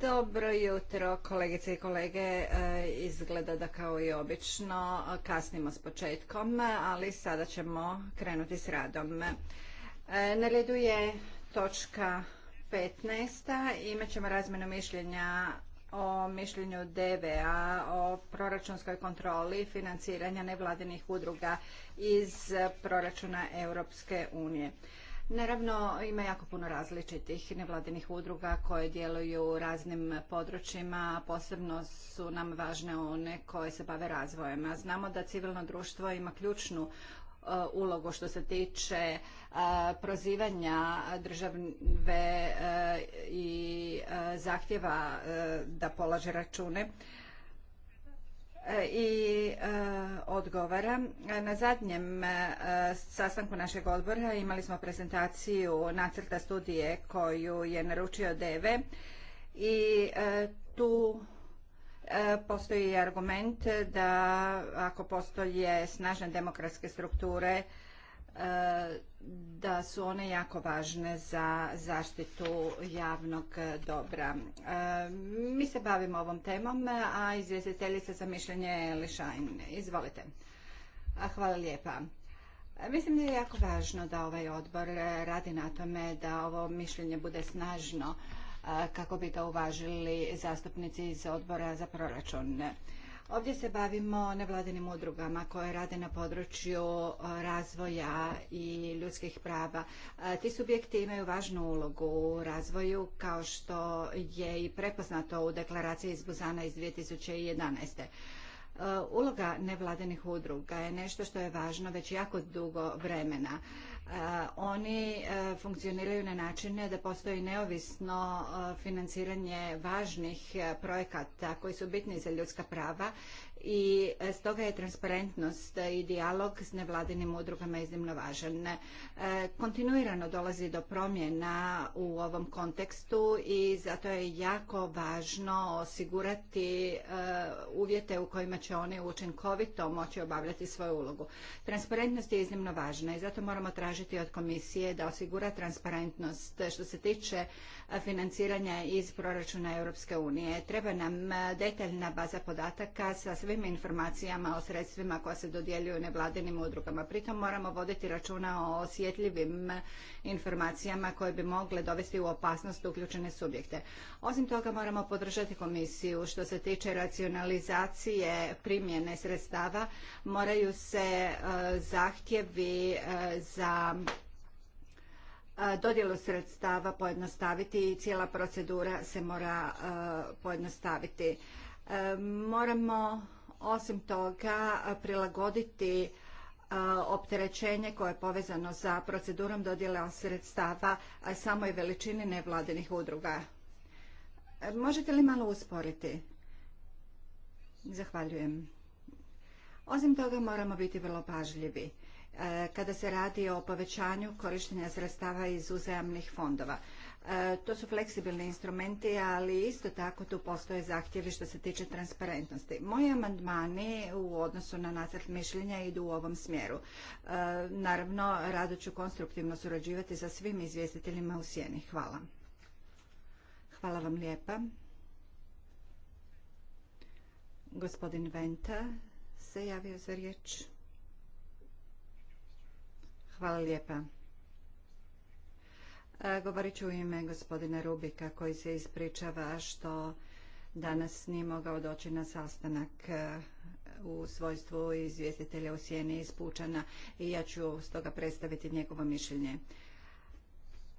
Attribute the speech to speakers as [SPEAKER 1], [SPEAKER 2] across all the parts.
[SPEAKER 1] Dobro jutro, kolegice i kolege. E, izgleda da kao i obično kasnimo s početkom, ali sada ćemo krenuti s radom. E, na redu je točka 15. ćemo razmjenu mišljenja o mišljenju DVA o proračunskoj kontroli financiranja nevladinih udruga iz proračuna Europske unije. Naravno, ima jako puno različitih nevladinih udruga koje djeluju u raznim područjima, posebno su nam važne one koje se bave razvojem. znamo da civilno društvo ima ključnu uh, ulogu što se tiče uh, prozivanja države uh, i zahtjeva da polaže račune i e, odgovara. Na zadnjem e, sastanku našeg odbora imali smo prezentaciju nacrta studije koju je naručio DEVE i e, tu postoji argument da ako postoje snažne demokratske strukture da su one jako važne za zaštitu javnog dobra. Mi se bavimo ovom temom, a izvjestiteljica za mišljenje je Izvolite. Hvala lijepa. Mislim da je jako važno da ovaj odbor radi na tome da ovo mišljenje bude snažno kako bi to uvažili zastupnici iz odbora za proračun. Ovdje se bavimo nevladinim udrugama koje rade na području e, razvoja i ljudskih prava. E, ti subjekti imaju važnu ulogu u razvoju kao što je i prepoznato u deklaraciji iz Buzana iz 2011. E, uloga nevladinih udruga je nešto što je važno već jako dugo vremena. Oni e, funkcioniraju na način da postoji neovisno e, financiranje važnih e, projekata koji su bitni za ljudska prava i e, stoga je transparentnost i dijalog s nevladinim udrugama iznimno važan. E, kontinuirano dolazi do promjena u ovom kontekstu i zato je jako važno osigurati e, uvjete u kojima će oni učinkovito moći obavljati svoju ulogu. Transparentnost je iznimno važna i zato moramo tražiti od komisije da osigura transparentnost što se tiče financiranja iz proračuna Europske unije. Treba nam detaljna baza podataka sa svim informacijama o sredstvima koja se dodjeljuju nevladinim udrugama. Pritom moramo voditi računa o osjetljivim informacijama koje bi mogle dovesti u opasnost uključene subjekte. Osim toga moramo podržati komisiju što se tiče racionalizacije primjene sredstava. Moraju se e, zahtjevi e, za e, dodjelu sredstava pojednostaviti i cijela procedura se mora pojednostaviti. Moramo osim toga prilagoditi e, opterećenje koje je povezano za procedurom dodjela sredstava samoj veličini nevladinih udruga. E, možete li malo usporiti? Zahvaljujem. Osim toga moramo biti vrlo pažljivi e, kada se radi o povećanju korištenja sredstava iz uzajamnih fondova. E, to su fleksibilni instrumenti, ali isto tako tu postoje zahtjevi što se tiče transparentnosti. Moji amandmani u odnosu na nacrt mišljenja idu u ovom smjeru. E, naravno, rado ću konstruktivno surađivati sa svim izvjestiteljima u sjeni. Hvala. Hvala vam lijepa. Gospodin Venta se javio za riječ. Hvala lijepa. E, govorit ću u ime gospodina Rubika koji se ispričava što danas nije mogao doći na sastanak e, u svojstvu izvjestitelja u Sjeni iz Pučana i ja ću stoga predstaviti njegovo mišljenje.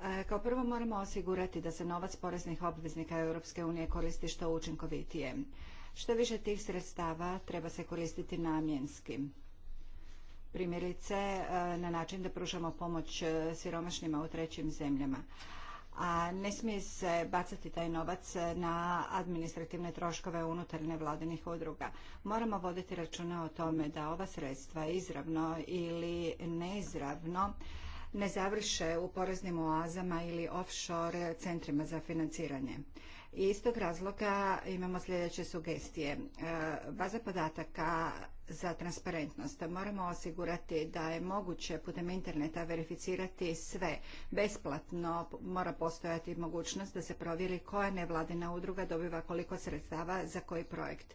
[SPEAKER 1] E, kao prvo moramo osigurati da se novac poreznih obveznika Europske unije koristi što učinkovitije. Što više tih sredstava treba se koristiti namjenski primjerice e, na način da pružamo pomoć e, siromašnjima u trećim zemljama. A ne smije se bacati taj novac na administrativne troškove unutar nevladinih udruga. Moramo voditi računa o tome da ova sredstva izravno ili neizravno ne završe u poreznim oazama ili offshore centrima za financiranje. I iz tog razloga imamo sljedeće sugestije. E, baza podataka za transparentnost. Moramo osigurati da je moguće putem interneta verificirati sve. Besplatno mora postojati mogućnost da se provjeri koja nevladina udruga dobiva koliko sredstava za koji projekt.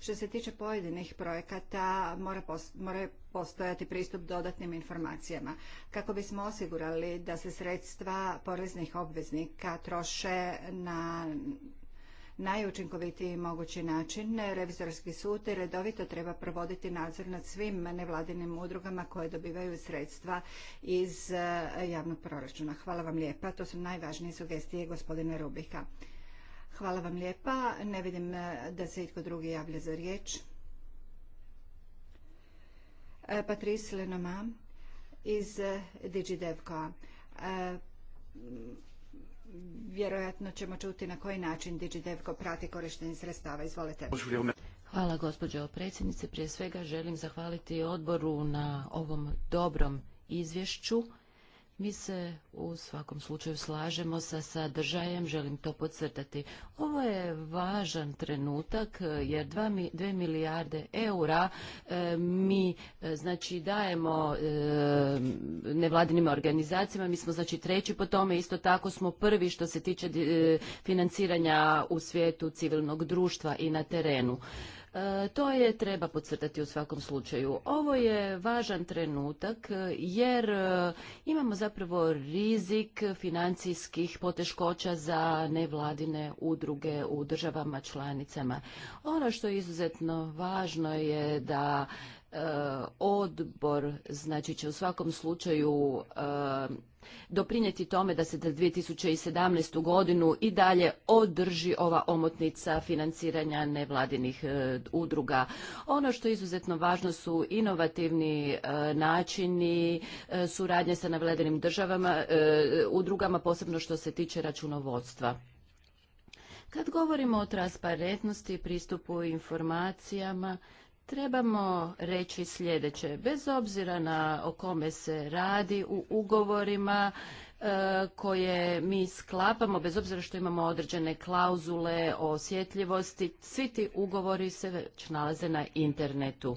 [SPEAKER 1] Što se tiče pojedinih projekata, mora, mora postojati pristup dodatnim informacijama. Kako bismo osigurali da se sredstva poreznih obveznika troše na najučinkovitiji mogući način. Revizorski sud redovito treba provoditi nadzor nad svim nevladinim udrugama koje dobivaju sredstva iz e, javnog proračuna. Hvala vam lijepa. To su najvažnije sugestije gospodina Rubika. Hvala vam lijepa. Ne vidim e, da se itko drugi javlja za riječ. E, Patrice Lenoma iz DigiDevcoa vjerojatno ćemo čuti na koji način DigiDevko prati korištenje sredstava. Izvolite.
[SPEAKER 2] Hvala gospođo predsjednice. Prije svega želim zahvaliti odboru na ovom dobrom izvješću mi se u svakom slučaju slažemo sa sadržajem, želim to podcrtati. Ovo je važan trenutak e, jer 2 milijarde eura e, mi e, znači dajemo nevladinim organizacijama, mi smo znači treći po tome, isto tako smo prvi što se tiče financiranja u svijetu civilnog društva i na terenu. E, to je treba podcrtati u svakom slučaju. Ovo je važan trenutak e, jer e, imamo zapravo rizik financijskih poteškoća za nevladine udruge u državama članicama. Ono što je izuzetno važno je da odbor znači će u svakom slučaju doprinijeti tome da se za 2017. godinu i dalje održi ova omotnica financiranja nevladinih e, udruga. Ono što je izuzetno važno su inovativni e, načini e, suradnje sa nevladinim državama, udrugama, posebno što se tiče računovodstva. Kad govorimo o transparentnosti, pristupu informacijama, trebamo reći sljedeće. Bez obzira na o kome se radi u ugovorima e, koje mi sklapamo, bez obzira što imamo određene klauzule o osjetljivosti, svi ti ugovori se već nalaze na internetu.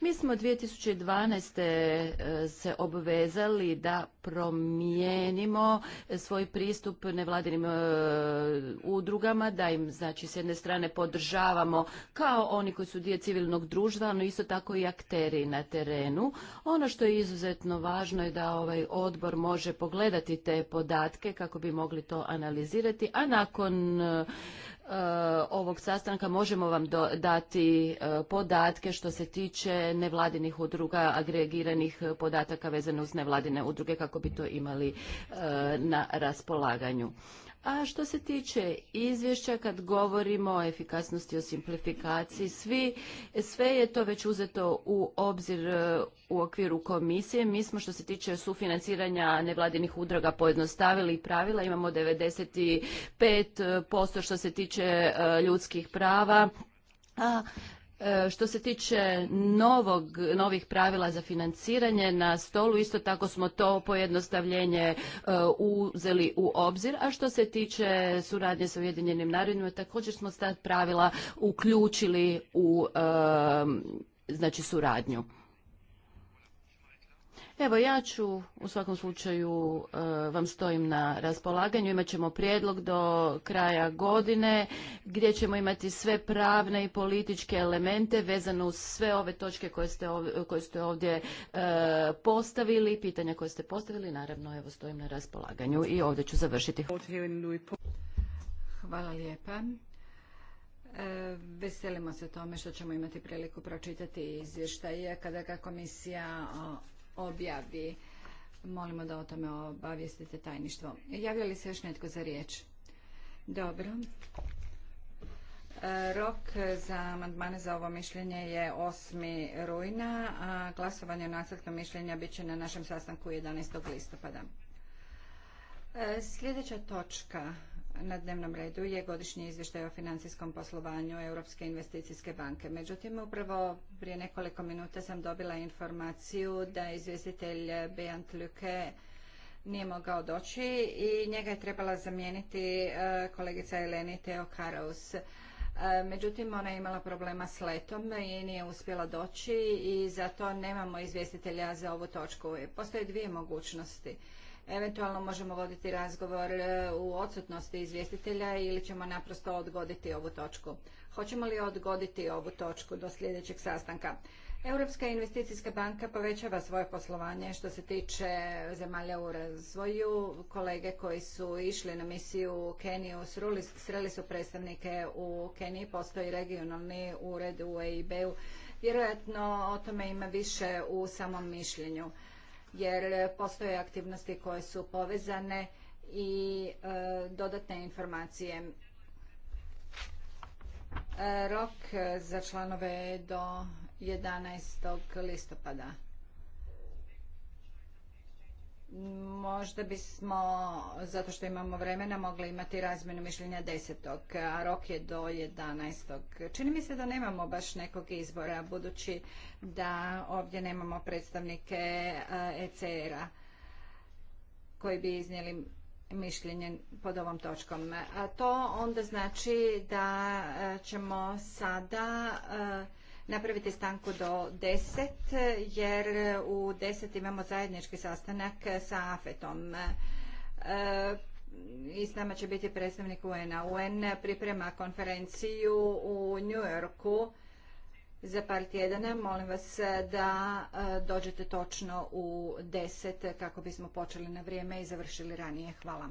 [SPEAKER 2] Mi smo 2012. E, se obvezali da promijenimo svoj pristup nevladinim e, udrugama, da im znači s jedne strane podržavamo kao oni koji su dio civilnog društva, no isto tako i akteri na terenu. Ono što je izuzetno važno je da ovaj odbor može pogledati te podatke kako bi mogli to analizirati, a nakon e, E, ovog sastanka možemo vam dati e, podatke što se tiče nevladinih udruga, agregiranih podataka vezano uz nevladine udruge kako bi to imali e, na raspolaganju. A što se tiče izvješća, kad govorimo o efikasnosti, o simplifikaciji, svi, sve je to već uzeto u obzir e, u okviru komisije. Mi smo što se tiče sufinanciranja nevladinih udruga pojednostavili pravila. Imamo 95% što se tiče e, ljudskih prava. A E, što se tiče novog, novih pravila za financiranje na stolu, isto tako smo to pojednostavljenje e, uzeli u obzir, a što se tiče suradnje sa Ujedinjenim narodima, također smo ta pravila uključili u e, znači, suradnju. Evo, ja ću u svakom slučaju e, vam stojim na raspolaganju. Imat ćemo prijedlog do kraja godine gdje ćemo imati sve pravne i političke elemente vezano uz sve ove točke koje ste ovdje, e, postavili, pitanja koje ste postavili. Naravno, evo, stojim
[SPEAKER 1] na raspolaganju
[SPEAKER 2] i ovdje ću završiti.
[SPEAKER 1] Hvala lijepa. E, veselimo se tome što ćemo imati priliku pročitati izvještaje kada ga komisija objavi. Molimo da o tome obavijestite tajništvo. Javlja li se još netko za riječ? Dobro. E, rok za amandmane za ovo mišljenje je 8. rujna, a glasovanje o nacrtu mišljenja bit će na našem sastanku 11. listopada. E, sljedeća točka na dnevnom redu je godišnji izvještaj o financijskom poslovanju Europske investicijske banke. Međutim, upravo prije nekoliko minuta sam dobila informaciju da izvjestitelj Beant Luke nije mogao doći i njega je trebala zamijeniti e, kolegica Eleni Teo e, Međutim, ona je imala problema s letom i nije uspjela doći i zato nemamo izvjestitelja za ovu točku. Postoje dvije mogućnosti Eventualno možemo voditi razgovor e, u odsutnosti izvjestitelja ili ćemo naprosto odgoditi ovu točku. Hoćemo li odgoditi ovu točku do sljedećeg sastanka? Europska investicijska banka povećava svoje poslovanje što se tiče zemalja u razvoju. Kolege koji su išli na misiju u Keniju sreli su predstavnike u Keniji. Postoji regionalni ured u EIB-u. Vjerojatno o tome ima više u samom mišljenju jer e, postoje aktivnosti koje su povezane i e, dodatne informacije. E, rok za članove je do 11. listopada. Možda bismo, zato što imamo vremena, mogli imati razmjenu mišljenja desetog a rok je do jedanaestog. Čini mi se da nemamo baš nekog izbora, budući da ovdje nemamo predstavnike eh, ECR-a koji bi iznijeli mišljenje pod ovom točkom. A to onda znači da eh, ćemo sada eh, napravite stanku do 10 jer u 10 imamo zajednički sastanak sa AFET-om. E, I s nama će biti predstavnik UN-a. UN priprema konferenciju u New Yorku za par tjedana. Molim vas da e, dođete točno u 10 kako bismo počeli na vrijeme i završili ranije. Hvala.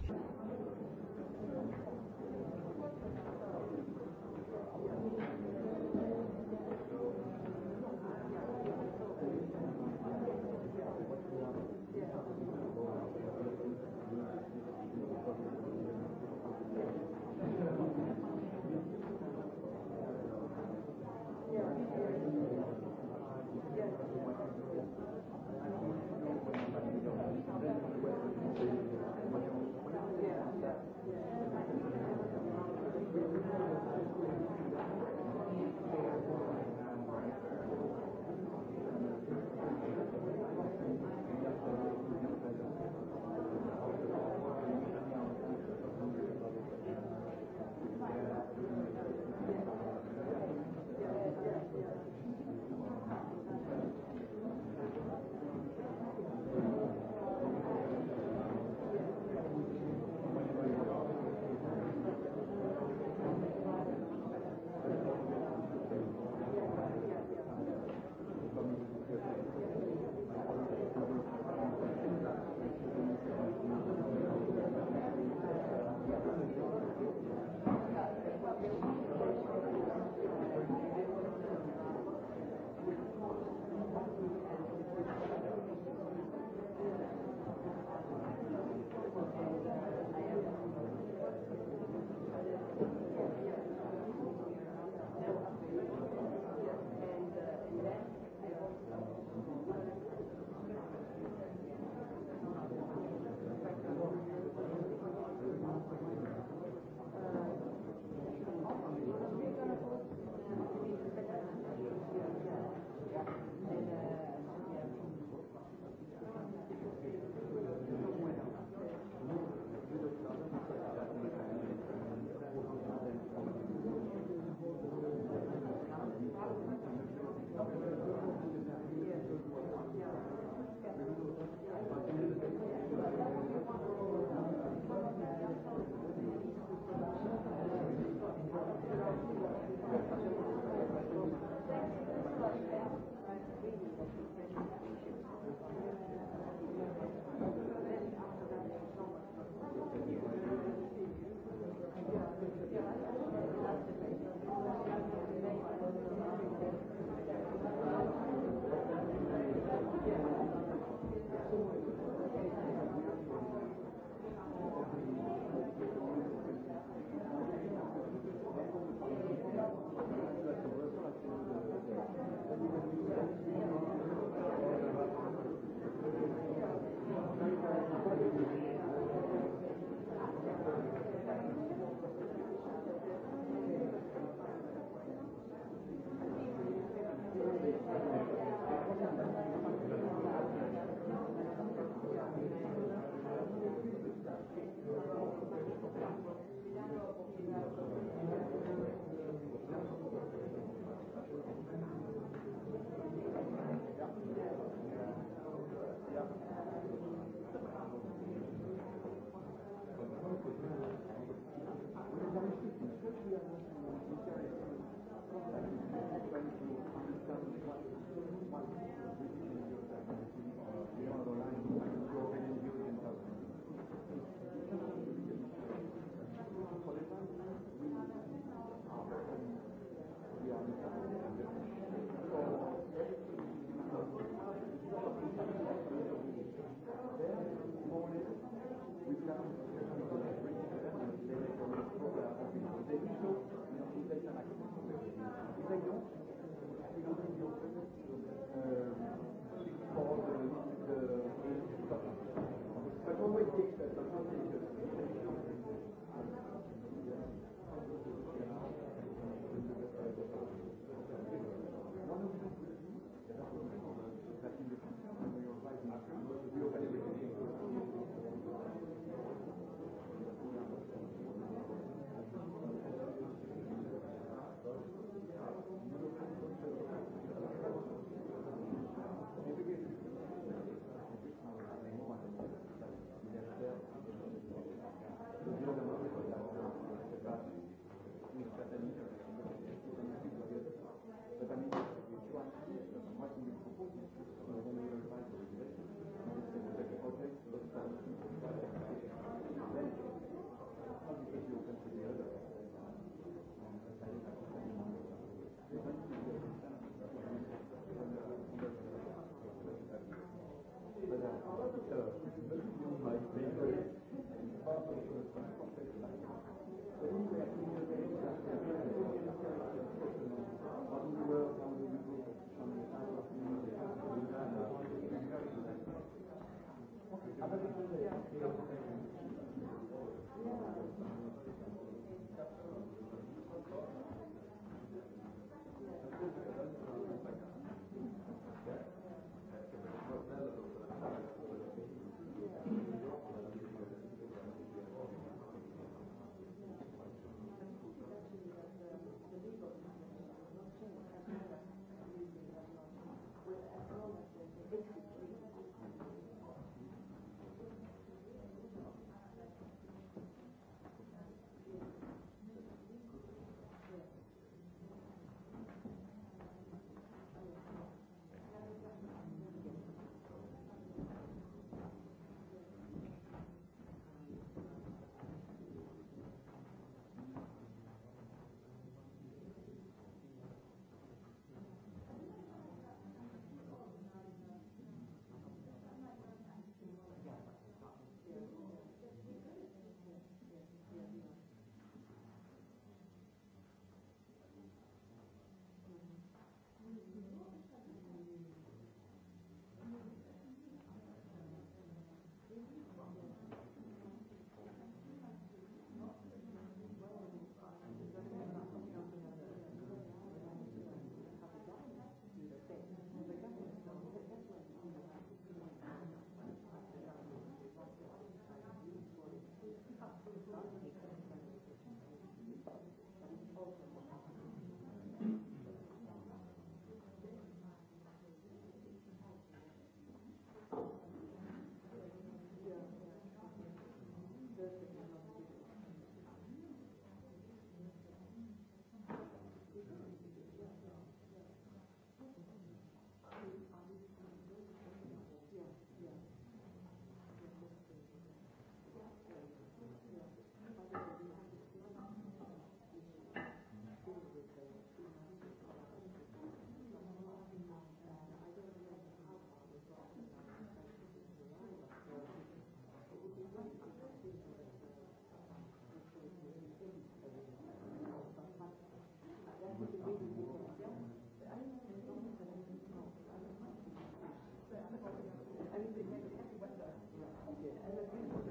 [SPEAKER 3] Okay.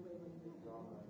[SPEAKER 3] brigu to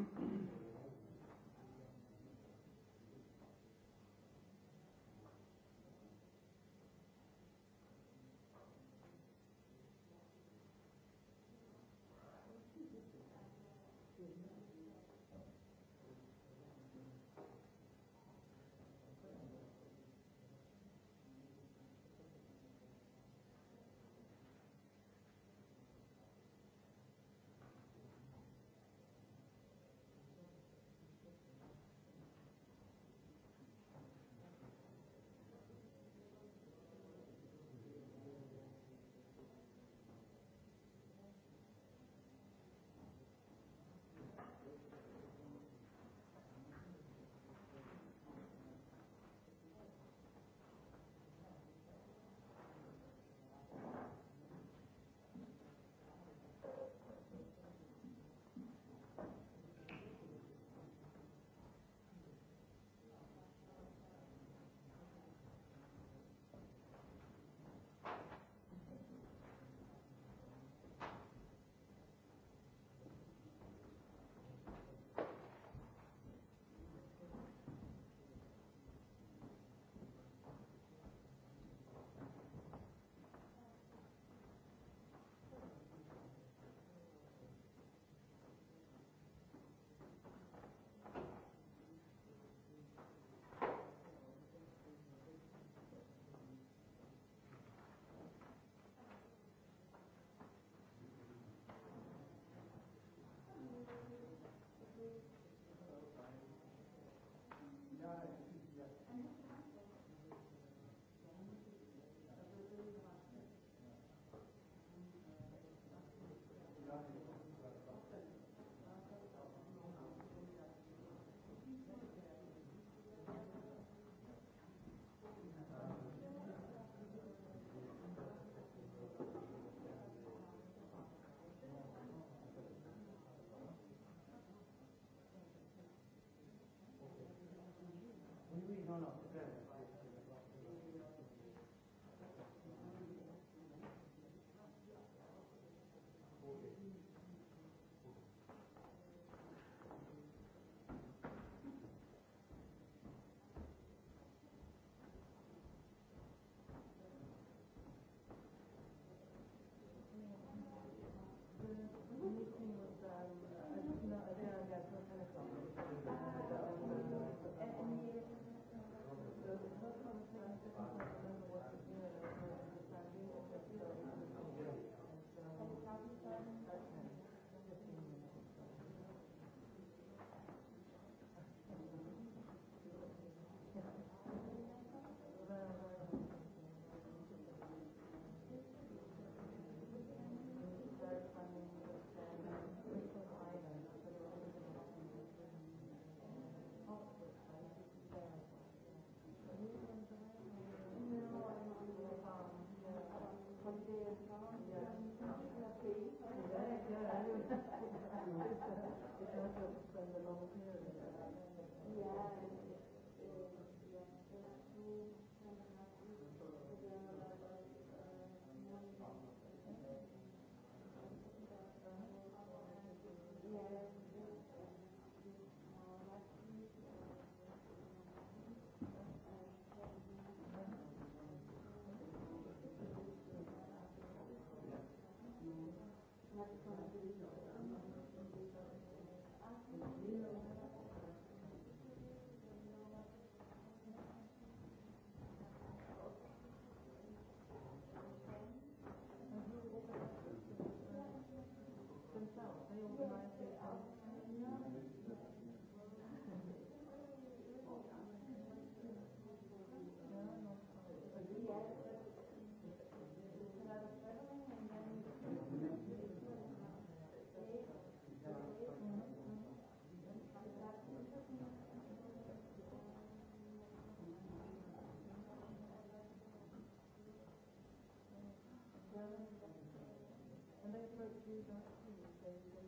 [SPEAKER 3] i pre no, Hvala Thank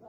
[SPEAKER 3] da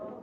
[SPEAKER 3] Hvala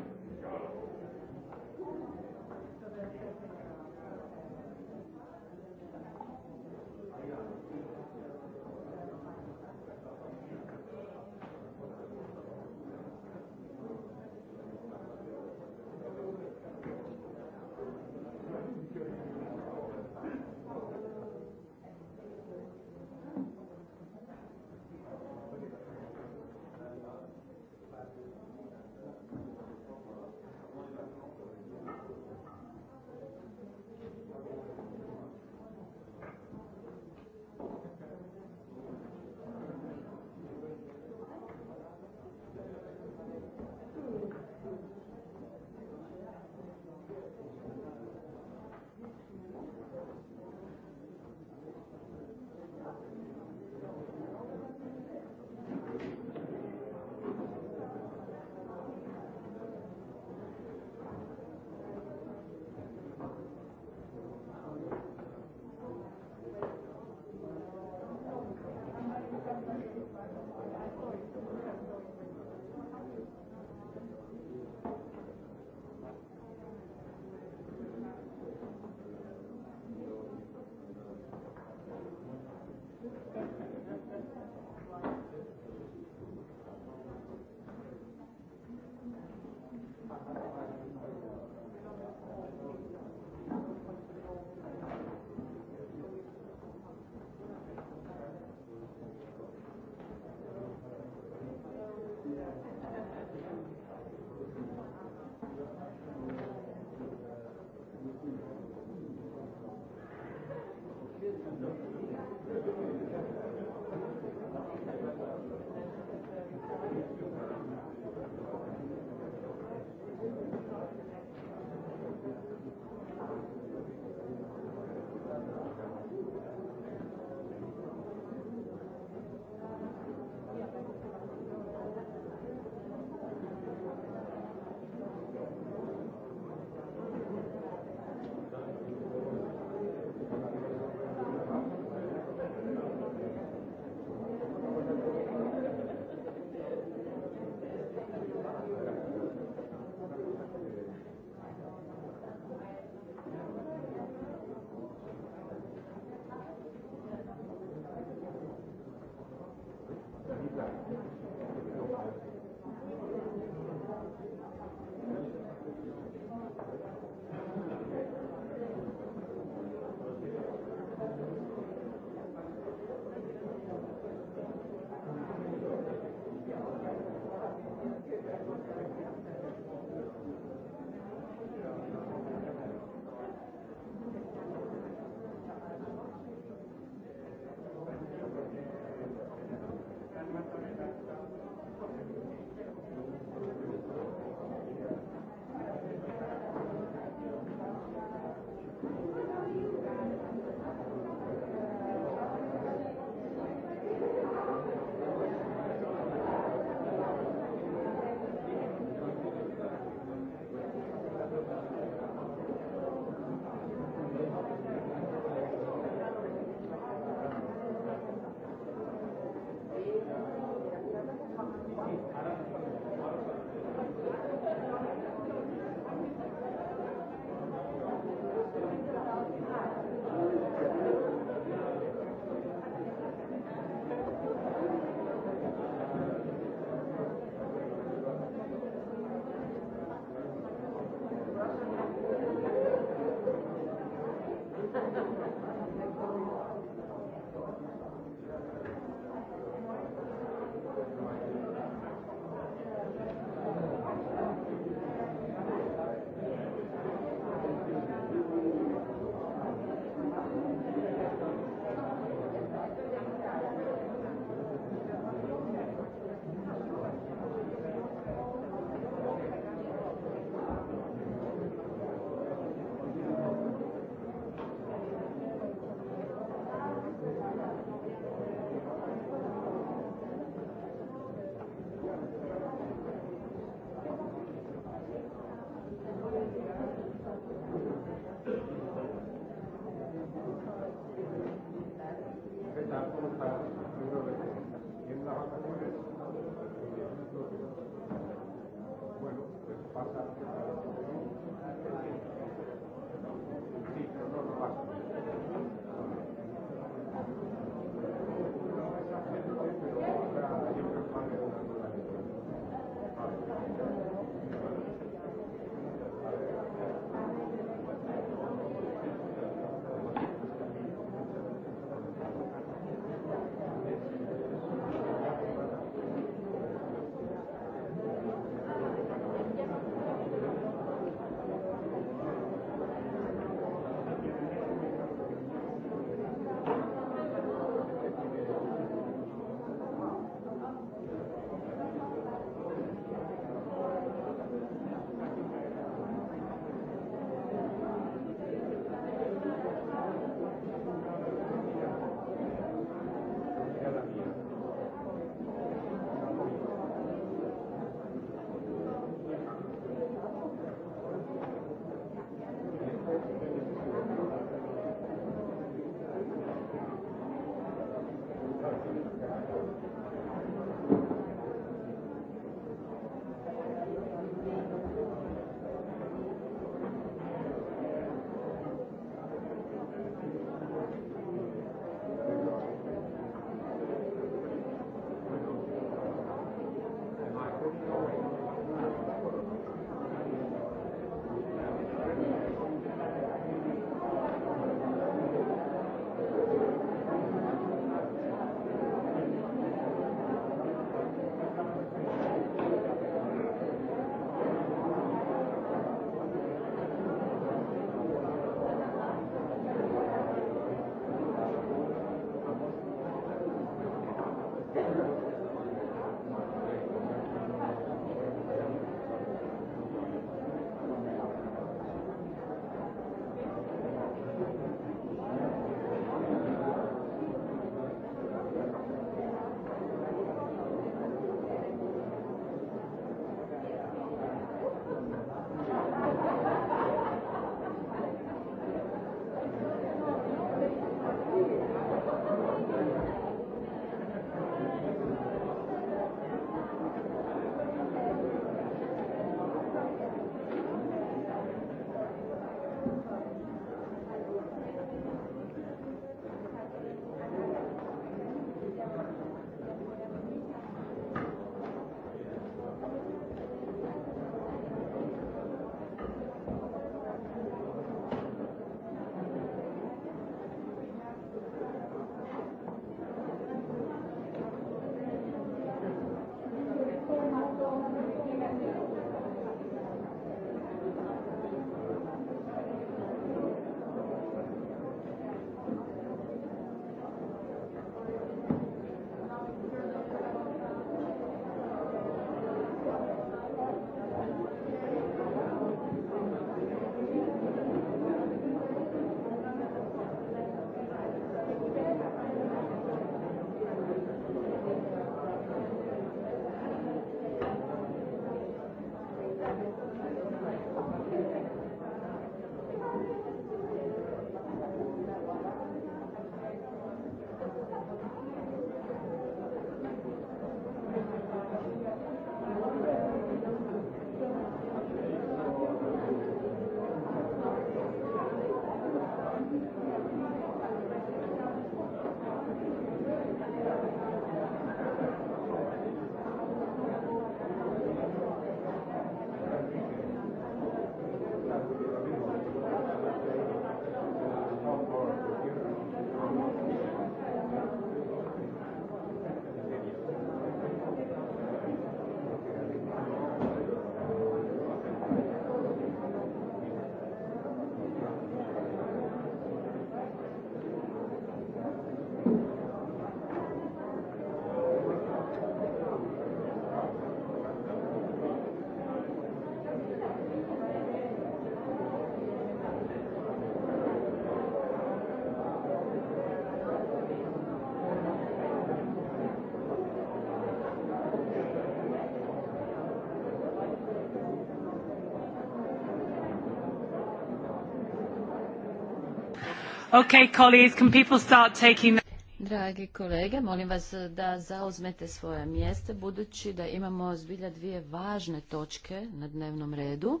[SPEAKER 2] Dragi kolege, molim vas da zauzmete svoje mjesta, budući da imamo zbilja dvije važne točke na dnevnom redu.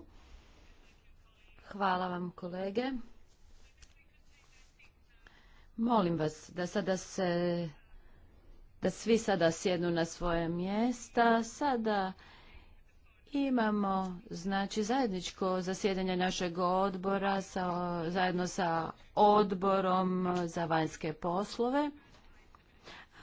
[SPEAKER 2] Hvala vam kolege. Molim vas da sada se, da svi sada sjednu na svoje mjesta. Sada Imamo znači zajedničko zasjedanje našeg odbora sa, zajedno sa odborom za vanjske poslove.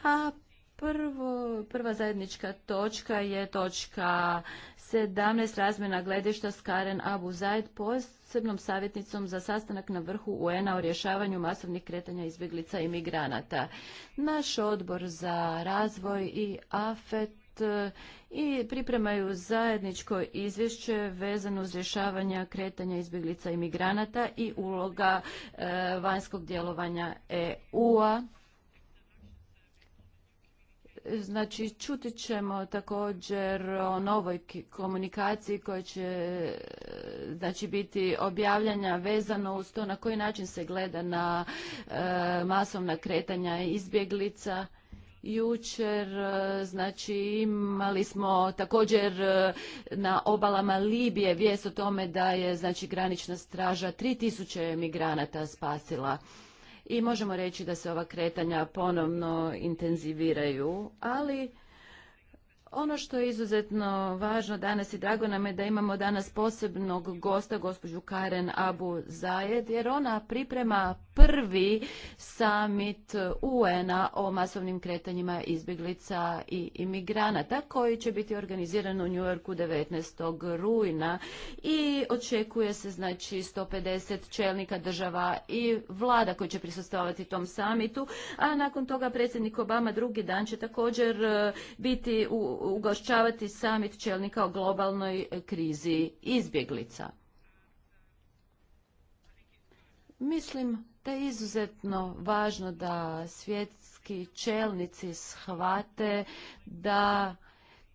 [SPEAKER 2] A prvo, prva zajednička točka je točka 17 razmjena gledišta s Karen Abu Zaid posebnom savjetnicom za sastanak na vrhu UN-a o rješavanju masovnih kretanja izbjeglica i migranata. Naš odbor za razvoj i AFET E, i pripremaju zajedničko izvješće vezano uz rješavanja kretanja izbjeglica i migranata i uloga e, vanjskog djelovanja EU-a. Znači, čuti ćemo također o novoj komunikaciji koja će e, znači, biti objavljanja vezano uz to na koji način se gleda na masovna kretanja izbjeglica Jučer e, znači imali smo također e, na obalama Libije vijest o tome da je znači granična straža 3000 migranata spasila. I možemo reći da se ova kretanja ponovno intenziviraju, ali ono što je izuzetno važno danas i drago nam je da imamo danas posebnog gosta, gospođu Karen Abu Zajed, jer ona priprema prvi summit UN-a o masovnim kretanjima izbjeglica i imigranata koji će biti organiziran u New Yorku 19. rujna i očekuje se znači 150 čelnika država i vlada koji će prisustvovati tom samitu, a nakon toga predsjednik Obama drugi dan će također e, biti ugošćavati samit čelnika o globalnoj krizi izbjeglica. Mislim je izuzetno važno da svjetski čelnici shvate da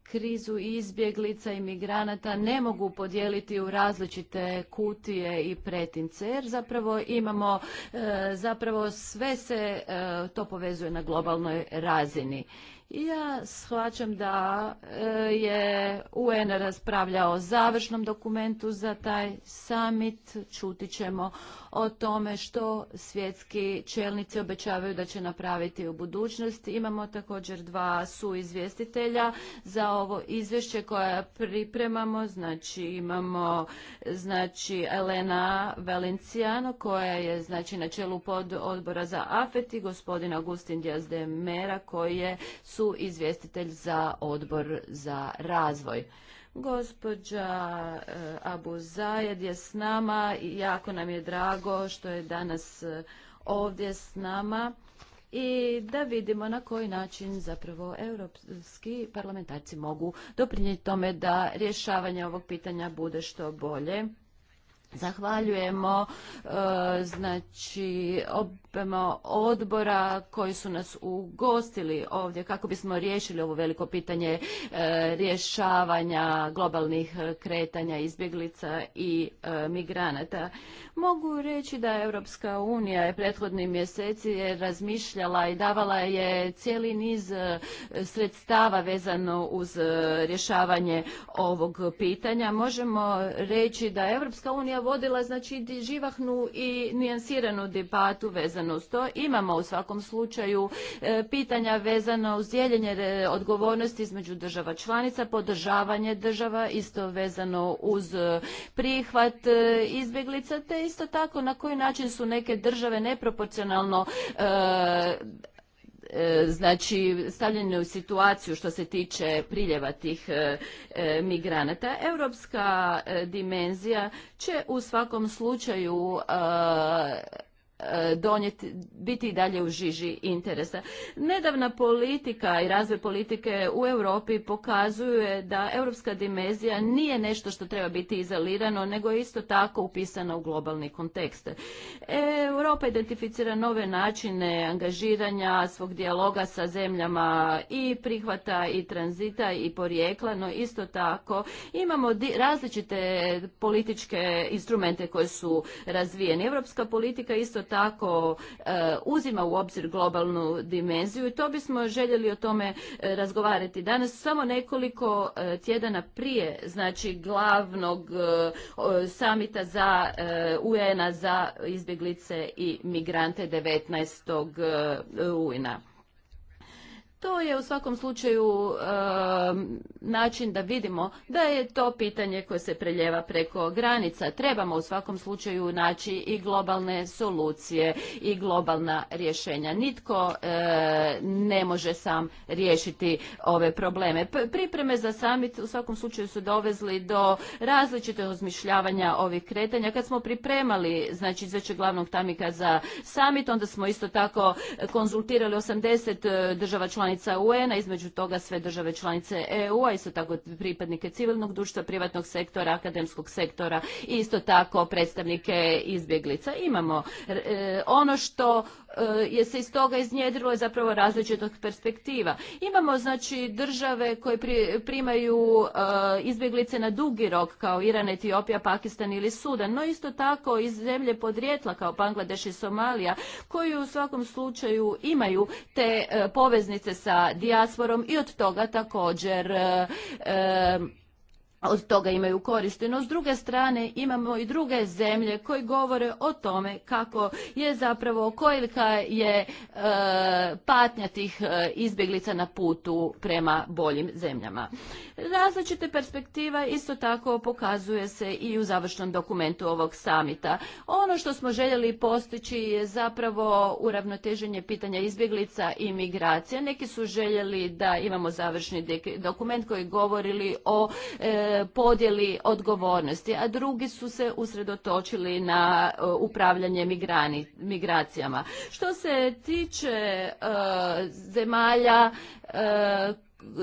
[SPEAKER 2] krizu izbjeglica i migranata ne mogu podijeliti u različite kutije i pretince jer zapravo imamo e, zapravo sve se e, to povezuje na globalnoj razini ja shvaćam da e, je UN raspravljao o završnom dokumentu za taj summit. Čuti ćemo o tome što svjetski čelnici obećavaju da će napraviti u budućnosti. Imamo također dva suizvjestitelja za ovo izvješće koje pripremamo. Znači imamo znači Elena Valenciano koja je znači na čelu pod odbora za AFET i gospodin Agustin Diaz Mera koji je su izvjestitelj za odbor za razvoj. Gospođa e, Abu Zajed je s nama i jako nam je drago što je danas e, ovdje s nama i da vidimo na koji način zapravo europski parlamentarci mogu doprinijeti tome da rješavanje ovog pitanja bude što bolje. Zahvaljujemo e, znači odbora koji su nas ugostili ovdje kako bismo riješili ovo veliko pitanje e, rješavanja globalnih kretanja izbjeglica i e, migranata. Mogu reći da Europska unija je prethodni mjeseci razmišljala i davala je cijeli niz sredstava vezano uz rješavanje ovog pitanja. Možemo reći da Europska unija vodila znači živahnu i nijansiranu debatu vezano uz to. Imamo u svakom slučaju e, pitanja vezano uz dijeljenje e, odgovornosti između država članica, podržavanje država, isto vezano uz e, prihvat izbjeglica, te isto tako na koji način su neke države neproporcionalno E, znači stavljene u situaciju što se tiče priljeva tih e, e, migranata. Europska dimenzija će u svakom slučaju E, donijeti, biti i dalje u žiži interesa. Nedavna politika i razvoj politike u Europi pokazuje da europska dimenzija nije nešto što treba biti izolirano, nego je isto tako upisana u globalni kontekst. E, Europa identificira nove načine angažiranja svog dijaloga sa zemljama i prihvata i tranzita i porijekla, no isto tako imamo različite političke instrumente koje su razvijeni. Europska politika isto tako e, uzima u obzir globalnu dimenziju i to bismo željeli o tome e, razgovarati. Danas samo nekoliko e, tjedana prije, znači glavnog samita za UN-a za izbjeglice i migrante 19. ujna. To je u svakom slučaju ehm, način da vidimo da je to pitanje koje se preljeva preko granica. Trebamo u svakom slučaju naći i globalne solucije i globalna rješenja. Nitko ehm, ne može sam riješiti ove probleme. pripreme za summit u svakom slučaju su dovezli do različitog razmišljavanja ovih kretanja. Kad smo pripremali znači izveće glavnog tamika za summit, onda smo isto tako konzultirali 80 e, država članica članica UN-a, između toga sve države članice EU-a, isto tako pripadnike civilnog društva, privatnog sektora, akademskog sektora i isto tako predstavnike izbjeglica. Imamo e, ono što e, je se iz toga iznjedrilo je zapravo različitog perspektiva. Imamo znači države koje primaju e, izbjeglice na dugi rok kao Iran, Etiopija, Pakistan ili Sudan, no isto tako i zemlje podrijetla kao Bangladeš i Somalija koji u svakom slučaju imaju te poveznice sa dijasporom i od toga također e, e, od toga imaju koristi. No s druge strane imamo i druge zemlje koji govore o tome kako je zapravo kolika je e, patnja tih e, izbjeglica na putu prema boljim zemljama. Različite perspektiva isto tako pokazuje se i u završnom dokumentu ovog samita. Ono što smo željeli postići je zapravo uravnoteženje pitanja izbjeglica i migracija. Neki su željeli da imamo završni dokument koji govorili o e, podjeli odgovornosti, a drugi su se usredotočili na e, upravljanje migracijama. Što se tiče e, zemalja e,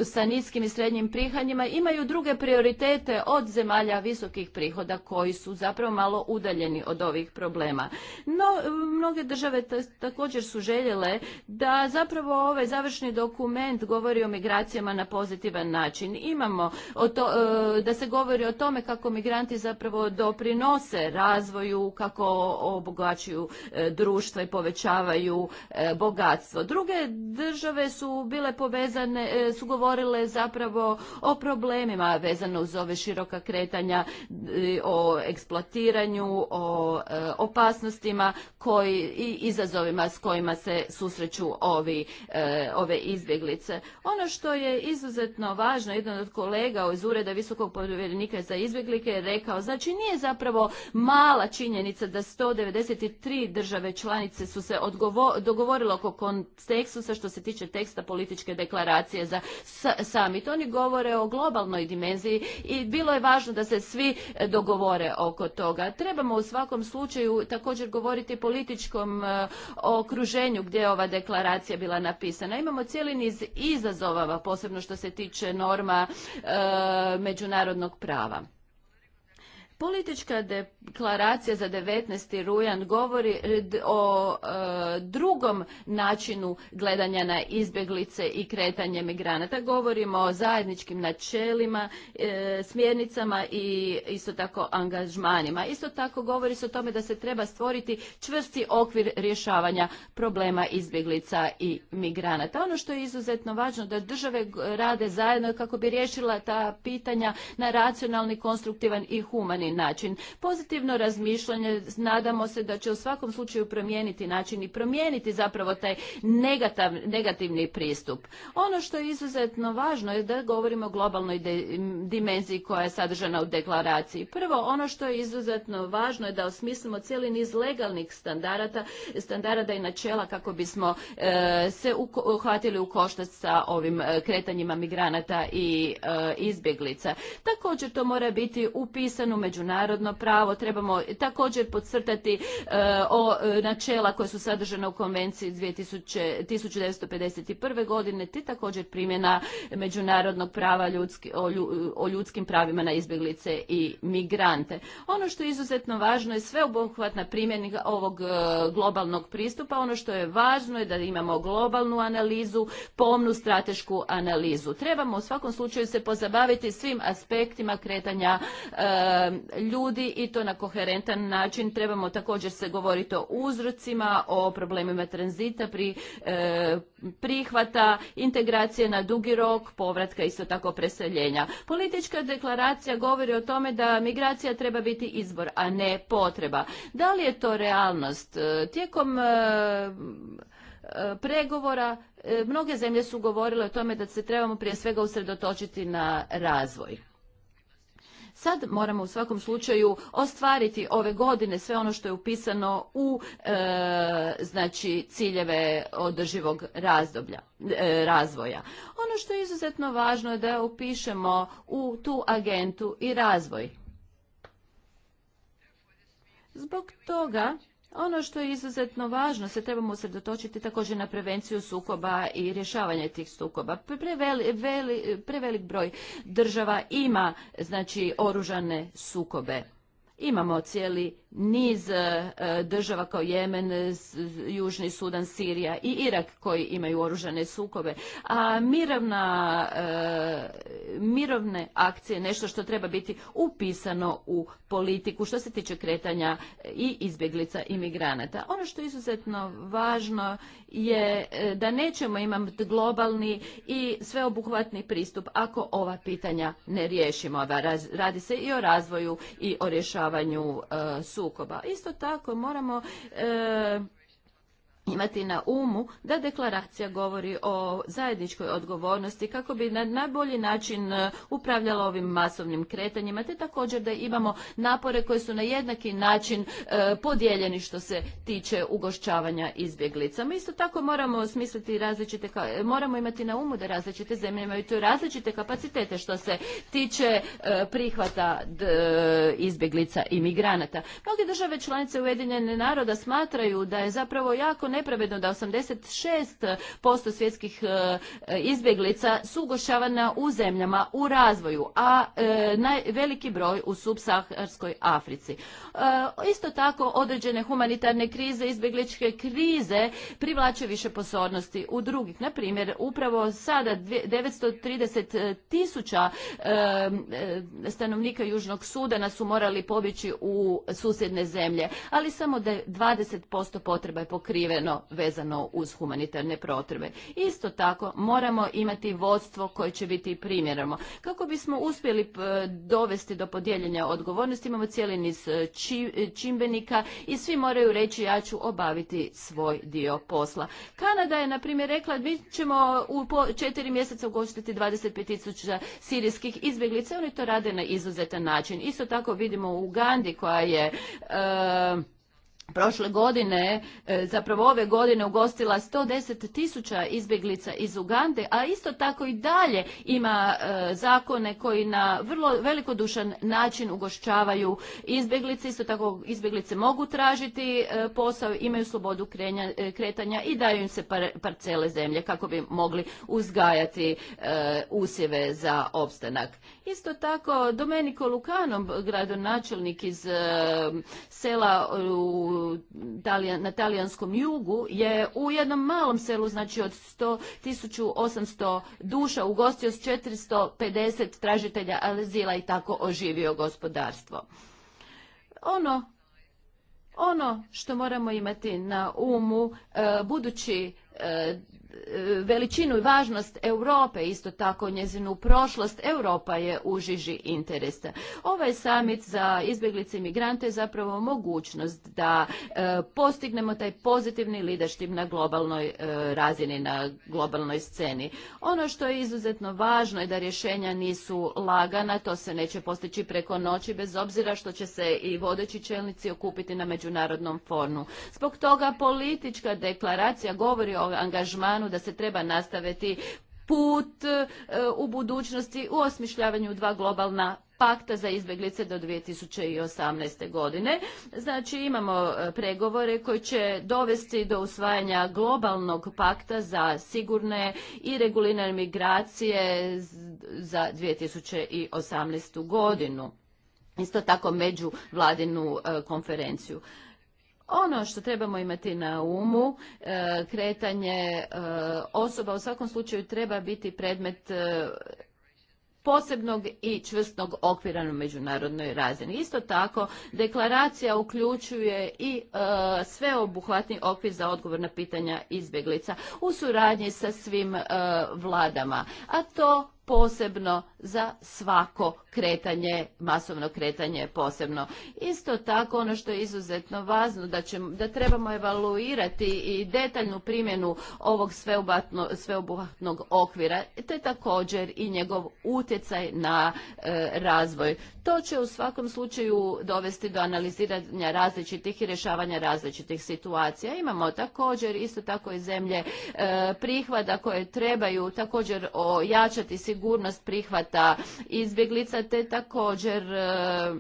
[SPEAKER 2] sa niskim i srednjim prihanjima imaju druge prioritete od zemalja visokih prihoda koji su zapravo malo udaljeni od ovih problema. No, e, mnoge države također su željele da zapravo ovaj završni dokument govori o migracijama na pozitivan način. Imamo e, da se govori o tome kako migranti zapravo doprinose razvoju, kako obogaćuju e, društva i povećavaju bogatstvo. Druge države su bile povezane, su govorile zapravo o problemima vezano uz ove široka kretanja, e, o eksploatiranju, o e, opasnostima koji, i izazovima s kojima se susreću ovi, e, ove izbjeglice. Ono što je izuzetno važno, jedan od kolega iz Ureda visokog povjerenika za izbjeglike je rekao, znači nije zapravo mala činjenica da 193 države članice su se dogovorilo oko sa što se tiče teksta političke deklaracije za summit. Oni govore o globalnoj dimenziji i bilo je važno da se svi dogovore oko toga. Trebamo u svakom slučaju također govoriti o političkom e, okruženju gdje je ova deklaracija bila napisana. Imamo cijeli niz izazova, posebno što se tiče norma e, međunarodnog prava. Politička deklaracija za 19. rujan govori e, o e, drugom načinu gledanja na izbjeglice i kretanje migranata. Govorimo o zajedničkim načelima, e, smjernicama i isto tako angažmanima. Isto tako govori se o tome da se treba stvoriti čvrsti okvir rješavanja problema izbjeglica i migranata. Ono što je izuzetno važno da države rade zajedno kako bi riješila ta pitanja na racionalni, konstruktivan i humani način. Pozitivno razmišljanje, nadamo se da će u svakom slučaju promijeniti način i promijeniti zapravo taj negativni pristup. Ono što je izuzetno važno je da govorimo o globalnoj dimenziji koja je sadržana u deklaraciji. Prvo, ono što je izuzetno važno je da osmislimo cijeli niz legalnih standarda, standarda i načela kako bismo e, se uhvatili u koštac sa ovim e, kretanjima migranata i e, izbjeglica. Također to mora biti upisano među međunarodno pravo, trebamo također podcrtati e, o e, načela koje su sadržane u konvenciji 2000, 1951. godine te također primjena međunarodnog prava o, ljudskim pravima na izbjeglice i migrante. Ono što je izuzetno važno je sveobuhvatna primjena ovog e, globalnog pristupa. Ono što je važno je da imamo globalnu analizu, pomnu stratešku analizu. Trebamo u svakom slučaju se pozabaviti svim aspektima kretanja ljudi i to na koherentan način. Trebamo također se govoriti o uzrocima, o problemima tranzita, pri, e, prihvata, integracije na dugi rok, povratka isto tako preseljenja. Politička deklaracija govori o tome da migracija treba biti izbor, a ne potreba. Da li je to realnost? E, tijekom e, pregovora mnoge zemlje su govorile o tome da se trebamo prije svega usredotočiti na razvoj. Sad moramo u svakom slučaju ostvariti ove godine sve ono što je upisano u e, znači ciljeve održivog razdoblja, e, razvoja. Ono što je izuzetno važno je da upišemo u tu agentu i razvoj. Zbog toga ono što je izuzetno važno, se trebamo usredotočiti također na prevenciju sukoba i rješavanje tih sukoba. prevelik broj država ima znači oružane sukobe. Imamo cijeli niz e, e, država kao Jemen, Južni Sudan, Sirija i Irak koji imaju oružane sukobe. A mirovna, e, mirovne akcije nešto što treba biti upisano u politiku što se tiče kretanja i izbjeglica i migranata. Ono što je izuzetno važno je da nećemo imati globalni i sveobuhvatni pristup ako ova pitanja ne riješimo. Radi se i o razvoju i o rješavanju sukoba sukoba. Isto tako moramo e, imati na umu da deklaracija govori o zajedničkoj odgovornosti kako bi na najbolji način e, upravljala ovim masovnim kretanjima te također da imamo napore koji su na jednaki način e, podijeljeni što se tiče ugošćavanja Mi Isto tako moramo smisliti različite, e, moramo imati na umu da različite zemlje imaju tu različite kapacitete što se tiče prihvata izbjeglica i migranata. Mnoge države članice Ujedinjene naroda smatraju da je zapravo jako ne nepravedno da 86% svjetskih e, izbjeglica su ugošavana u zemljama u razvoju, a e, najveliki broj u subsaharskoj Africi. E, isto tako određene humanitarne krize, izbjegličke krize privlače više pozornosti u drugih. Na primjer, upravo sada 930 tisuća stanovnika Južnog Sudana su morali pobjeći u susjedne zemlje, ali samo da 20% potreba je pokriveno prvenstveno vezano uz humanitarne potrebe. Isto tako moramo imati vodstvo koje će biti primjeramo. Kako bismo uspjeli dovesti do podijeljenja odgovornosti imamo cijeli niz e, e, čimbenika i svi moraju reći ja ću obaviti svoj dio posla. Kanada je na primjer rekla mi ćemo u četiri mjeseca ugoštiti 25.000 sirijskih izbjeglica, oni to rade na izuzetan način. Isto tako vidimo u Ugandi koja je e, prošle godine, e, zapravo ove godine ugostila 110 tisuća izbjeglica iz Ugande, a isto tako i dalje ima e, zakone koji na vrlo velikodušan način ugošćavaju izbjeglice. Isto tako izbjeglice mogu tražiti e, posao, imaju slobodu kretanja i daju im se parcele zemlje kako bi mogli uzgajati usjeve za opstanak. Isto tako Domenico Lucano, gradonačelnik iz sela u na talijanskom jugu je u jednom malom selu, znači od 100, 1800 duša ugostio s 450 tražitelja azila i tako oživio gospodarstvo. Ono ono što moramo imati na umu, e, budući e, veličinu i važnost Europe, isto tako njezinu prošlost, Europa je u žiži interesa. Ovaj samit za izbjeglice i migrante je zapravo mogućnost da e, postignemo taj pozitivni liderštiv na globalnoj e, razini, na globalnoj sceni. Ono što je izuzetno važno je da rješenja nisu lagana, to se neće postići preko noći, bez obzira što će se i vodeći čelnici okupiti na međunarodnom formu. Zbog toga politička deklaracija govori o angažmanu da se treba nastaviti put e, u budućnosti u osmišljavanju dva globalna pakta za izbjeglice do 2018. godine. Znači imamo e, pregovore koji će dovesti do usvajanja globalnog pakta za sigurne i regulirane migracije za 2018. godinu. Isto tako među vladinu e, konferenciju. Ono što trebamo imati na umu, e, kretanje e, osoba u svakom slučaju treba biti predmet e, posebnog i čvrstnog okvira na međunarodnoj razini. Isto tako, deklaracija uključuje i sveobuhvatni okvir za odgovor na pitanja izbjeglica u suradnji sa svim vladama, a to posebno za svako kretanje, masovno kretanje posebno. Isto tako ono što je izuzetno važno da, da trebamo evaluirati i detaljnu primjenu ovog sveobuhvatnog okvira te također i njegov utjecaj na e, razvoj. To će u svakom slučaju dovesti do analiziranja različitih i rješavanja različitih situacija. Imamo također isto tako i zemlje e, koje trebaju također ojačati sigurnost prihvata izbjeglica te također e,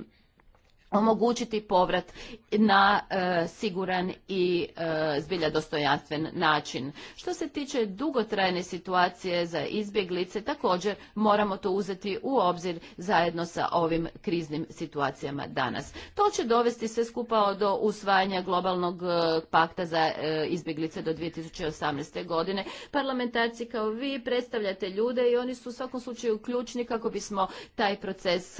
[SPEAKER 2] omogućiti povrat na e, siguran i e, zbilja dostojanstven način. Što se tiče dugotrajne situacije za izbjeglice, također moramo to uzeti u obzir zajedno sa ovim kriznim situacijama danas. To će dovesti sve skupa do usvajanja globalnog e, pakta za izbjeglice do 2018. godine. Parlamentarci kao vi predstavljate ljude i oni su u svakom slučaju ključni kako bismo taj proces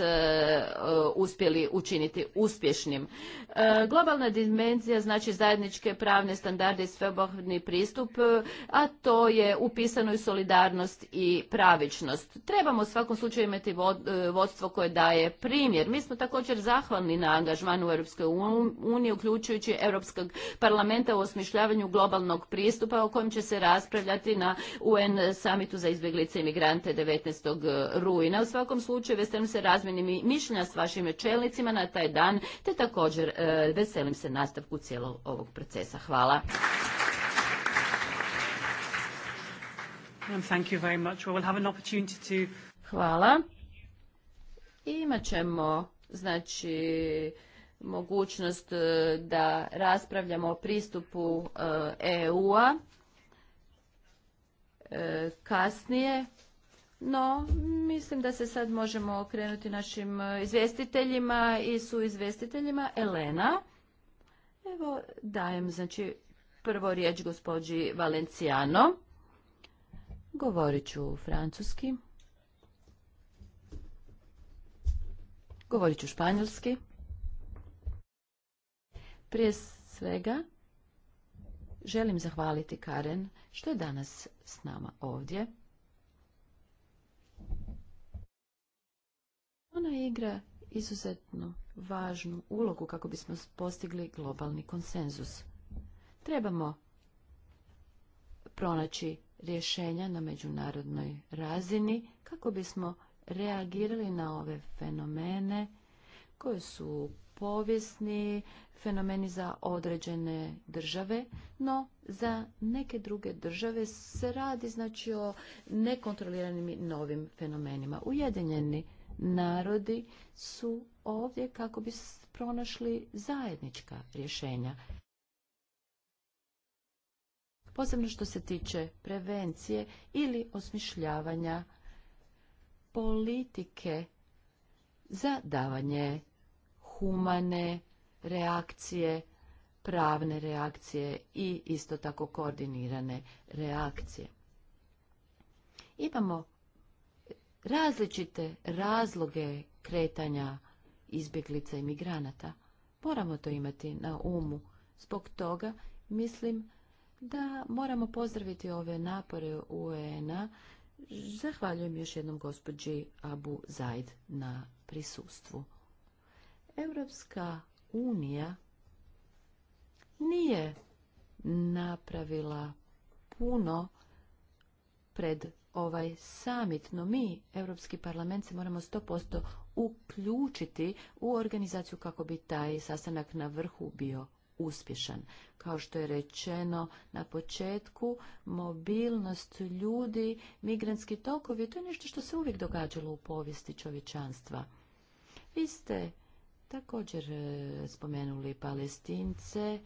[SPEAKER 2] uspjeli učiniti uspješnim. E, globalna dimenzija znači zajedničke pravne standarde i sveobuhvatni pristup, e, a to je upisano i solidarnost i pravičnost. Trebamo u svakom slučaju imati e, vodstvo koje daje primjer. Mi smo također zahvalni na angažmanu u Europskoj uniji, uključujući Europskog parlamenta u osmišljavanju globalnog pristupa o kojem će se raspravljati na UN samitu za izbjeglice i migrante 19. rujna. U svakom slučaju veselim se razmjenim mišljenja s vašim čelnicima na taj dan, te također e, veselim se nastavku cijelog ovog procesa. Hvala. Hvala. I imat ćemo znači mogućnost e, da raspravljamo o pristupu EU-a e kasnije no, mislim da se sad možemo okrenuti našim e, izvjestiteljima i su izvjestiteljima. Elena, evo dajem znači prvo riječ gospođi Valenciano. Govorit ću francuski. Govorit ću španjolski. Prije svega želim zahvaliti Karen što je danas s nama ovdje. Ona igra izuzetno važnu ulogu kako bismo postigli globalni konsenzus. Trebamo pronaći rješenja na međunarodnoj razini kako bismo reagirali na ove fenomene koji su povijesni fenomeni za određene države, no za neke druge države se radi znači o nekontroliranim novim fenomenima. Ujedinjeni narodi su ovdje kako bi pronašli zajednička rješenja. Posebno što se tiče prevencije ili osmišljavanja politike za davanje humane reakcije, pravne reakcije i isto tako koordinirane reakcije. Imamo različite razloge kretanja izbjeglica i migranata. Moramo to imati na umu. Zbog toga mislim da moramo pozdraviti ove napore UN-a. Zahvaljujem još jednom gospođi Abu Zaid na prisustvu. Europska unija nije napravila puno pred ovaj summit, no mi, Europski parlament, se moramo 100% uključiti u organizaciju kako bi taj sastanak na vrhu bio uspješan. Kao što je rečeno na početku, mobilnost ljudi, migrantski tokovi, to je nešto što se uvijek događalo u povijesti čovječanstva. Vi ste također e, spomenuli palestince,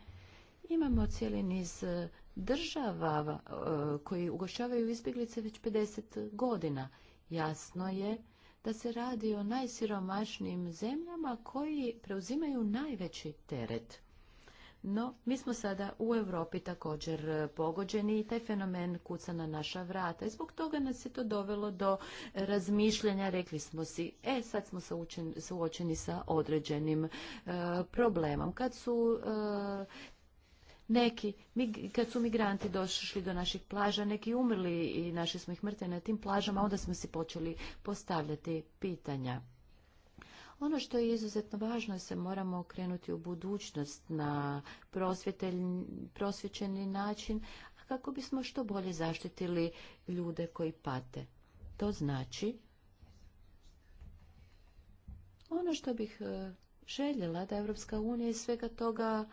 [SPEAKER 2] imamo cijeli niz e, država e, koji ugošćavaju izbjeglice već 50 godina. Jasno je da se radi o najsiromašnijim zemljama koji preuzimaju najveći teret. No, mi smo sada u Europi također e, pogođeni i taj fenomen kuca na naša vrata. I zbog toga nas je to dovelo do razmišljanja. Rekli smo si, e sad smo suočeni sa određenim e, problemom. Kad su neki, kad su migranti došli do naših plaža, neki umrli i naši smo ih mrtve na tim plažama, onda smo si počeli postavljati pitanja. Ono što je izuzetno važno se moramo okrenuti u budućnost na prosvjećeni način, a kako bismo što bolje zaštitili ljude koji pate. To znači, ono što bih e, željela da Europska unija iz svega toga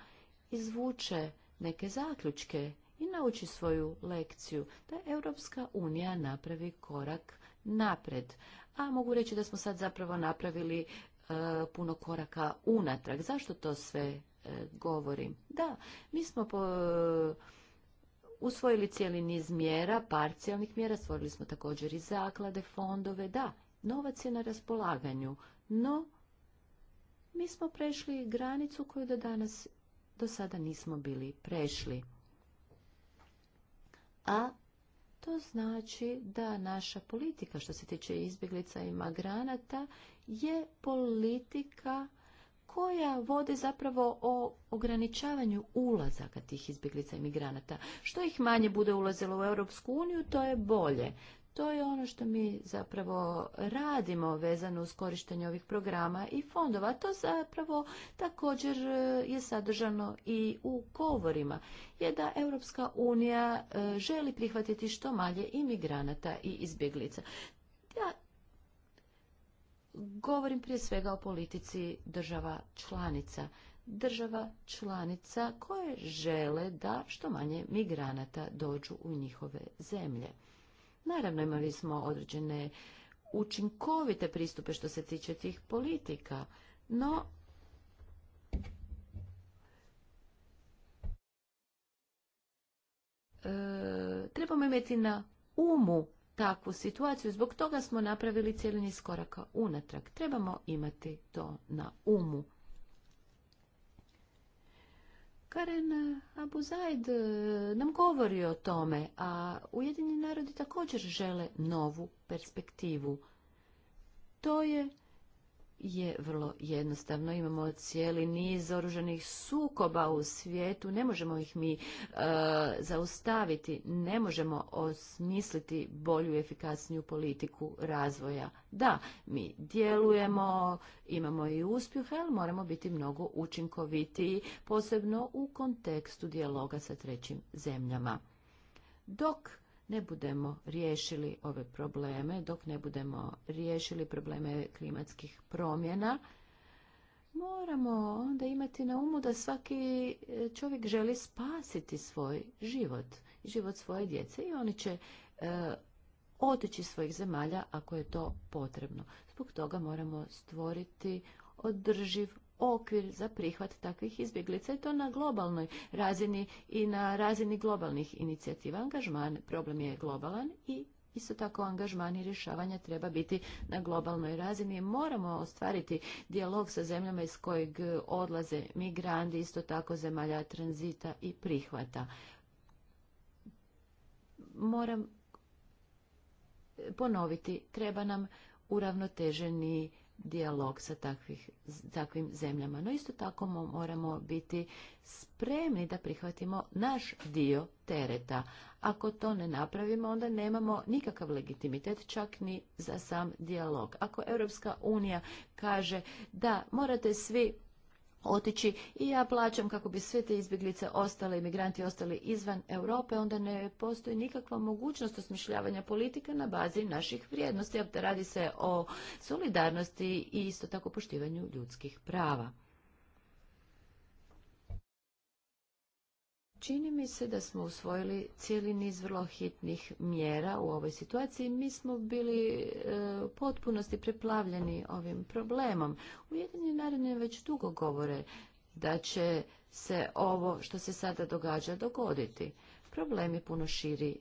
[SPEAKER 2] izvuče neke zaključke i nauči svoju lekciju da Europska unija napravi korak napred. A mogu reći da smo sad zapravo napravili e, puno koraka unatrag. Zašto to sve e, govorim? Da, mi smo po, usvojili cijeli niz mjera, parcijalnih mjera, stvorili smo također i zaklade, fondove, da, novac je na raspolaganju, no mi smo prešli granicu koju do danas do sada nismo bili prešli. A to znači da naša politika što se tiče izbjeglica i magranata je politika koja vode zapravo o ograničavanju ulazaka tih izbjeglica i migranata. Što ih manje bude ulazilo u Europsku uniju, to je bolje. To je ono što mi zapravo radimo vezano uz korištenje ovih programa i fondova. To zapravo također e, je sadržano i u govorima. Je da Europska unija e, želi prihvatiti što manje imigranata i izbjeglica. Ja govorim prije svega o politici država članica država članica koje žele da što manje migranata dođu u njihove zemlje. Naravno imali smo određene učinkovite pristupe što se tiče tih politika, no e, trebamo imeti na umu takvu situaciju. Zbog toga smo napravili cijeli niz koraka unatrag. Trebamo imati to na umu. Karen Abuzaid e, nam govori o tome, a Ujedinjeni narodi također žele novu perspektivu. To je je vrlo jednostavno. Imamo cijeli niz oruženih sukoba u svijetu, ne možemo ih mi e, zaustaviti, ne možemo osmisliti bolju i efikasniju politiku razvoja. Da, mi djelujemo, imamo i uspjehe, ali moramo biti mnogo učinkovitiji, posebno u kontekstu dijaloga sa trećim zemljama. Dok ne budemo riješili ove probleme, dok ne budemo riješili probleme klimatskih promjena, moramo onda imati na umu da svaki e, čovjek želi spasiti svoj život, život svoje djece i oni će e, otići svojih zemalja ako je to potrebno. Zbog toga moramo stvoriti održiv okvir za prihvat takvih izbjeglica i to na globalnoj razini i na razini globalnih inicijativa. Angažman problem je globalan i Isto tako angažman i rješavanja treba biti na globalnoj razini. Moramo ostvariti dijalog sa zemljama iz kojeg odlaze migranti, isto tako zemalja tranzita i prihvata. Moram ponoviti, treba nam uravnoteženi dijalog sa takvih, takvim zemljama. No isto tako moramo biti spremni da prihvatimo naš dio tereta. Ako to ne napravimo, onda nemamo nikakav legitimitet, čak ni za sam dijalog. Ako Europska unija kaže da morate svi otići i ja plaćam kako bi sve te izbjeglice ostale, imigranti ostali izvan Europe, onda ne postoji nikakva mogućnost osmišljavanja politika na bazi naših vrijednosti, a radi se o solidarnosti i isto tako poštivanju ljudskih prava. Čini mi se da smo usvojili cijeli niz vrlo hitnih mjera u ovoj situaciji. Mi smo bili e, u e, potpunosti preplavljeni ovim problemom. Ujedinjeni narodni već dugo govore da će se ovo što se sada događa dogoditi. Problem je puno širi.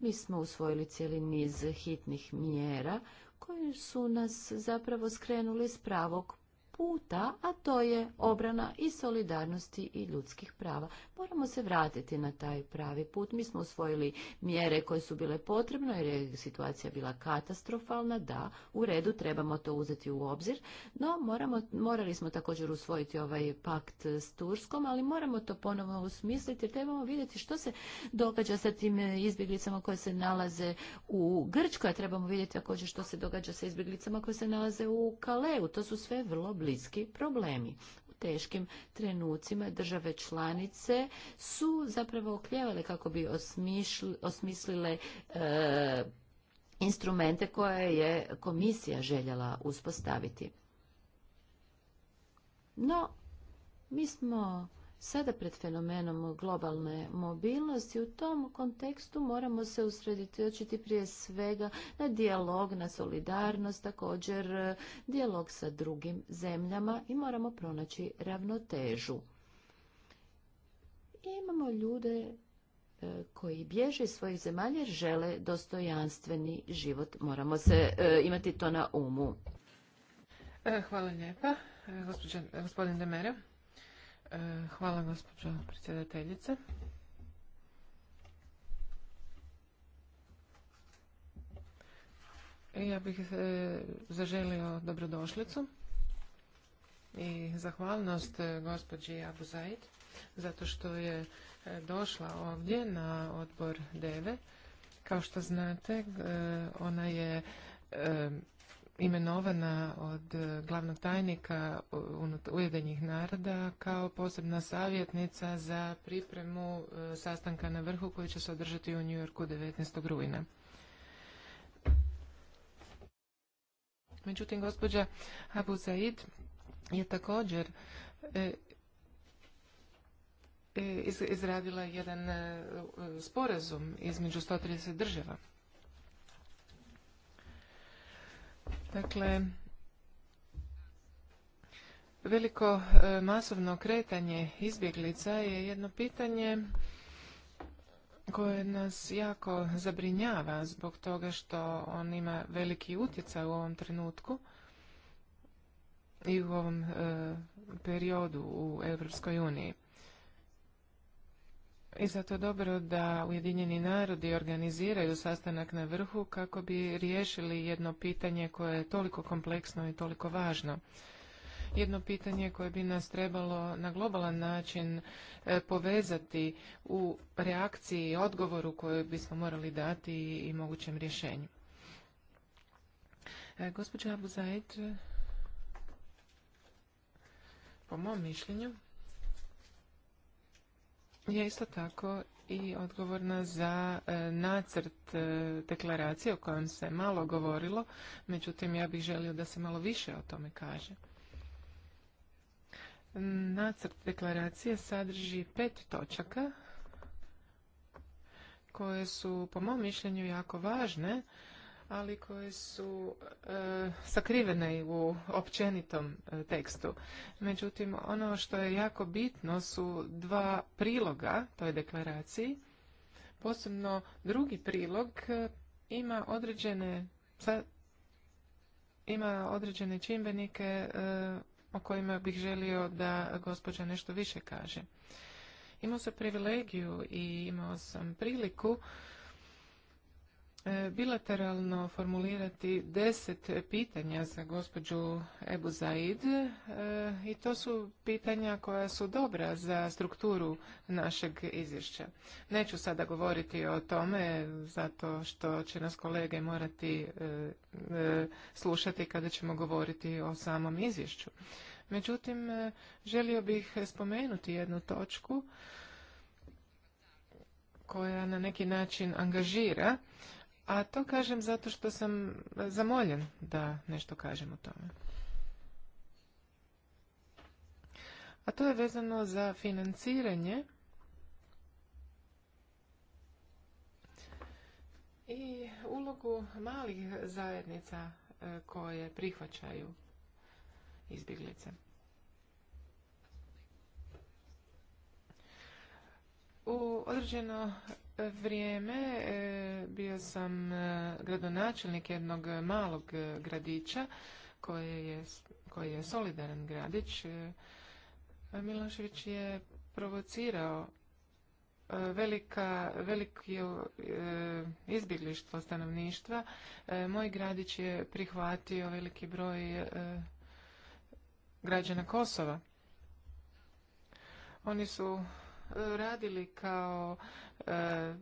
[SPEAKER 2] Mi smo usvojili cijeli niz hitnih mjera koji su nas zapravo skrenuli s pravog puta, a to je obrana i solidarnosti i ljudskih prava. Moramo se vratiti na taj pravi put. Mi smo usvojili mjere koje su bile potrebne jer je situacija bila katastrofalna, da, u redu trebamo to uzeti u obzir, no moramo, morali smo također usvojiti ovaj pakt s Turskom, ali moramo to ponovno usmisliti jer trebamo vidjeti što se događa sa tim izbjeglicama koje se nalaze u Grčkoj, a trebamo vidjeti također što se događa sa izbjeglicama koje se nalaze u Kaleu. To su sve vrlo bliski problemi U teškim trenucima države članice su zapravo okljevale kako bi osmislile e, instrumente koje je komisija željela uspostaviti. No, mi smo sada pred fenomenom globalne mobilnosti. U tom kontekstu moramo se očiti prije svega na dijalog, na solidarnost, također e, dijalog sa drugim zemljama i moramo pronaći ravnotežu.
[SPEAKER 1] I imamo ljude
[SPEAKER 2] e, koji bježe iz svojih zemalja jer žele dostojanstveni život. Moramo se e, imati to na umu.
[SPEAKER 4] Hvala lijepa, Gospodin Demere. E, hvala gospođo predsjedateljice. E, ja bih e, zaželio dobrodošlicu i zahvalnost gospođi Abu Zaid zato što je došla ovdje na odbor DEVE. Kao što znate, ona je imenovana od e, glavnog tajnika Ujedinjenih naroda kao posebna savjetnica za pripremu e, sastanka na vrhu koji će se održati u Njujorku 19. rujna. Međutim, gospođa Abu Zaid je također e, izradila jedan sporazum između 130 država. Dakle, veliko e, masovno kretanje izbjeglica je jedno pitanje koje nas jako zabrinjava zbog toga što on ima veliki utjecaj u ovom trenutku i u ovom e, periodu u Europskoj uniji. I zato je dobro da Ujedinjeni narodi organiziraju sastanak na vrhu kako bi riješili jedno pitanje koje je toliko kompleksno i toliko važno. Jedno pitanje koje bi nas trebalo na globalan način e, povezati u reakciji i odgovoru koju bismo morali dati i mogućem rješenju. E, Abu po mom mišljenju, je isto tako i odgovorna za e, nacrt e, deklaracije o kojem se malo govorilo, međutim ja bih želio da se malo više o tome kaže. Nacrt deklaracije sadrži pet točaka koje su po mom mišljenju jako važne ali koje su e, sakrivene u općenitom eh, tekstu. Međutim, ono što je jako bitno su dva priloga toj deklaraciji. Posebno drugi prilog eh, ima određene ima određene čimbenike o kojima bih želio da gospođa nešto više kaže. Imao sam privilegiju i imao sam priliku E, bilateralno formulirati deset pitanja za gospođu Ebu Zaid e, i to su pitanja koja su dobra za strukturu našeg izvješća. Neću sada govoriti o tome zato što će nas kolege morati e, slušati kada ćemo govoriti o samom izvješću. Međutim, želio bih spomenuti jednu točku koja na neki način angažira a to kažem zato što sam zamoljen da nešto kažem o tome. A to je vezano za financiranje i ulogu malih zajednica e, koje prihvaćaju izbjeglice. U određeno vrijeme e, bio sam e, gradonačelnik jednog malog e, gradića koji je, solidaran gradić. Milošević je provocirao velika, veliko izbjeglištvo stanovništva. Moj gradić je prihvatio veliki broj građana Kosova. Oni su radili kao e,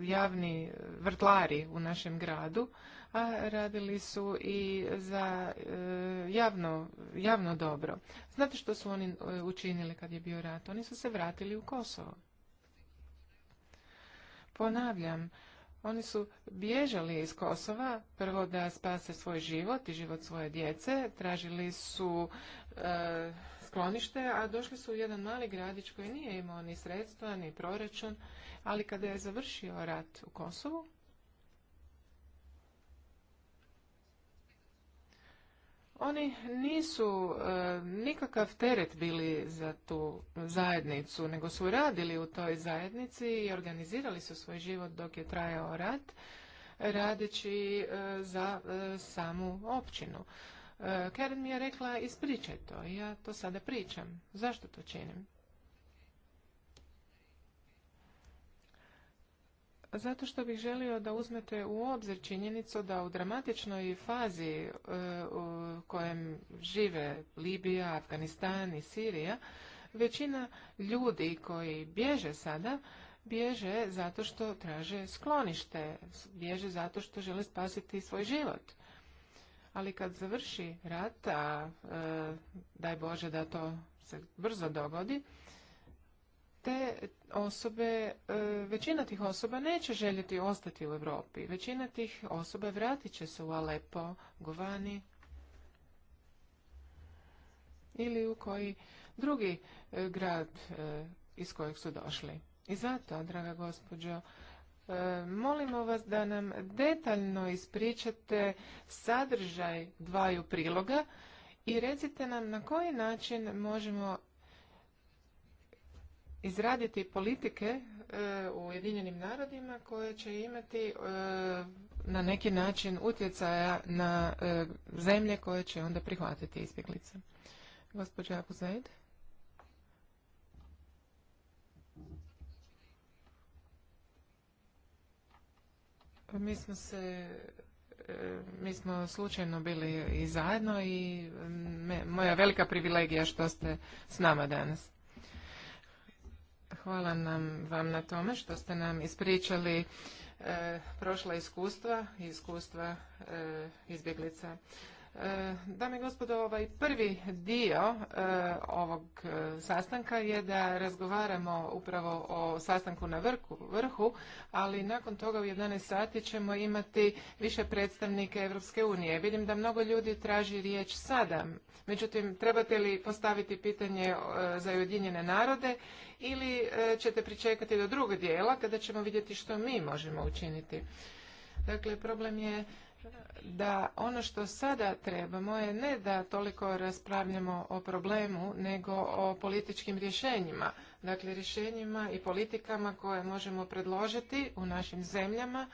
[SPEAKER 4] javni vrtlari u našem gradu, a radili su i za e, javno, javno dobro. Znate što su oni e, učinili kad je bio rat? Oni su se vratili u Kosovo. Ponavljam, oni su bježali iz Kosova, prvo da spase svoj život i život svoje djece, tražili su sklonište, a došli su u jedan mali gradić koji nije imao ni sredstva, ni proračun, ali kada je završio rat u Kosovu, oni nisu e, nikakav teret bili za tu zajednicu, nego su radili u toj zajednici i organizirali su svoj život dok je trajao rat, radeći e, za e, samu općinu. E, Karen mi je rekla ispričaj to ja to sada pričam. Zašto to činim? Zato što bih želio da uzmete u obzir činjenicu da u dramatičnoj fazi e, u kojem žive Libija, Afganistan i Sirija, većina ljudi koji bježe sada, bježe zato što traže sklonište, bježe zato što žele spasiti svoj život ali kad završi rat, a e, daj Bože da to se brzo dogodi, te osobe, e, većina tih osoba neće željeti ostati u Europi. Većina tih osoba vratit će se u Alepo, Govani ili u koji drugi e, grad iz kojeg su došli. I zato, draga gospođo, E, molimo vas da nam detaljno ispričate sadržaj dvaju priloga i recite nam na koji način možemo izraditi politike e, u Ujedinjenim narodima koje će imati e, na neki način utjecaja na zemlje koje će onda prihvatiti izbjeglice. Gospođa Pa mi smo se e, mi smo slučajno bili i zajedno i moja velika privilegija što ste s nama danas. Hvala nam vam na tome što ste nam ispričali e, prošla iskustva, iskustva e, izbjeglica. E, dame i gospodo, ovaj prvi dio e, ovog e, sastanka je da razgovaramo upravo o sastanku na vrhu, vrhu, ali nakon toga u 11 sati ćemo imati više predstavnike Europske unije. Vidim da mnogo ljudi traži riječ sada. Međutim, trebate li postaviti pitanje za Ujedinjene narode ili ćete pričekati do drugog dijela kada ćemo vidjeti što mi možemo učiniti. Dakle, problem je da ono što sada trebamo je ne da toliko raspravljamo o problemu, nego o političkim rješenjima. Dakle, rješenjima i politikama koje možemo predložiti u našim zemljama,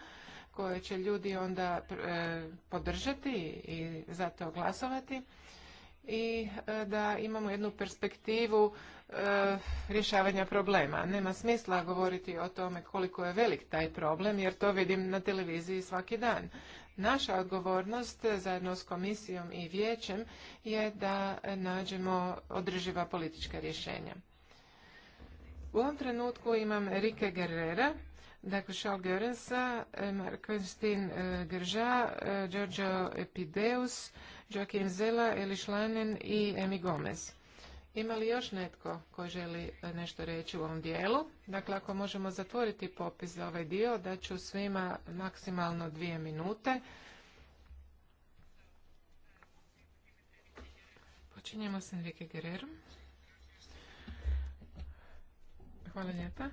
[SPEAKER 4] koje će ljudi onda e, podržati i zato glasovati i e, da imamo jednu perspektivu e, rješavanja problema. Nema smisla govoriti o tome koliko je velik taj problem jer to vidim na televiziji svaki dan. Naša odgovornost zajedno s komisijom i vijećem je da nađemo održiva politička rješenja. U ovom trenutku imam Rike Guerrera, dakle Charles Goerensa, Grža, Giorgio Epideus, Joaquim Zela, Eli i Emi Gomez. Ima li još netko koji želi e, nešto reći u ovom dijelu? Dakle, ako možemo zatvoriti popis za ovaj dio, da ću svima maksimalno dvije minute. Počinjemo s Enrique Guerrero. Hvala lijepa.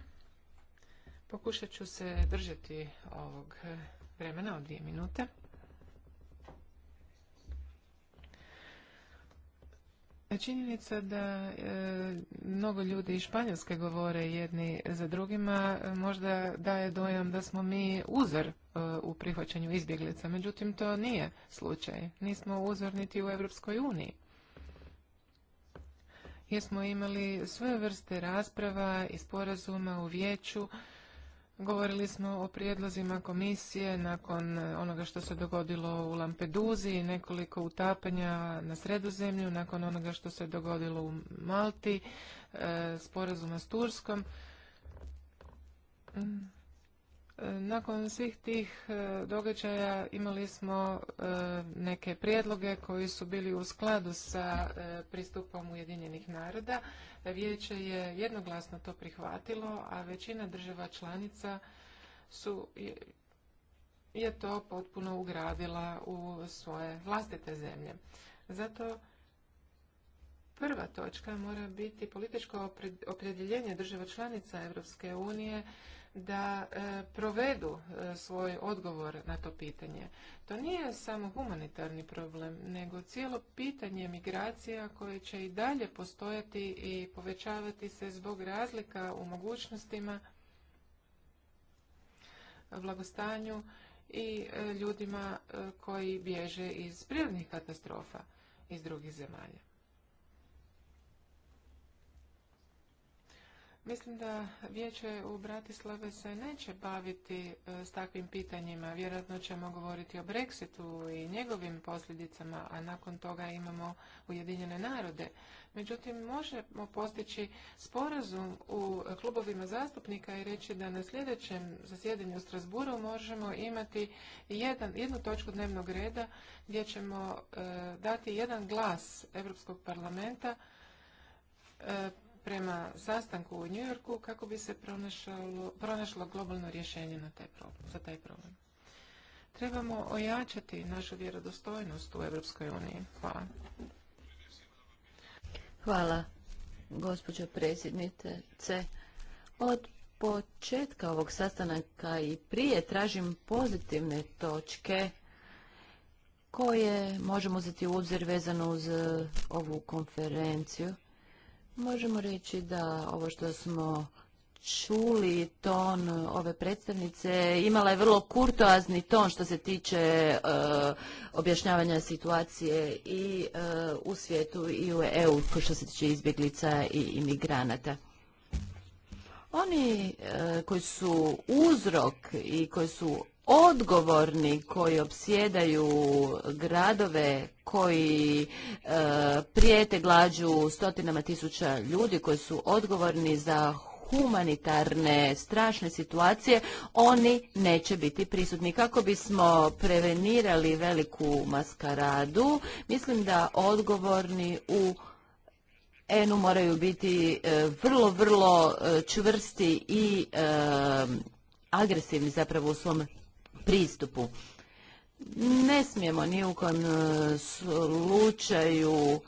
[SPEAKER 4] Pokušat ću se držati ovog e, vremena od dvije minute. Činjenica da e, mnogo ljudi iz Španjolske govore jedni za drugima e, možda daje dojam da smo mi uzor e, u prihvaćanju izbjeglica. Međutim, to nije slučaj. Nismo uzor niti u Europskoj uniji. Jesmo imali sve vrste rasprava i sporazuma u vijeću Govorili smo o prijedlozima komisije nakon e, onoga što se dogodilo u Lampeduzi nekoliko utapanja na sredozemlju, nakon onoga što se dogodilo u Malti, e, sporazuma s Turskom. Mm. Nakon svih tih e, događaja imali smo e, neke prijedloge koji su bili u skladu sa e, pristupom Ujedinjenih naroda. Vijeće je jednoglasno to prihvatilo, a većina država članica su, je to potpuno ugradila u svoje vlastite zemlje. Zato prva točka mora biti političko opredjeljenje država članica Europske unije da e, provedu e, svoj odgovor na to pitanje. To nije samo humanitarni problem, nego cijelo pitanje migracija koje će i dalje postojati i povećavati se zbog razlika u mogućnostima, blagostanju i e, ljudima koji bježe iz prirodnih katastrofa iz drugih zemalja. Mislim da vijeće u Bratislave se neće baviti e, s takvim pitanjima. Vjerojatno ćemo govoriti o Brexitu i njegovim posljedicama, a nakon toga imamo Ujedinjene narode. Međutim, možemo postići sporazum u klubovima zastupnika i reći da na sljedećem zasjedanju u Strasburu možemo imati jedan, jednu točku dnevnog reda gdje ćemo e, dati jedan glas Europskog parlamenta e, prema sastanku u Njujorku kako bi se pronašlo globalno rješenje na za taj problem. Trebamo ojačati našu vjerodostojnost u Europskoj uniji. Hvala. Hvala,
[SPEAKER 2] gospođo predsjednice. Od početka ovog sastanaka i prije tražim pozitivne točke koje možemo uzeti u obzir vezano uz ovu konferenciju. Možemo reći da ovo što smo čuli ton ove predstavnice, imala je vrlo kurtoazni ton što se tiče e, objašnjavanja situacije i e, u svijetu i u EU što se tiče izbjeglica i imigranata. Oni e, koji su uzrok i koji su odgovorni koji opsjedaju gradove koji e, prijete glađu stotinama tisuća ljudi koji su odgovorni za humanitarne strašne situacije, oni neće biti prisutni. Kako bismo prevenirali veliku maskaradu, mislim da odgovorni u Enu moraju biti e, vrlo, vrlo e, čvrsti i agresivni zapravo u svom pristupu ne smijemo ni u kojem e, slučaju e,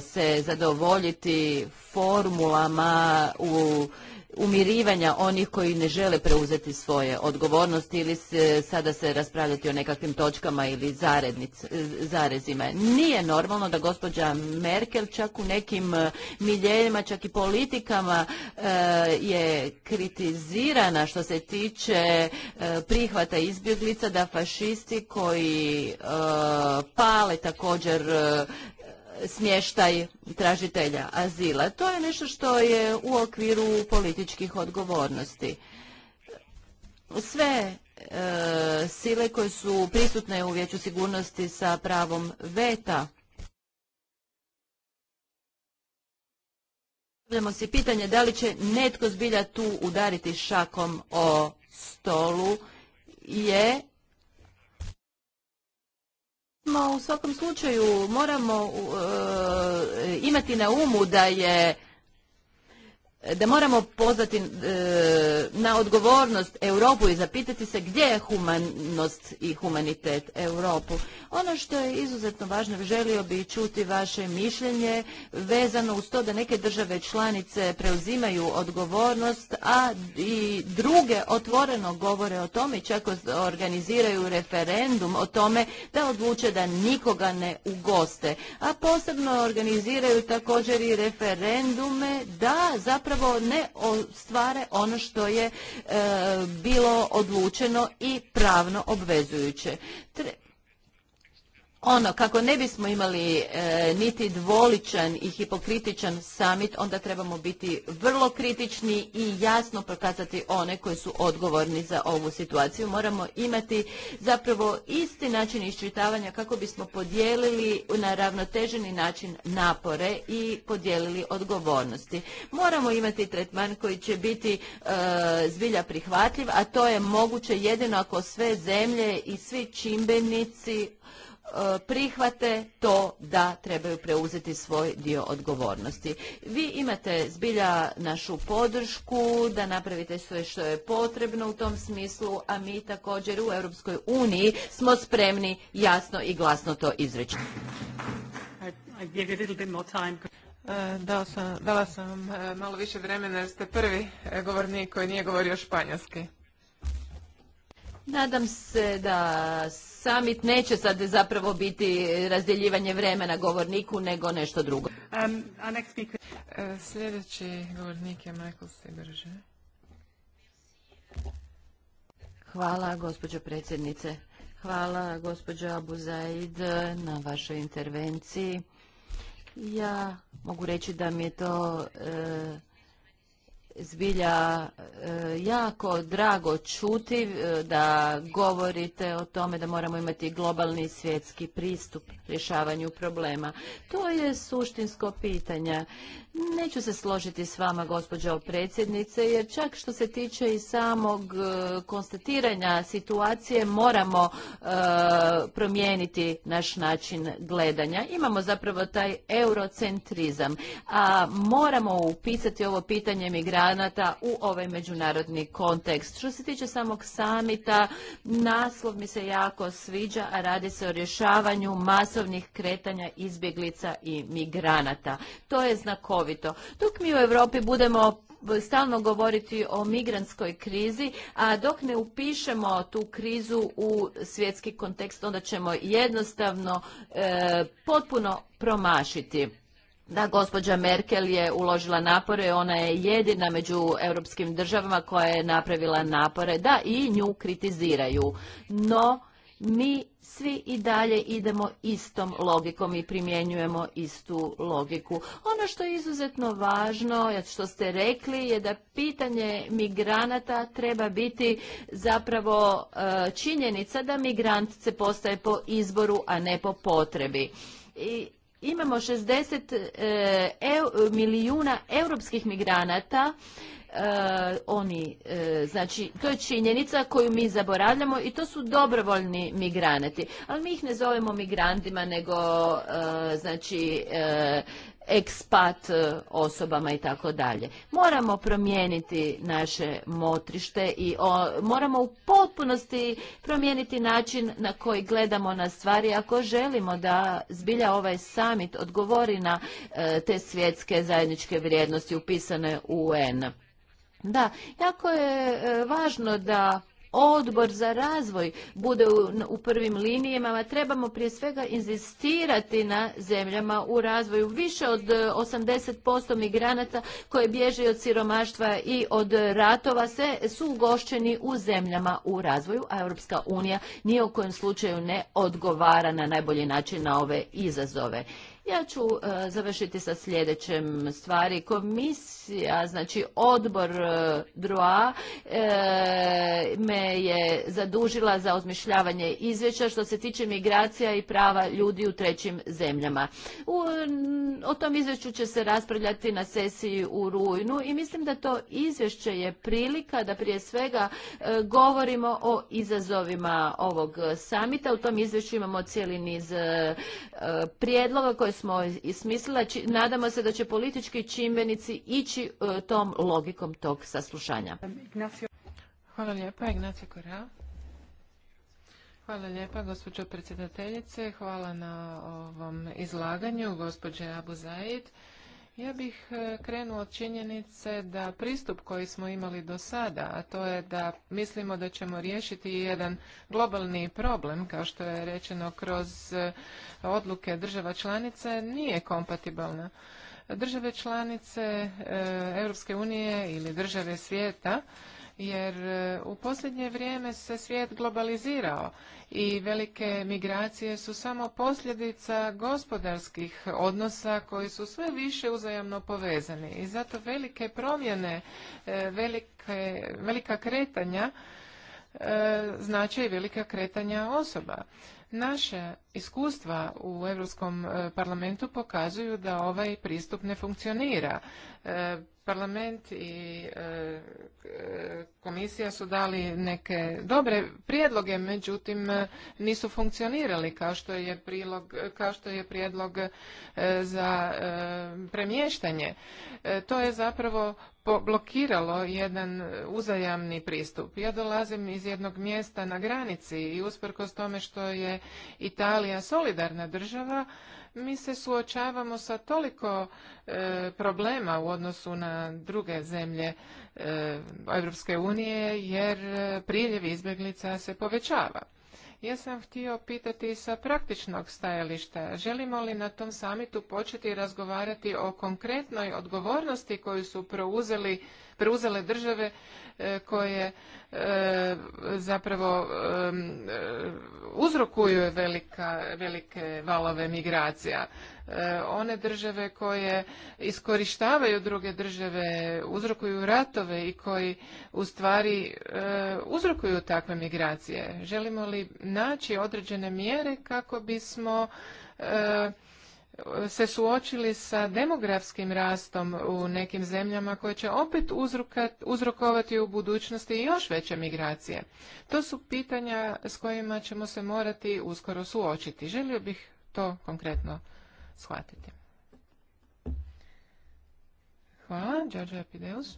[SPEAKER 2] se zadovoljiti formulama u umirivanja onih koji ne žele preuzeti svoje odgovornosti ili se, sada se raspravljati o nekakvim točkama ili zarezima. Nije normalno da gospođa Merkel čak u nekim e, miljeljima, čak i politikama e, je kritizirana što se tiče e, prihvata izbjeglica da fašisti koji pale također smještaj tražitelja azila. To je nešto što je u okviru političkih odgovornosti. Sve e, sile koje su prisutne u vijeću sigurnosti sa pravom veta Postavljamo si pitanje da li će netko zbilja tu udariti šakom o stolu je ma u svakom slučaju moramo e, imati na umu da je da moramo pozvati e, na odgovornost Europu i zapitati se gdje je humanost i humanitet Europu. Ono što je izuzetno važno, želio bi čuti vaše mišljenje vezano uz to da neke države članice preuzimaju odgovornost, a i druge otvoreno govore o tome i čak organiziraju referendum o tome da odluče da nikoga ne ugoste. A posebno organiziraju također i referendume da zapravo zapravo ne ostvare ono što je e, bilo odlučeno i pravno obvezujuće ono, kako ne bismo imali e, niti dvoličan i hipokritičan summit, onda trebamo biti vrlo kritični i jasno prokazati one koji su odgovorni za ovu situaciju. Moramo imati zapravo isti način iščitavanja kako bismo podijelili na ravnoteženi način napore i podijelili odgovornosti. Moramo imati tretman koji će biti e, zbilja prihvatljiv, a to je moguće jedino ako sve zemlje i svi čimbenici E, prihvate to da trebaju preuzeti svoj dio odgovornosti. Vi imate zbilja našu podršku da napravite sve što je potrebno u tom smislu, a mi također u Europskoj uniji smo spremni
[SPEAKER 4] jasno i
[SPEAKER 2] glasno to izreći.
[SPEAKER 4] E, dao sam, dala sam e, malo više vremena jer ste prvi govornik koji nije govorio španjolski.
[SPEAKER 2] Nadam se da summit neće sad zapravo biti razdjeljivanje vremena govorniku, nego nešto drugo.
[SPEAKER 4] Um, e, sljedeći govornik je Michael Seberže.
[SPEAKER 2] Hvala, gospođo predsjednice. Hvala, gospođo Zaid, na vašoj intervenciji. Ja mogu reći da mi je to... E, zbilja e, jako drago čuti e, da govorite o tome da moramo imati globalni svjetski pristup rješavanju problema. To je suštinsko pitanje. Neću se složiti s vama, gospođo predsjednice, jer čak što se tiče i samog e, konstatiranja situacije, moramo e, promijeniti naš način gledanja. Imamo zapravo taj eurocentrizam, a moramo upisati ovo pitanje migranata u ovaj međunarodni kontekst. Što se tiče samog samita, naslov mi se jako sviđa, a radi se o rješavanju masa masovnih kretanja izbjeglica i migranata. To je znakovito. Dok mi u Europi budemo stalno govoriti o migrantskoj krizi, a dok ne upišemo tu krizu u svjetski kontekst, onda ćemo jednostavno e, potpuno promašiti. Da, gospođa Merkel je uložila napore, ona je jedina među europskim državama koja je napravila napore, da, i nju kritiziraju. No, mi svi i dalje idemo istom logikom i primjenjujemo istu logiku. Ono što je izuzetno važno, što ste rekli, je da pitanje migranata treba biti zapravo e, činjenica da se postaje po izboru, a ne po potrebi. I imamo 60 e, milijuna europskih migranata Eh, oni, eh, znači to je činjenica koju mi zaboravljamo i to su dobrovoljni migranti. Ali mi ih ne zovemo migrantima nego eh, znači ekspat osobama i tako dalje. Moramo promijeniti naše motrište i moramo u potpunosti promijeniti način na koji gledamo na stvari ako želimo da zbilja ovaj summit odgovori na te svjetske zajedničke vrijednosti upisane u UN. Da, jako je e, važno da odbor za razvoj bude u, prvim linijama, trebamo prije svega inzistirati na zemljama u razvoju. Više od 80% e, migranata koje bježe od siromaštva i od ratova se su ugošćeni u zemljama u razvoju, a Europska unija nije u kojem slučaju ne odgovara na najbolji način na ove izazove. Ja ću e, završiti sa sljedećem stvari. Komisija komisija, znači odbor e, DROA e, me je zadužila za ozmišljavanje izvješća što se tiče migracija i prava ljudi u trećim zemljama. o tom izvješću će se raspravljati na sesiji u rujnu i mislim da to izvješće je prilika da prije svega e, govorimo o izazovima ovog samita. U tom izvješću imamo cijeli niz prijedloga koje smo ismislila. Nadamo se da će politički čimbenici ići ići e, tom logikom tog saslušanja.
[SPEAKER 4] Hvala lijepa, Hvala lijepa, gospođo predsjedateljice. Hvala na ovom izlaganju, gospođe Abu Zaid. Ja bih e, krenuo od činjenice da pristup koji smo imali do sada, a to je da mislimo da ćemo riješiti jedan globalni problem, kao što je rečeno kroz e, odluke država članice, nije kompatibilna države članice e, Europske unije ili države svijeta jer e, u posljednje vrijeme se svijet globalizirao i velike migracije su samo posljedica gospodarskih odnosa koji su sve više uzajamno povezani i zato velike promjene, e, velike, velika kretanja znači i velika kretanja osoba. Naše Iskustva u Europskom e, parlamentu pokazuju da ovaj pristup ne funkcionira. E, parlament i e, komisija su dali neke dobre prijedloge, međutim nisu funkcionirali kao što je, prilog, kao što je prijedlog za premještanje. To je zapravo blokiralo jedan uzajamni pristup. Ja dolazim iz jednog mjesta na granici i usprkos tome što je Italija je solidarna država, mi se suočavamo sa toliko e, problema u odnosu na druge zemlje e, Europske unije jer e, priljev izbjeglica se povećava. Ja sam htio pitati sa praktičnog stajališta, želimo li na tom samitu početi razgovarati o konkretnoj odgovornosti koju su prouzeli preuzele države e, koje e, zapravo e, uzrokuju velika, velike valove migracija. One države koje iskorištavaju druge države, uzrokuju ratove i koji u stvari uzrokuju takve migracije. Želimo li naći određene mjere kako bismo se suočili sa demografskim rastom u nekim zemljama koje će opet uzrokovati u budućnosti još veće migracije. To su pitanja s kojima ćemo se morati uskoro suočiti. Želio bih to konkretno shvatiti. Hvala, Đorđe Apideus.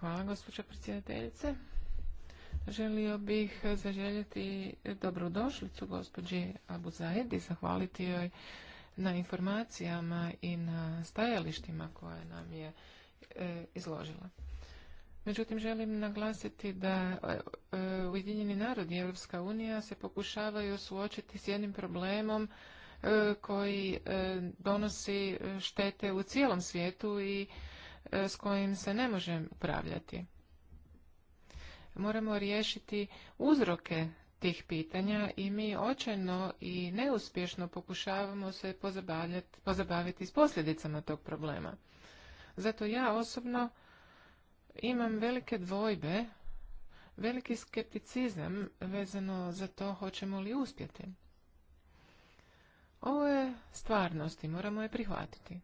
[SPEAKER 4] Hvala, gospođo predsjedateljice. Želio bih zaželjeti dobrodošlicu gospođi Abu i zahvaliti joj na informacijama i na stajalištima koje nam je e, izložila. Međutim, želim naglasiti da e, e, Ujedinjeni narod i Europska unija se pokušavaju suočiti s jednim problemom koji donosi štete u cijelom svijetu i s kojim se ne može upravljati. Moramo riješiti uzroke tih pitanja i mi očajno i neuspješno pokušavamo se pozabaviti s posljedicama tog problema. Zato ja osobno imam velike dvojbe, veliki skepticizam vezano za to hoćemo li uspjeti. Ovo je stvarnost i moramo je prihvatiti.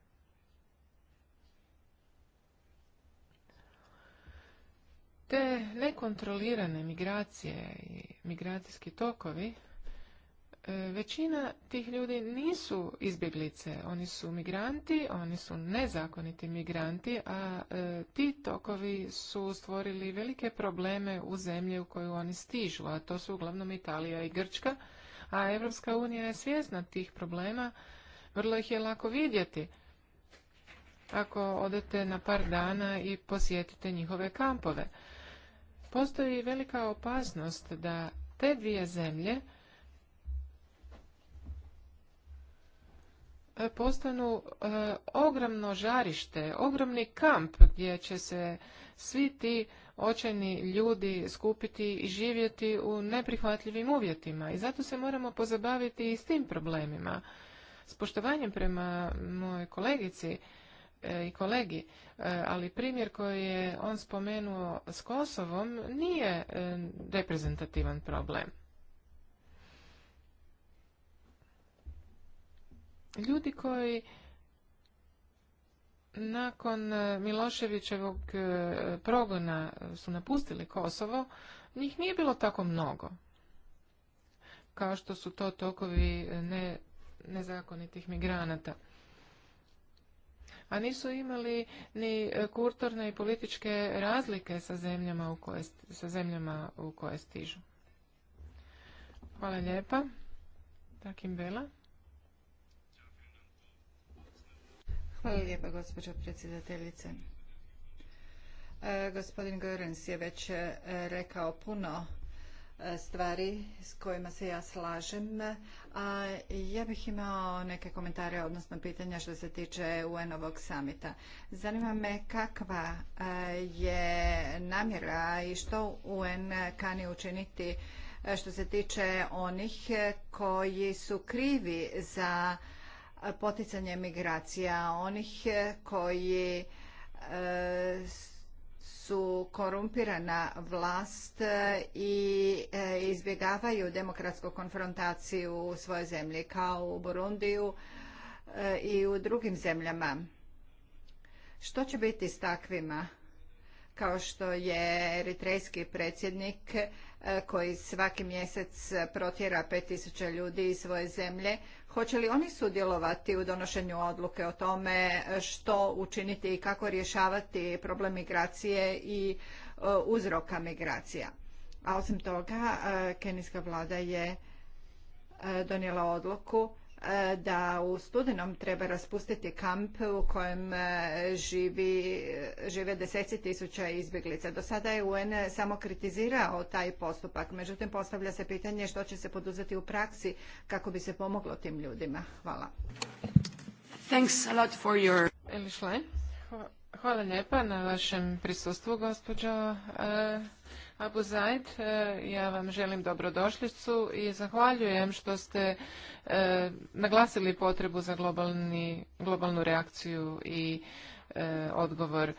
[SPEAKER 4] Te nekontrolirane migracije i migracijski tokovi, e, većina tih ljudi nisu izbjeglice, oni su migranti, oni su nezakoniti migranti, a e, ti tokovi su stvorili velike probleme u zemlje u koju oni stižu, a to su uglavnom Italija i Grčka, a Evropska unija je svjesna tih problema, vrlo ih je lako vidjeti ako odete na par dana i posjetite njihove kampove. Postoji velika opasnost da te dvije zemlje e, postanu e, ogromno žarište, ogromni kamp gdje će se svi ti očajni ljudi skupiti i živjeti u neprihvatljivim uvjetima. I zato se moramo pozabaviti i s tim problemima. S poštovanjem prema mojoj kolegici, E, i kolegi, e, ali primjer koji je on spomenuo s Kosovom nije e, reprezentativan problem. Ljudi koji nakon Miloševićevog progona su napustili Kosovo, njih nije bilo tako mnogo. Kao što su to tokovi ne, nezakonitih migranata a nisu imali ni e, kulturne i političke razlike sa zemljama u koje, sa zemljama u koje stižu. Hvala lijepa. Takim Bela. Hvala lijepa, gospođo predsjedateljice.
[SPEAKER 1] E, gospodin Görens je već e, rekao puno E, stvari s kojima se ja slažem. A ja bih imao neke komentare, odnosno pitanja što se tiče UN-ovog samita. Zanima me kakva e, je namjera i što UN kani učiniti e, što se tiče onih koji su krivi za poticanje migracija, onih koji su korumpirana vlast e, i e, izbjegavaju demokratsku konfrontaciju u svojoj zemlji kao u Burundiju e, i u drugim zemljama. Što će biti s takvima? Kao što je eritrejski predsjednik E, koji svaki mjesec protjera 5000 ljudi iz svoje zemlje. Hoće li oni sudjelovati u donošenju odluke o tome što učiniti i kako rješavati problem migracije i e, uzroka migracija? A osim toga, e, kenijska vlada je donijela odluku da u studenom treba raspustiti kamp u kojem e, živi, žive deseci tisuća izbjeglica. Do sada je UN samo kritizirao taj postupak, međutim postavlja se pitanje što će se poduzeti u praksi kako bi se pomoglo tim ljudima.
[SPEAKER 4] Hvala. Hvala lijepa na vašem prisustvu, gospođo. E, Abu Zaid, e, ja vam želim dobrodošlicu i zahvaljujem što ste e, naglasili potrebu za globalni, globalnu reakciju i e, odgovor.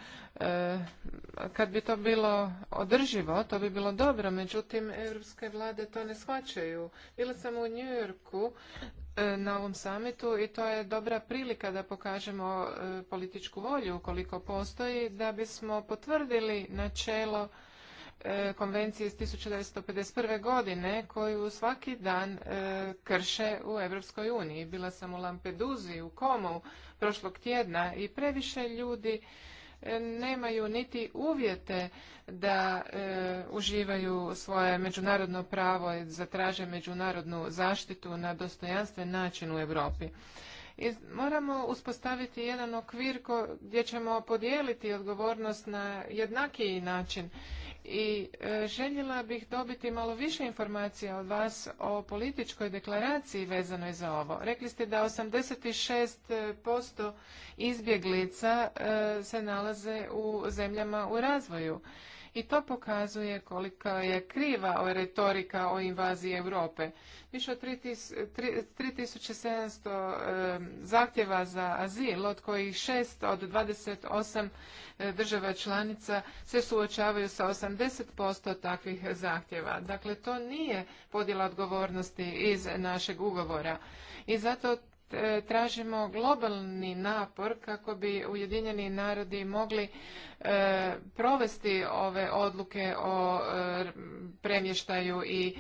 [SPEAKER 4] kad bi to bilo održivo, to bi bilo dobro, međutim, europske vlade to ne shvaćaju. Bila sam u New Yorku na ovom samitu i to je dobra prilika da pokažemo političku volju, ukoliko postoji, da bismo potvrdili načelo E, konvencije iz 1951. godine koju svaki dan e, krše u Europskoj uniji. Bila sam u Lampeduzi, u Komu prošlog tjedna i previše ljudi e, nemaju niti uvjete da uživaju svoje međunarodno pravo i zatraže međunarodnu zaštitu na dostojanstven način u Europi. I moramo uspostaviti jedan okvir gdje ćemo podijeliti odgovornost na jednakiji način i e, željela bih dobiti malo više informacija od vas o političkoj deklaraciji vezanoj za ovo. Rekli ste da 86% izbjeglica e, se nalaze u zemljama u razvoju i to pokazuje kolika je kriva o retorika o invaziji Europe. Više od 3700 zahtjeva za azil, od kojih šest od 28 e, država članica se suočavaju sa 80% takvih zahtjeva. Dakle, to nije podjela odgovornosti iz našeg ugovora. I zato E, tražimo globalni napor kako bi Ujedinjeni narodi mogli e, provesti ove odluke o e, premještaju i,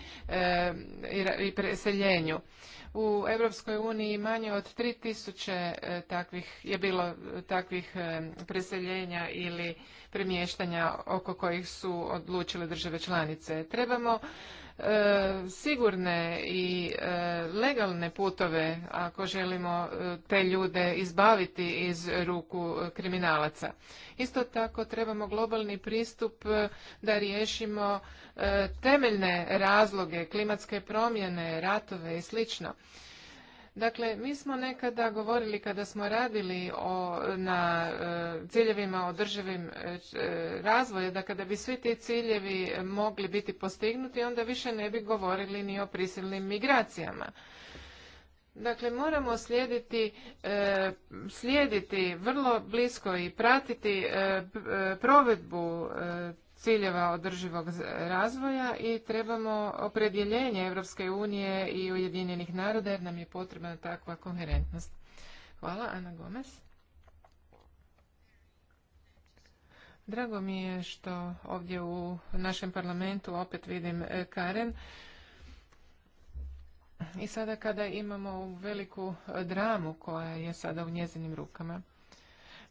[SPEAKER 4] preseljenju. U Europskoj uniji manje od 3000 takvih je bilo takvih preseljenja ili premještanja oko kojih su odlučile države članice. Trebamo E, sigurne i e, legalne putove ako želimo e, te ljude izbaviti iz ruku kriminalaca. Isto tako trebamo globalni pristup da riješimo temeljne razloge, klimatske promjene, ratove i slično. Dakle, mi smo nekada govorili kada smo radili o, na e, ciljevima održivim e, e, razvoja, da kada bi svi ti ciljevi mogli biti postignuti, onda više ne bi govorili ni o prisilnim migracijama. Dakle, moramo slijediti, slijediti vrlo blisko i pratiti provedbu ciljeva održivog razvoja i trebamo opredjeljenje Europske unije i Ujedinjenih naroda jer nam je potrebna takva koherentnost. Hvala, Ana Gomez. Drago mi je što ovdje u našem parlamentu opet vidim e, Karen. I sada kada imamo veliku e, dramu koja je sada u njezinim rukama.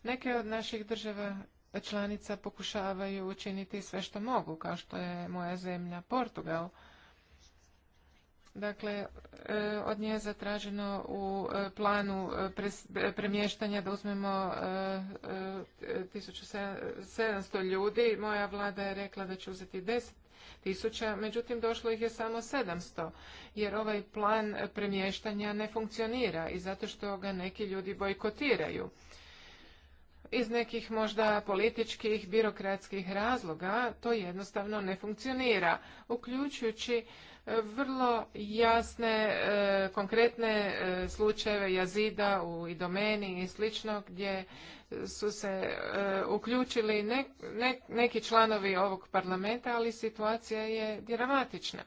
[SPEAKER 4] Neke od naših država članica pokušavaju učiniti sve što mogu, kao što je moja zemlja Portugal. Dakle, e, od nje je zatraženo u e, planu e, premještanja da uzmemo 1700 ljudi. Moja vlada je rekla da će uzeti 10 tisuća, međutim došlo ih je samo 700, jer ovaj plan premještanja ne funkcionira i zato što ga neki ljudi bojkotiraju iz nekih možda političkih, birokratskih razloga to jednostavno ne funkcionira, uključujući e, vrlo jasne, e, konkretne e, slučajeve jazida u idomeni i slično gdje su se uključili neki članovi ovog parlamenta, ali situacija je dramatična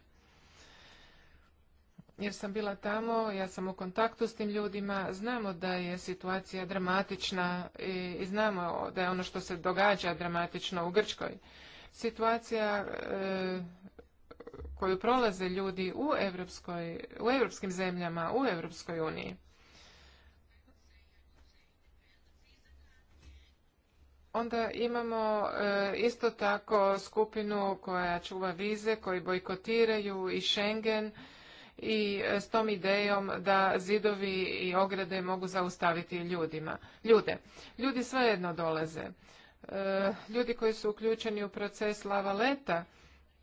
[SPEAKER 4] jer sam bila tamo, ja sam u kontaktu s tim ljudima, znamo da je situacija dramatična i, znamo da je ono što se događa dramatično u Grčkoj. Situacija e, koju prolaze ljudi u, Evropskoj, u evropskim zemljama, u Evropskoj uniji. Onda imamo e, isto tako skupinu koja čuva vize, koji bojkotiraju i Schengen, i s tom idejom da zidovi i ograde mogu zaustaviti ljudima, ljude. Ljudi svejedno dolaze. E, ljudi koji su uključeni u proces leta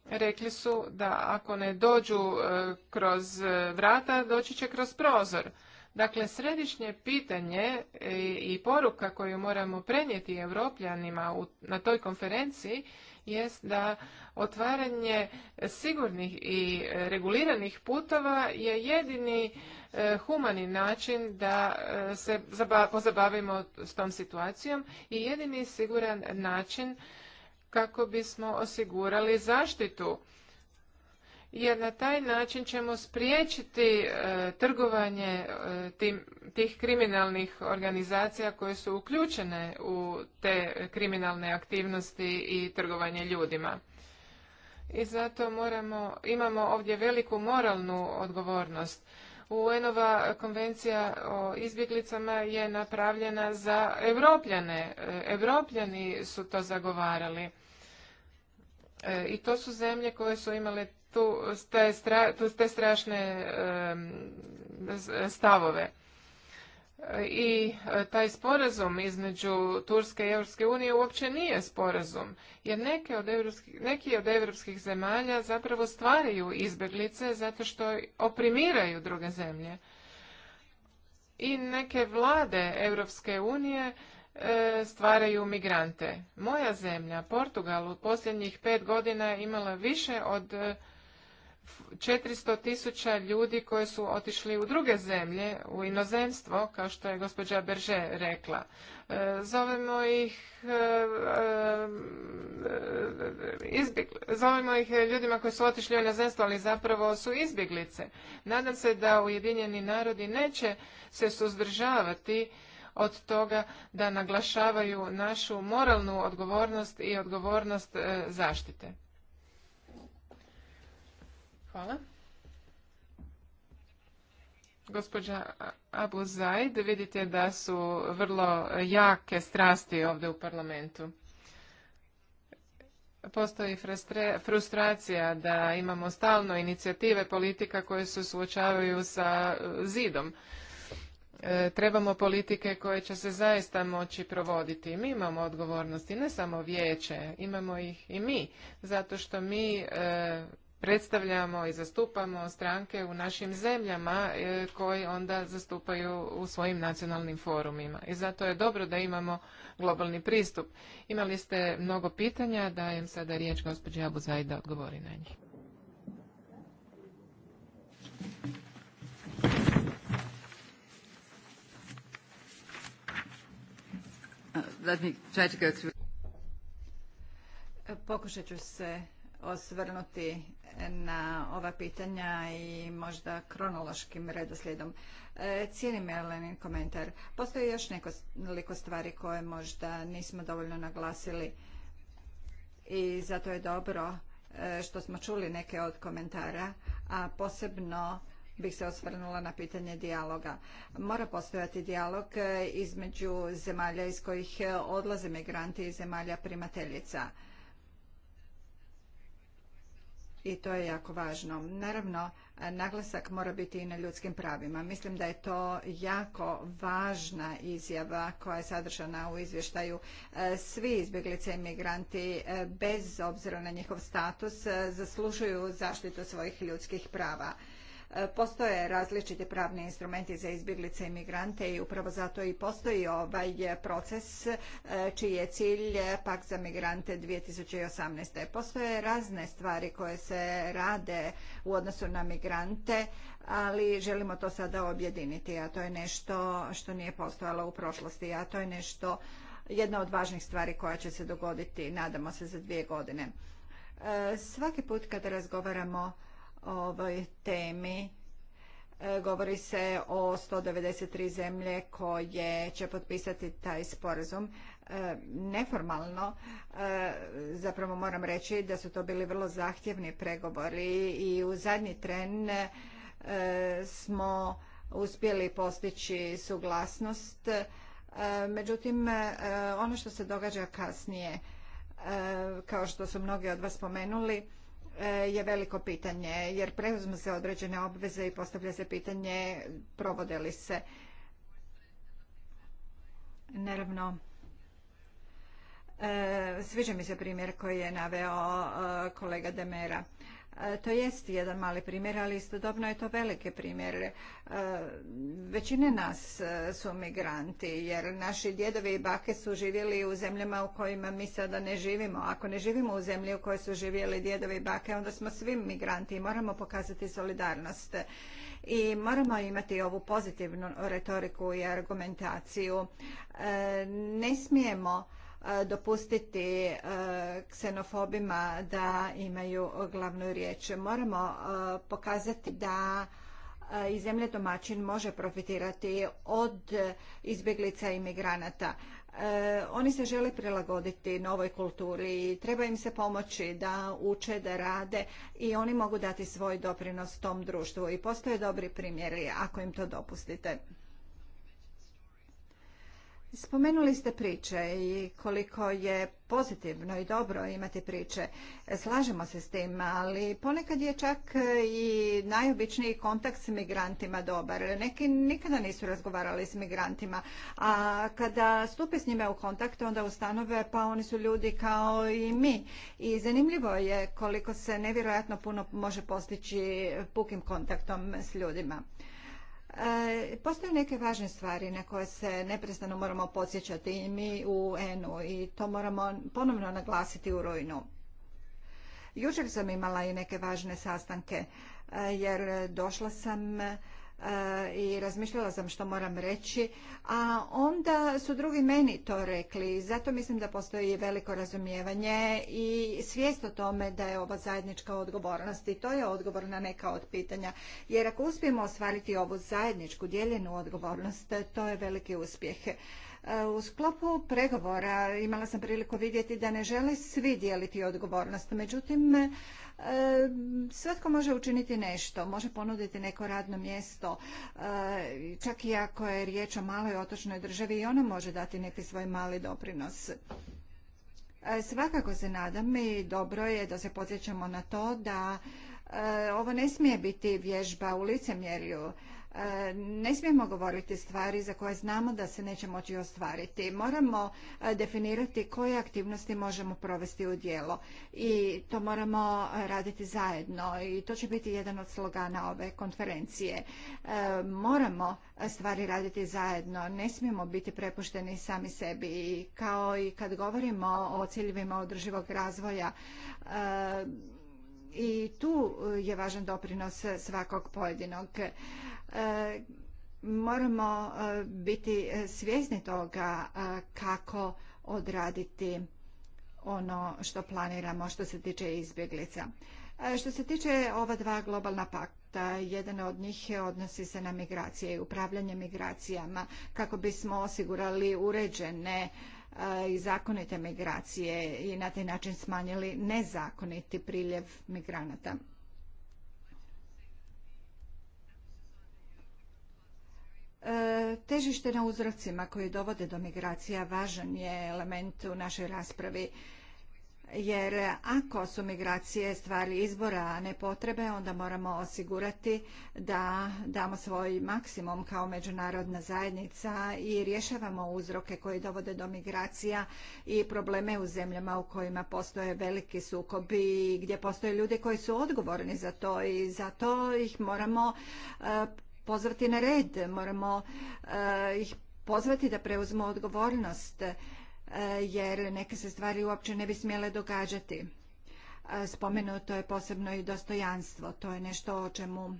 [SPEAKER 4] rekli su da ako ne dođu e, kroz e, vrata, doći će kroz prozor. Dakle, središnje pitanje i poruka koju moramo prenijeti Evropljanima na toj konferenciji jest da otvaranje sigurnih i e, reguliranih putova je jedini e, humani način da e, se pozabavimo s tom situacijom i jedini siguran način kako bismo osigurali zaštitu jer na taj način ćemo spriječiti e, trgovanje e, tih kriminalnih organizacija koje su uključene u te kriminalne aktivnosti i trgovanje ljudima. I zato moramo, imamo ovdje veliku moralnu odgovornost. UN-ova konvencija o izbjeglicama je napravljena za Evropljane. E, Evropljani su to zagovarali. I to su zemlje koje su imale tu te strašne stavove. I e, taj sporazum između Turske i Europske unije uopće nije sporazum, jer neke od evropskih, neki od europskih zemalja zapravo stvaraju izbjeglice zato što oprimiraju druge zemlje. I neke vlade Europske unije e, stvaraju migrante. Moja zemlja, Portugal, u posljednjih pet godina imala više od 400 tisuća ljudi koji su otišli u druge zemlje, u inozemstvo, kao što je gospođa Berže rekla. E, zovemo ih e, e, zovemo ih ljudima koji su otišli u inozemstvo, ali zapravo su izbjeglice. Nadam se da Ujedinjeni narodi neće se suzdržavati od toga da naglašavaju našu moralnu odgovornost i odgovornost zaštite. Hvala. Gospođa Abu Zaid, vidite da su vrlo jake strasti ovdje u parlamentu. Postoji frustracija da imamo stalno inicijative politika koje se suočavaju sa e, zidom. E, trebamo politike koje će se zaista moći provoditi. Mi imamo odgovornosti, ne samo vijeće, imamo ih i mi, zato što mi e, predstavljamo i zastupamo stranke u našim zemljama e, koji onda zastupaju u svojim nacionalnim forumima. I zato je dobro da imamo globalni pristup. Imali ste mnogo pitanja, dajem sada riječ gospođi Abu da odgovori na njih.
[SPEAKER 1] Uh, Pokušat ću se osvrnuti na ova pitanja i možda kronološkim redoslijedom. E, Cijenim Elenin komentar. Postoji još nekoliko stvari koje možda nismo dovoljno naglasili i zato je dobro e, što smo čuli neke od komentara, a posebno bih se osvrnula na pitanje dijaloga. Mora postojati dijalog e, između zemalja iz kojih odlaze migranti i zemalja primateljica i to je jako važno. Naravno, naglasak mora biti i na ljudskim pravima. Mislim da je to jako važna izjava koja je sadržana u izvještaju. E, svi izbjeglice i migranti, e, bez obzira na njihov status, e, zaslužuju zaštitu svojih ljudskih prava. Postoje različiti pravni instrumenti za izbjeglice i migrante i upravo zato i postoji ovaj proces e, čiji je cilj pak za migrante 2018. Postoje razne stvari koje se rade u odnosu na migrante, ali želimo to sada objediniti, a to je nešto što nije postojalo u prošlosti, a to je nešto jedna od važnih stvari koja će se dogoditi, nadamo se, za dvije godine. E, svaki put kada razgovaramo ovoj temi. E, govori se o 193 zemlje koje će potpisati taj sporazum. E, neformalno, e, zapravo moram reći da su to bili vrlo zahtjevni pregovori i u zadnji tren smo uspjeli postići suglasnost. Međutim, ono što se događa kasnije, kao što su mnogi od vas spomenuli, E, je veliko pitanje, jer preuzmu se određene obveze i postavlja se pitanje provode li se. Naravno, e, sviđa mi se primjer koji je naveo e, kolega Demera. E, to jest jedan mali primjer, ali istodobno je to velike primjer. E, većine nas e, su migranti, jer naši djedovi i bake su živjeli u zemljama u kojima mi sada ne živimo. Ako ne živimo u zemlji u kojoj su živjeli djedovi i bake, onda smo svi migranti i moramo pokazati solidarnost. I moramo imati ovu pozitivnu retoriku i argumentaciju. Ne smijemo E, dopustiti e, ksenofobima da imaju glavnu riječ. Moramo e, pokazati da i zemlje domaćin može profitirati od izbjeglica i migranata. Oni se žele prilagoditi novoj kulturi i treba im se pomoći da uče, da rade i oni mogu dati svoj doprinos tom društvu i postoje dobri primjeri ako im to dopustite. Spomenuli ste priče i koliko je pozitivno i dobro imati priče. Slažemo se s tim, ali ponekad je čak i najobičniji kontakt s migrantima dobar. Neki nikada nisu razgovarali s migrantima, a kada stupe s njime u kontakt, onda ustanove pa oni su ljudi kao i mi. I zanimljivo je koliko se nevjerojatno puno može postići pukim kontaktom s ljudima. E, postoje neke važne stvari na koje se neprestano moramo podsjećati i mi u UN-u i to moramo ponovno naglasiti u rujnu. Jučer sam imala i neke važne sastanke e, jer došla sam E, i razmišljala sam što moram reći, a onda su drugi meni to rekli. Zato mislim da postoji veliko razumijevanje i svijest o tome da je ova zajednička odgovornost i to je odgovor na neka od pitanja. Jer ako uspijemo ostvariti ovu zajedničku dijeljenu odgovornost, to je veliki uspjeh. E, u sklopu pregovora imala sam priliku vidjeti da ne žele svi dijeliti odgovornost, međutim svatko može učiniti nešto, može ponuditi neko radno mjesto, eh, čak i ako je riječ o maloj otočnoj državi i ona može dati neki svoj mali doprinos. Eh, svakako se nadam i dobro je da se podsjećamo na to da eh, ovo ne smije biti vježba u licemjerju ne smijemo govoriti stvari za koje znamo da se neće moći ostvariti. Moramo e, definirati koje aktivnosti možemo provesti u djelo i to moramo raditi zajedno i to će biti jedan od slogana ove konferencije. E, moramo stvari raditi zajedno, ne smijemo biti prepušteni sami sebi i kao i kad govorimo o ciljevima održivog razvoja e, i tu e, je važan doprinos svakog pojedinog. E, moramo e, biti svjesni toga kako odraditi ono što planiramo što se tiče izbjeglica. Što se tiče ova dva globalna pakta, jedan od njih odnosi se na migracije i upravljanje migracijama kako bismo osigurali uređene i zakonite migracije i na taj način smanjili nezakoniti priljev migranata. E, težište na uzrocima koji dovode do migracija važan je element u našoj raspravi jer ako su migracije stvari izbora, a ne potrebe, onda moramo osigurati da damo svoj maksimum kao međunarodna zajednica i rješavamo uzroke koji dovode do migracija i probleme u zemljama u kojima postoje veliki sukobi i gdje postoje ljudi koji su odgovorni za to i zato ih moramo e, pozvati na red, moramo e, ih pozvati da preuzmu odgovornost jer neke se stvari uopće ne bi smjele događati. E, spomenuto je posebno i dostojanstvo. To je nešto o čemu e,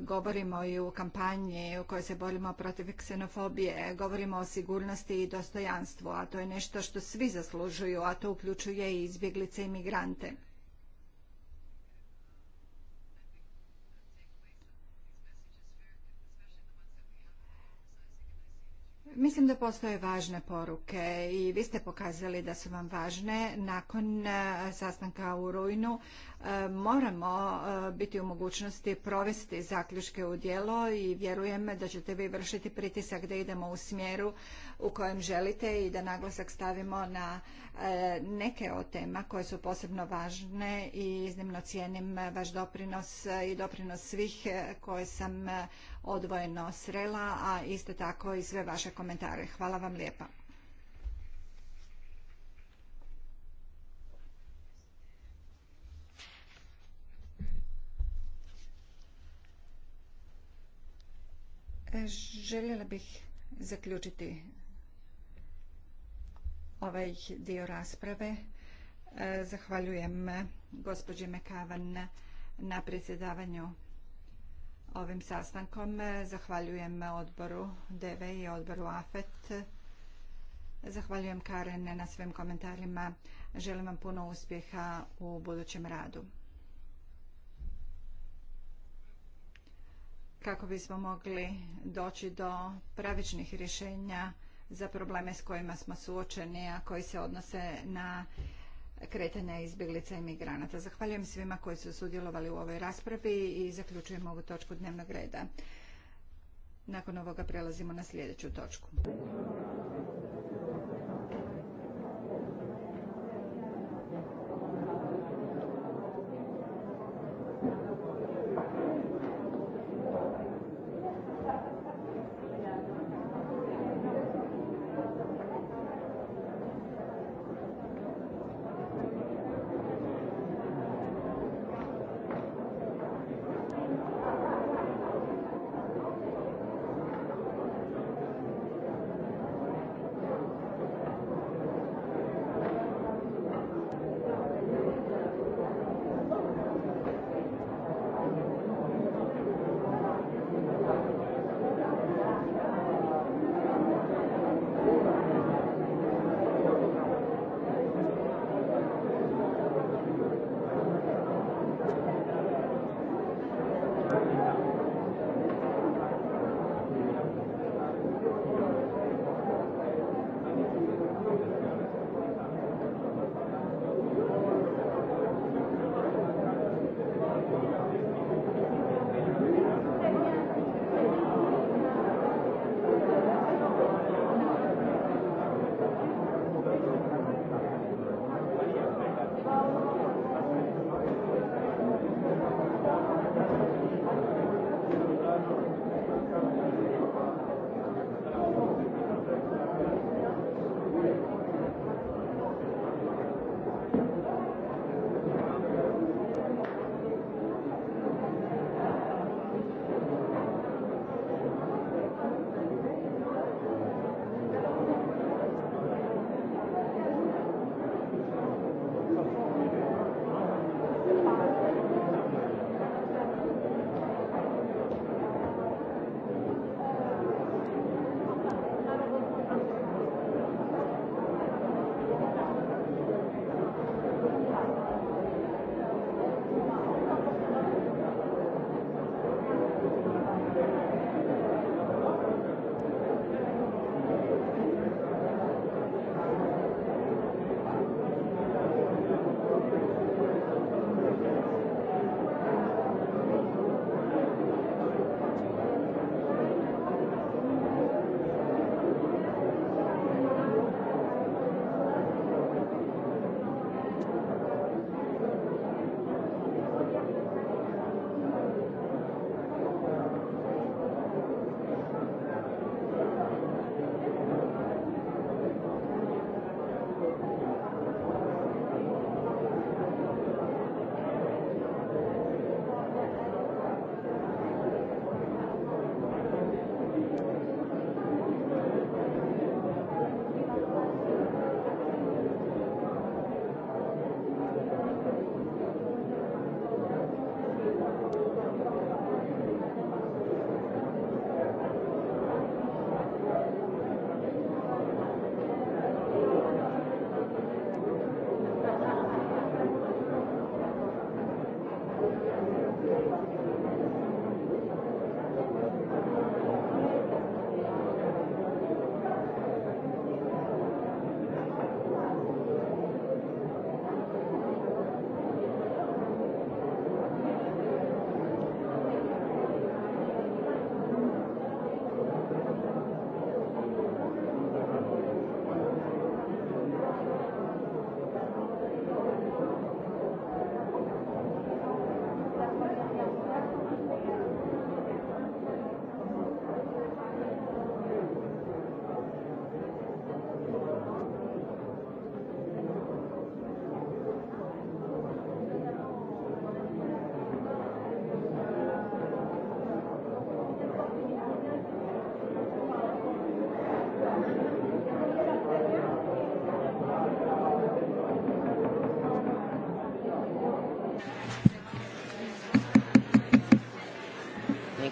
[SPEAKER 1] govorimo i u kampanji u kojoj se borimo protiv ksenofobije, govorimo o sigurnosti i dostojanstvu, a to je nešto što svi zaslužuju, a to uključuje i izbjeglice i migrante. Mislim da postoje važne poruke i vi ste pokazali da su vam važne. Nakon e, sastanka u Rujnu e, moramo e, biti u mogućnosti provesti zaključke u djelo i vjerujem da ćete vi vršiti pritisak da idemo u smjeru u kojem želite i da naglasak stavimo na e, neke od tema koje su posebno važne i iznimno cijenim vaš doprinos i doprinos svih e, koje sam e, odvojeno srela, a isto tako i sve vaše komentare. Hvala vam lijepa. Željela bih zaključiti ovaj dio rasprave. E, zahvaljujem e, gospođi Mekavan na predsjedavanju ovim sastankom. E, zahvaljujem odboru DV i odboru AFET. Zahvaljujem Karen na svim komentarima. Želim vam puno uspjeha u budućem radu. Kako bismo mogli doći do pravičnih rješenja za probleme s kojima smo suočeni, a koji se odnose na kretanja izbjeglica i migranata. Zahvaljujem svima koji su sudjelovali u ovoj raspravi i zaključujem ovu točku dnevnog reda. Nakon ovoga prelazimo na sljedeću točku.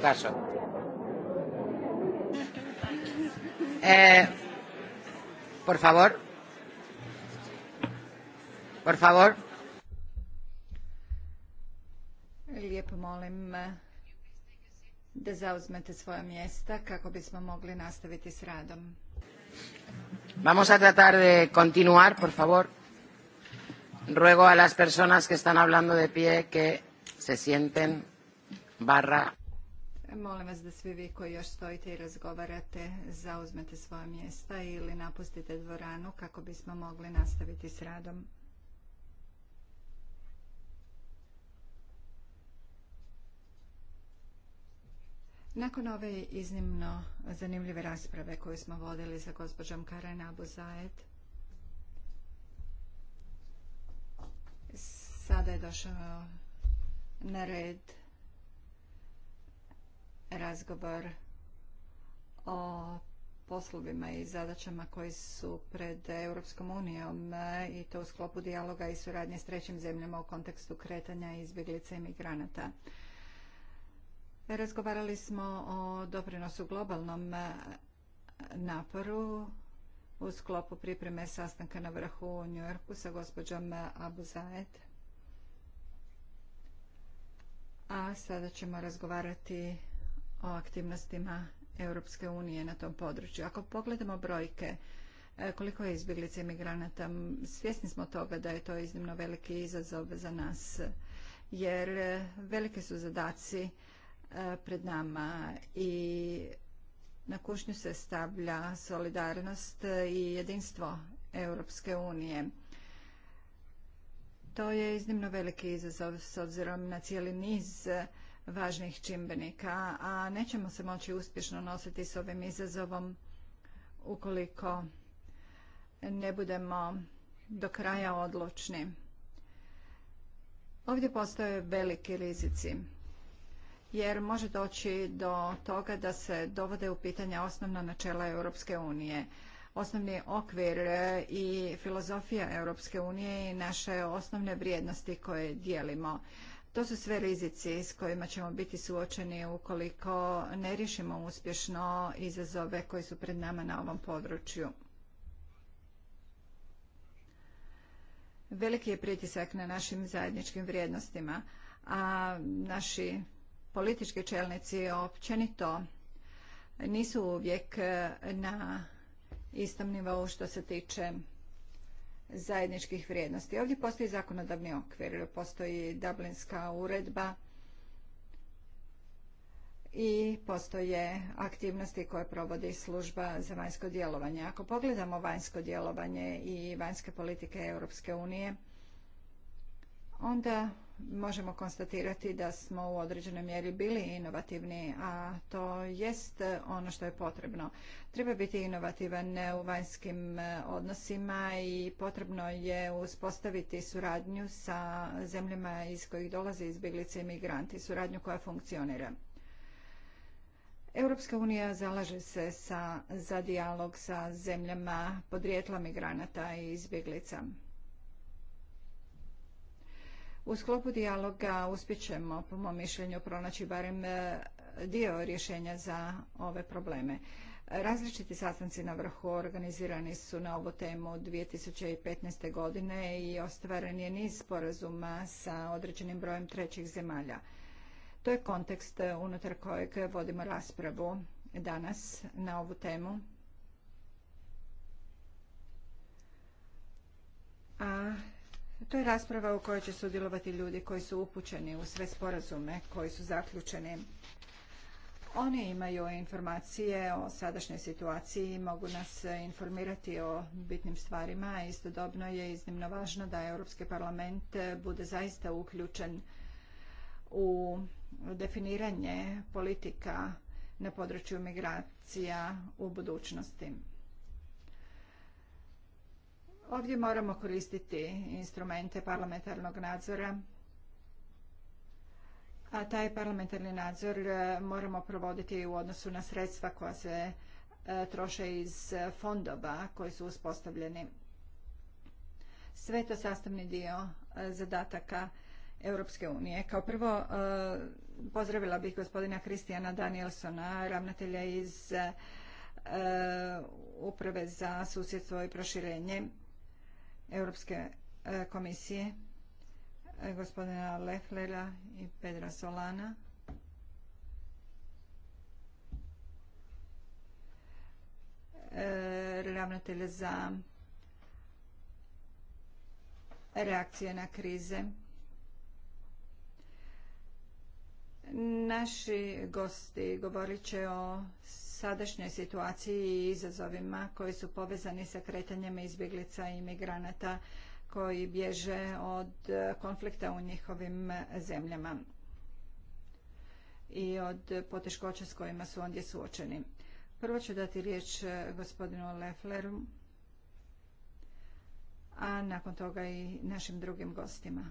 [SPEAKER 4] paso. Eh, por favor. Por favor.
[SPEAKER 1] Lijepo molim eh, da zauzmete svoja mjesta kako bismo mogli nastaviti s radom.
[SPEAKER 4] Vamos a tratar de continuar, por favor. Ruego a las personas que están hablando de pie que se sienten barra
[SPEAKER 1] Molim vas da svi vi koji još stojite i razgovarate zauzmete svoja mjesta ili napustite dvoranu kako bismo mogli nastaviti s radom. Nakon ove iznimno zanimljive rasprave koju smo vodili sa gospođom Karen Abu sada je došao na red razgovor o poslovima i zadaćama koji su pred Europskom unijom e, i to u sklopu dijaloga i suradnje s trećim zemljama u kontekstu kretanja izbjeglica i migranata. Razgovarali smo o doprinosu globalnom e, naporu u sklopu pripreme sastanka na vrhu u Yorku sa gospođom Abu Zaed. A sada ćemo razgovarati o aktivnostima Europske unije na tom području. Ako pogledamo brojke e, koliko je izbjeglica imigranata, svjesni smo toga da je to iznimno veliki izazov za nas, jer e, velike su zadaci e, pred nama i na kušnju se stavlja solidarnost i jedinstvo Europske unije. To je iznimno veliki izazov s obzirom na cijeli niz važnih čimbenika, a nećemo se moći uspješno nositi s ovim izazovom ukoliko ne budemo do kraja odločni. Ovdje postoje veliki rizici, jer može doći do toga da se dovode u pitanje osnovna načela Europske unije. Osnovni okvir i filozofija Europske unije i naše osnovne vrijednosti koje dijelimo. To su sve rizici s kojima ćemo biti suočeni ukoliko ne riješimo uspješno izazove koji su pred nama na ovom području. Veliki je pritisak na našim zajedničkim vrijednostima, a naši politički čelnici općenito nisu uvijek na istom nivou što se tiče zajedničkih vrijednosti. Ovdje postoji zakonodavni okvir, postoji Dublinska uredba i postoje aktivnosti koje provodi služba za vanjsko djelovanje. Ako pogledamo vanjsko djelovanje i vanjske politike Europske unije, onda možemo konstatirati da smo u određenoj mjeri bili inovativni, a to jest ono što je potrebno. Treba biti inovativan u vanjskim odnosima i potrebno je uspostaviti suradnju sa zemljama iz kojih dolaze izbjeglice i migranti, suradnju koja funkcionira. Europska unija zalaže se za dijalog sa zemljama podrijetla migranata i izbjeglica. U sklopu dijaloga ćemo po mom mišljenju, pronaći barem e, dio rješenja za ove probleme. Različiti sastanci na vrhu organizirani su na ovu temu 2015. godine i ostvaren je niz sporazuma sa određenim brojem trećih zemalja. To je kontekst e, unutar kojeg vodimo raspravu danas na ovu temu. A to je rasprava u kojoj će sudjelovati ljudi koji su upućeni u sve sporazume koji su zaključeni. Oni imaju informacije o sadašnjoj situaciji i mogu nas informirati o bitnim stvarima. Istodobno je iznimno važno da Europski parlament bude zaista uključen u definiranje politika na području migracija u budućnosti. Ovdje moramo koristiti instrumente parlamentarnog nadzora, a taj parlamentarni nadzor e, moramo provoditi u odnosu na sredstva koja se e, troše iz fondova koji su uspostavljeni. Sve to sastavni dio e, zadataka Europske unije. Kao prvo pozdravila bih gospodina Kristijana Danielsona, ravnatelja iz Uprave za susjedstvo i proširenje Europske e, komisije, e, gospodina Leflera i Pedra Solana. E, ravnatelja za reakcije na krize. Naši gosti govorit će o sadašnjoj situaciji i izazovima koji su povezani sa kretanjem izbjeglica i migranata koji bježe od e, konflikta u njihovim e, zemljama i od poteškoća s kojima su ondje suočeni. Prvo ću dati riječ e, gospodinu Lefleru, a nakon toga i našim drugim gostima.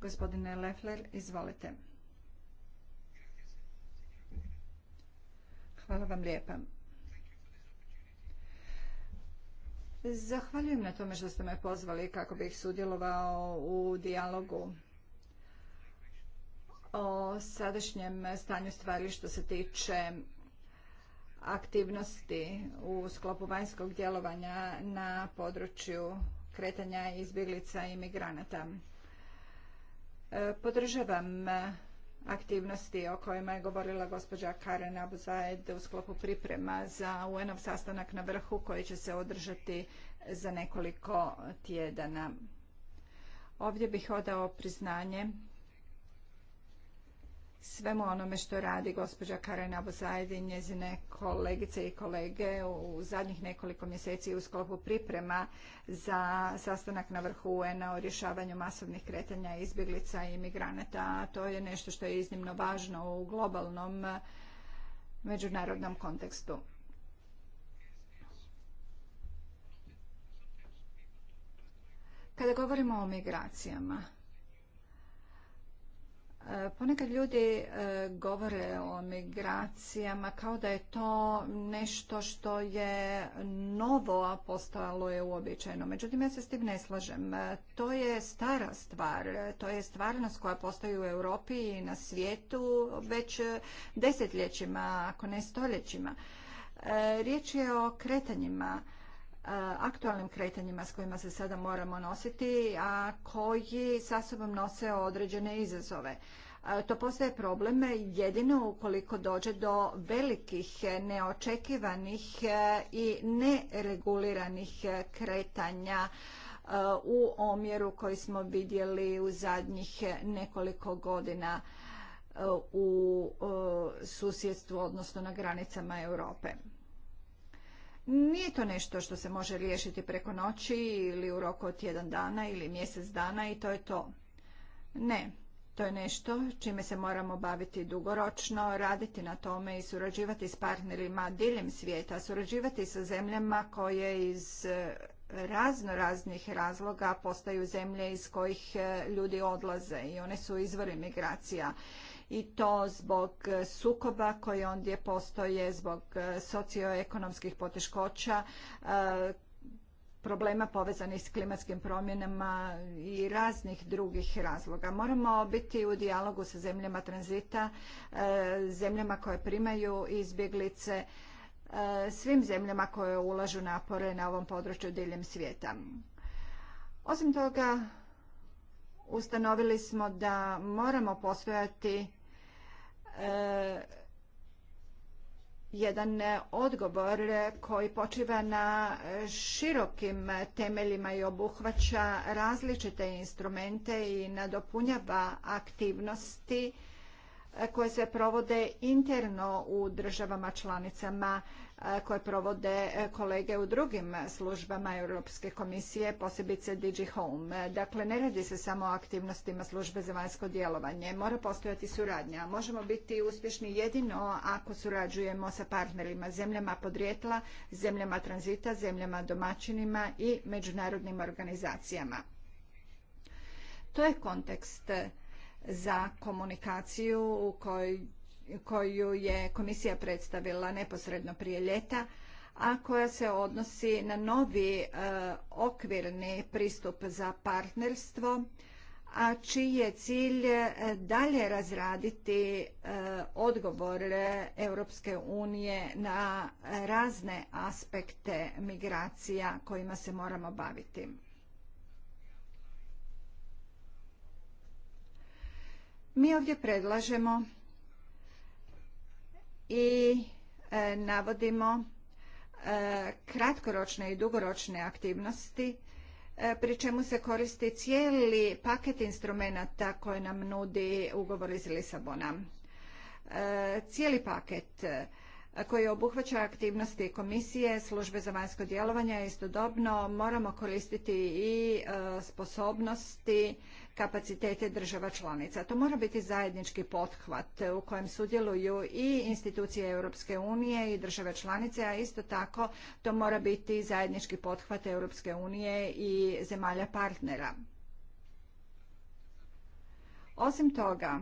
[SPEAKER 1] Gospodine Lefler, izvolite. Hvala vam lijepa. Zahvaljujem na tome što ste me pozvali kako bih sudjelovao u dijalogu o sadašnjem stanju stvari što se tiče aktivnosti u sklopu vanjskog djelovanja na području kretanja izbjeglica i migranata. Podržavam aktivnosti o kojima je govorila gospođa Karen Abzaed u sklopu priprema za UN-ov sastanak na vrhu koji će se održati za nekoliko tjedana. Ovdje bih odao priznanje svemu onome što radi gospođa Karen Abozaid i njezine kolegice i kolege u zadnjih nekoliko mjeseci u sklopu priprema za sastanak na vrhu UN-a o rješavanju masovnih kretanja izbjeglica i migranata. To je nešto što je iznimno važno u globalnom međunarodnom kontekstu. Kada govorimo o migracijama, Ponekad ljudi e, govore o migracijama kao da je to nešto što je novo, a postalo je uobičajeno. Međutim, ja se s tim ne slažem. E, to je stara stvar. To je stvarnost koja postoji u Europi i na svijetu već desetljećima, ako ne stoljećima. E, riječ je o kretanjima aktualnim kretanjima s kojima se sada moramo nositi, a koji sa sobom nose određene izazove. E, to postaje problem jedino ukoliko dođe do velikih, neočekivanih e, i nereguliranih e, kretanja u omjeru koji smo vidjeli u zadnjih nekoliko godina u susjedstvu, odnosno na granicama Europe. Nije to nešto što se može riješiti preko noći ili u roku od tjedan dana ili mjesec dana i to je to. Ne, to je nešto čime se moramo baviti dugoročno, raditi na tome i surađivati s partnerima diljem svijeta, surađivati sa zemljama koje iz e, razno raznih razloga postaju zemlje iz kojih e, ljudi odlaze i one su izvori migracija i to zbog sukoba koji ondje postoje, zbog e, socioekonomskih poteškoća, e, problema povezanih s klimatskim promjenama i raznih drugih razloga. Moramo biti u dijalogu sa zemljama tranzita, e, zemljama koje primaju izbjeglice, svim zemljama koje ulažu napore na ovom području diljem svijeta. Osim toga, ustanovili smo da moramo postojati E, jedan odgovor koji počiva na širokim temeljima i obuhvaća različite instrumente i nadopunjava aktivnosti e, koje se provode interno u državama članicama Eh, koje provode eh, kolege u drugim službama Europske komisije, posebice DG Home. Eh, dakle, ne radi se samo o aktivnostima službe za vanjsko djelovanje. Mora postojati suradnja. Možemo biti uspješni jedino ako surađujemo sa partnerima, zemljama podrijetla, zemljama tranzita, zemljama domaćinima i međunarodnim organizacijama. To je kontekst za komunikaciju u kojoj koju je komisija predstavila neposredno prije ljeta, a koja se odnosi na novi e, okvirni pristup za partnerstvo, a čiji je cilj e, dalje razraditi e, odgovor Europske unije na razne aspekte migracija kojima se moramo baviti. Mi ovdje predlažemo i e, navodimo e, kratkoročne i dugoročne aktivnosti e, pri čemu se koristi cijeli paket instrumenta koji nam nudi ugovor iz Lisabona. Cijeli paket koji obuhvaća aktivnosti komisije, službe za vanjsko djelovanje, istodobno moramo koristiti i sposobnosti kapacitete država članica. To mora biti zajednički pothvat u kojem sudjeluju i institucije Europske unije i države članice, a isto tako to mora biti zajednički pothvat Europske unije i zemalja partnera. Osim toga,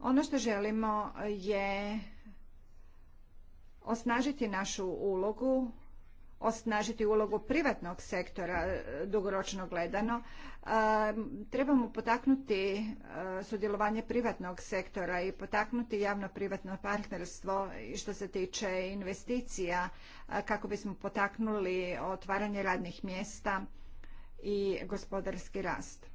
[SPEAKER 1] ono što želimo je osnažiti našu ulogu osnažiti ulogu privatnog sektora e, dugoročno gledano. E, trebamo potaknuti e, sudjelovanje privatnog sektora i potaknuti javno-privatno partnerstvo što se tiče investicija kako bismo potaknuli otvaranje radnih mjesta i gospodarski rast.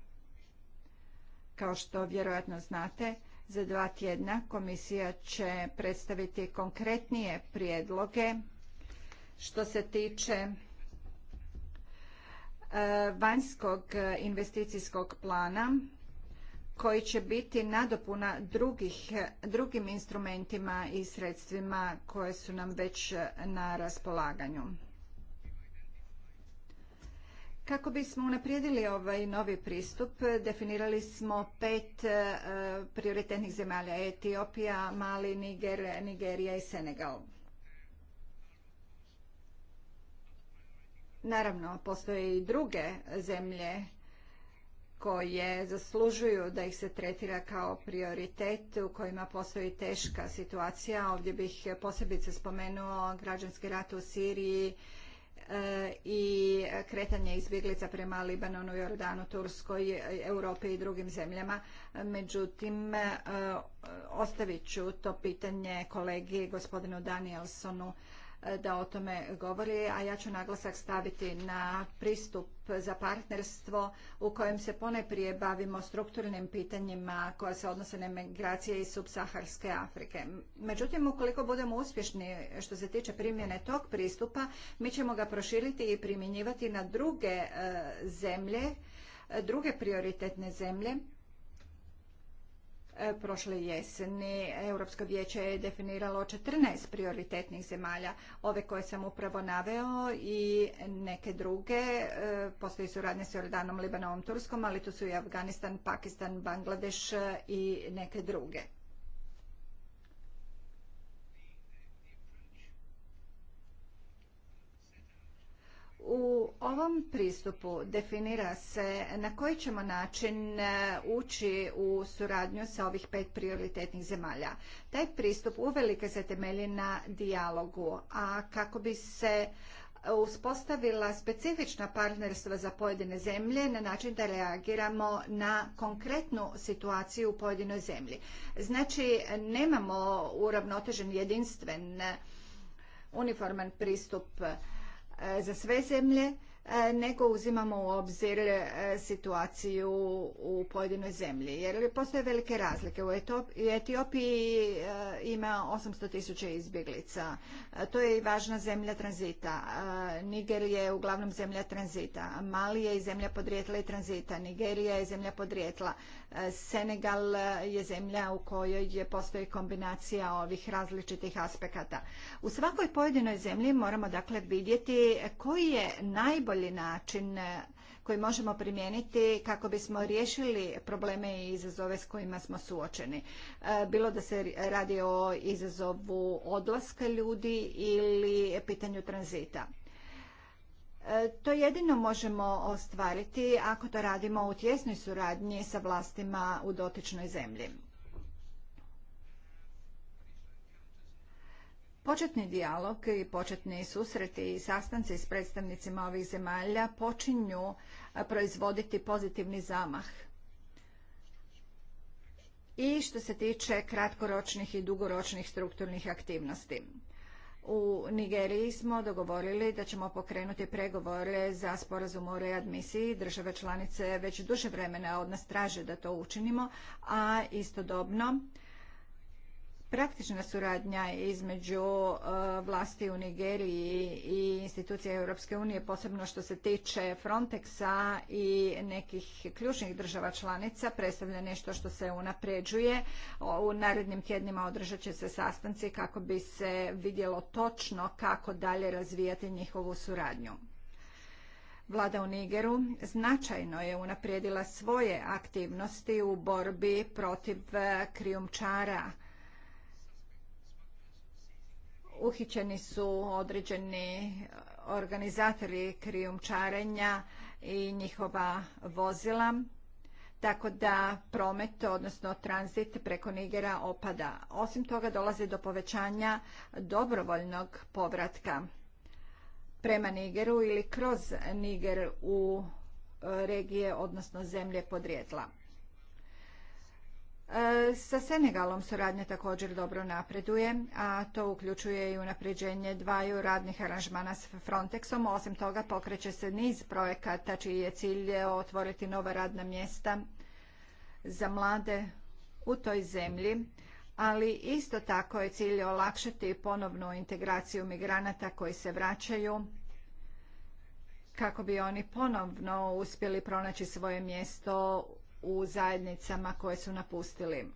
[SPEAKER 1] Kao što vjerojatno znate, za dva tjedna komisija će predstaviti konkretnije prijedloge što se tiče e, vanjskog investicijskog plana koji će biti nadopuna drugih, drugim instrumentima i sredstvima koje su nam već na raspolaganju. Kako bismo unaprijedili ovaj novi pristup, definirali smo pet e, prioritetnih zemalja Etiopija, Mali, Niger, Nigerija i Senegal. Naravno, postoje i druge zemlje koje zaslužuju da ih se tretira kao prioritet u kojima postoji teška situacija. Ovdje bih posebice spomenuo građanski rat u Siriji e, i kretanje izbjeglica prema Libanonu, Jordanu, Turskoj, Europi i drugim zemljama. Međutim, e, ostavit ću to pitanje kolegi gospodinu Danielsonu da o tome govori, a ja ću naglasak staviti na pristup za partnerstvo u kojem se poneprije bavimo strukturnim pitanjima koja se odnose na migracije iz subsaharske Afrike. Međutim, ukoliko budemo uspješni što se tiče primjene tog pristupa, mi ćemo ga proširiti i primjenjivati na druge e, zemlje, druge prioritetne zemlje E, prošle jeseni Europsko vijeće je definiralo 14 prioritetnih zemalja, ove koje sam upravo naveo i neke druge. E, postoji suradnje s Jordanom, Libanom, Turskom, ali tu su i Afganistan, Pakistan, Bangladeš e, i neke druge. U ovom pristupu definira se na koji ćemo način e, ući u suradnju sa ovih pet prioritetnih zemalja. Taj pristup uvelike se temelji na dijalogu, a kako bi se uspostavila specifična partnerstva za pojedine zemlje na način da reagiramo na konkretnu situaciju u pojedinoj zemlji. Znači, nemamo uravnotežen jedinstven uniforman pristup E, za sve zemlje, e, nego uzimamo u obzir e, situaciju u pojedinoj zemlji. Jer postoje velike razlike. U Etiopiji ima 800 tisuća izbjeglica. To je i važna zemlja tranzita. Niger je uglavnom zemlja tranzita. Mali je i zemlja podrijetla i tranzita. Nigerija je zemlja podrijetla. Senegal je zemlja u kojoj je postoji kombinacija ovih različitih aspekata. U svakoj pojedinoj zemlji moramo dakle vidjeti koji je najbolji način koji možemo primijeniti kako bismo riješili probleme i izazove s kojima smo suočeni. Bilo da se radi o izazovu odlaska ljudi ili pitanju tranzita. E, to jedino možemo ostvariti ako to radimo u tjesnoj suradnji sa vlastima u dotičnoj zemlji. Početni dijalog i početni susreti i sastanci s predstavnicima ovih zemalja počinju e, proizvoditi pozitivni zamah. I što se tiče kratkoročnih i dugoročnih strukturnih aktivnosti. U Nigeriji smo dogovorili da ćemo pokrenuti pregovore za sporazum o readmisiji. Države članice već duže vremena od nas traže da to učinimo, a istodobno praktična suradnja između e, vlasti u Nigeriji i institucija Europske unije, posebno što se tiče Frontexa i nekih ključnih država članica, predstavlja nešto što se unapređuje. U narednim tjednima održat će se sastanci kako bi se vidjelo točno kako dalje razvijati njihovu suradnju. Vlada u Nigeru značajno je unaprijedila svoje aktivnosti u borbi protiv e, krijumčara uhićeni su određeni organizatori krijumčarenja i njihova vozila, tako da promet, odnosno tranzit preko Nigera opada. Osim toga dolazi do povećanja dobrovoljnog povratka prema Nigeru ili kroz Niger u e, regije, odnosno zemlje podrijetla. E, sa Senegalom suradnja također dobro napreduje, a to uključuje i unapređenje dvaju radnih aranžmana s Frontexom. Osim toga pokreće se niz projekata čiji je cilj otvoriti nova radna mjesta za mlade u toj zemlji, ali isto tako je cilj olakšati ponovnu integraciju migranata koji se vraćaju kako bi oni ponovno uspjeli pronaći svoje mjesto u zajednicama koje su napustili.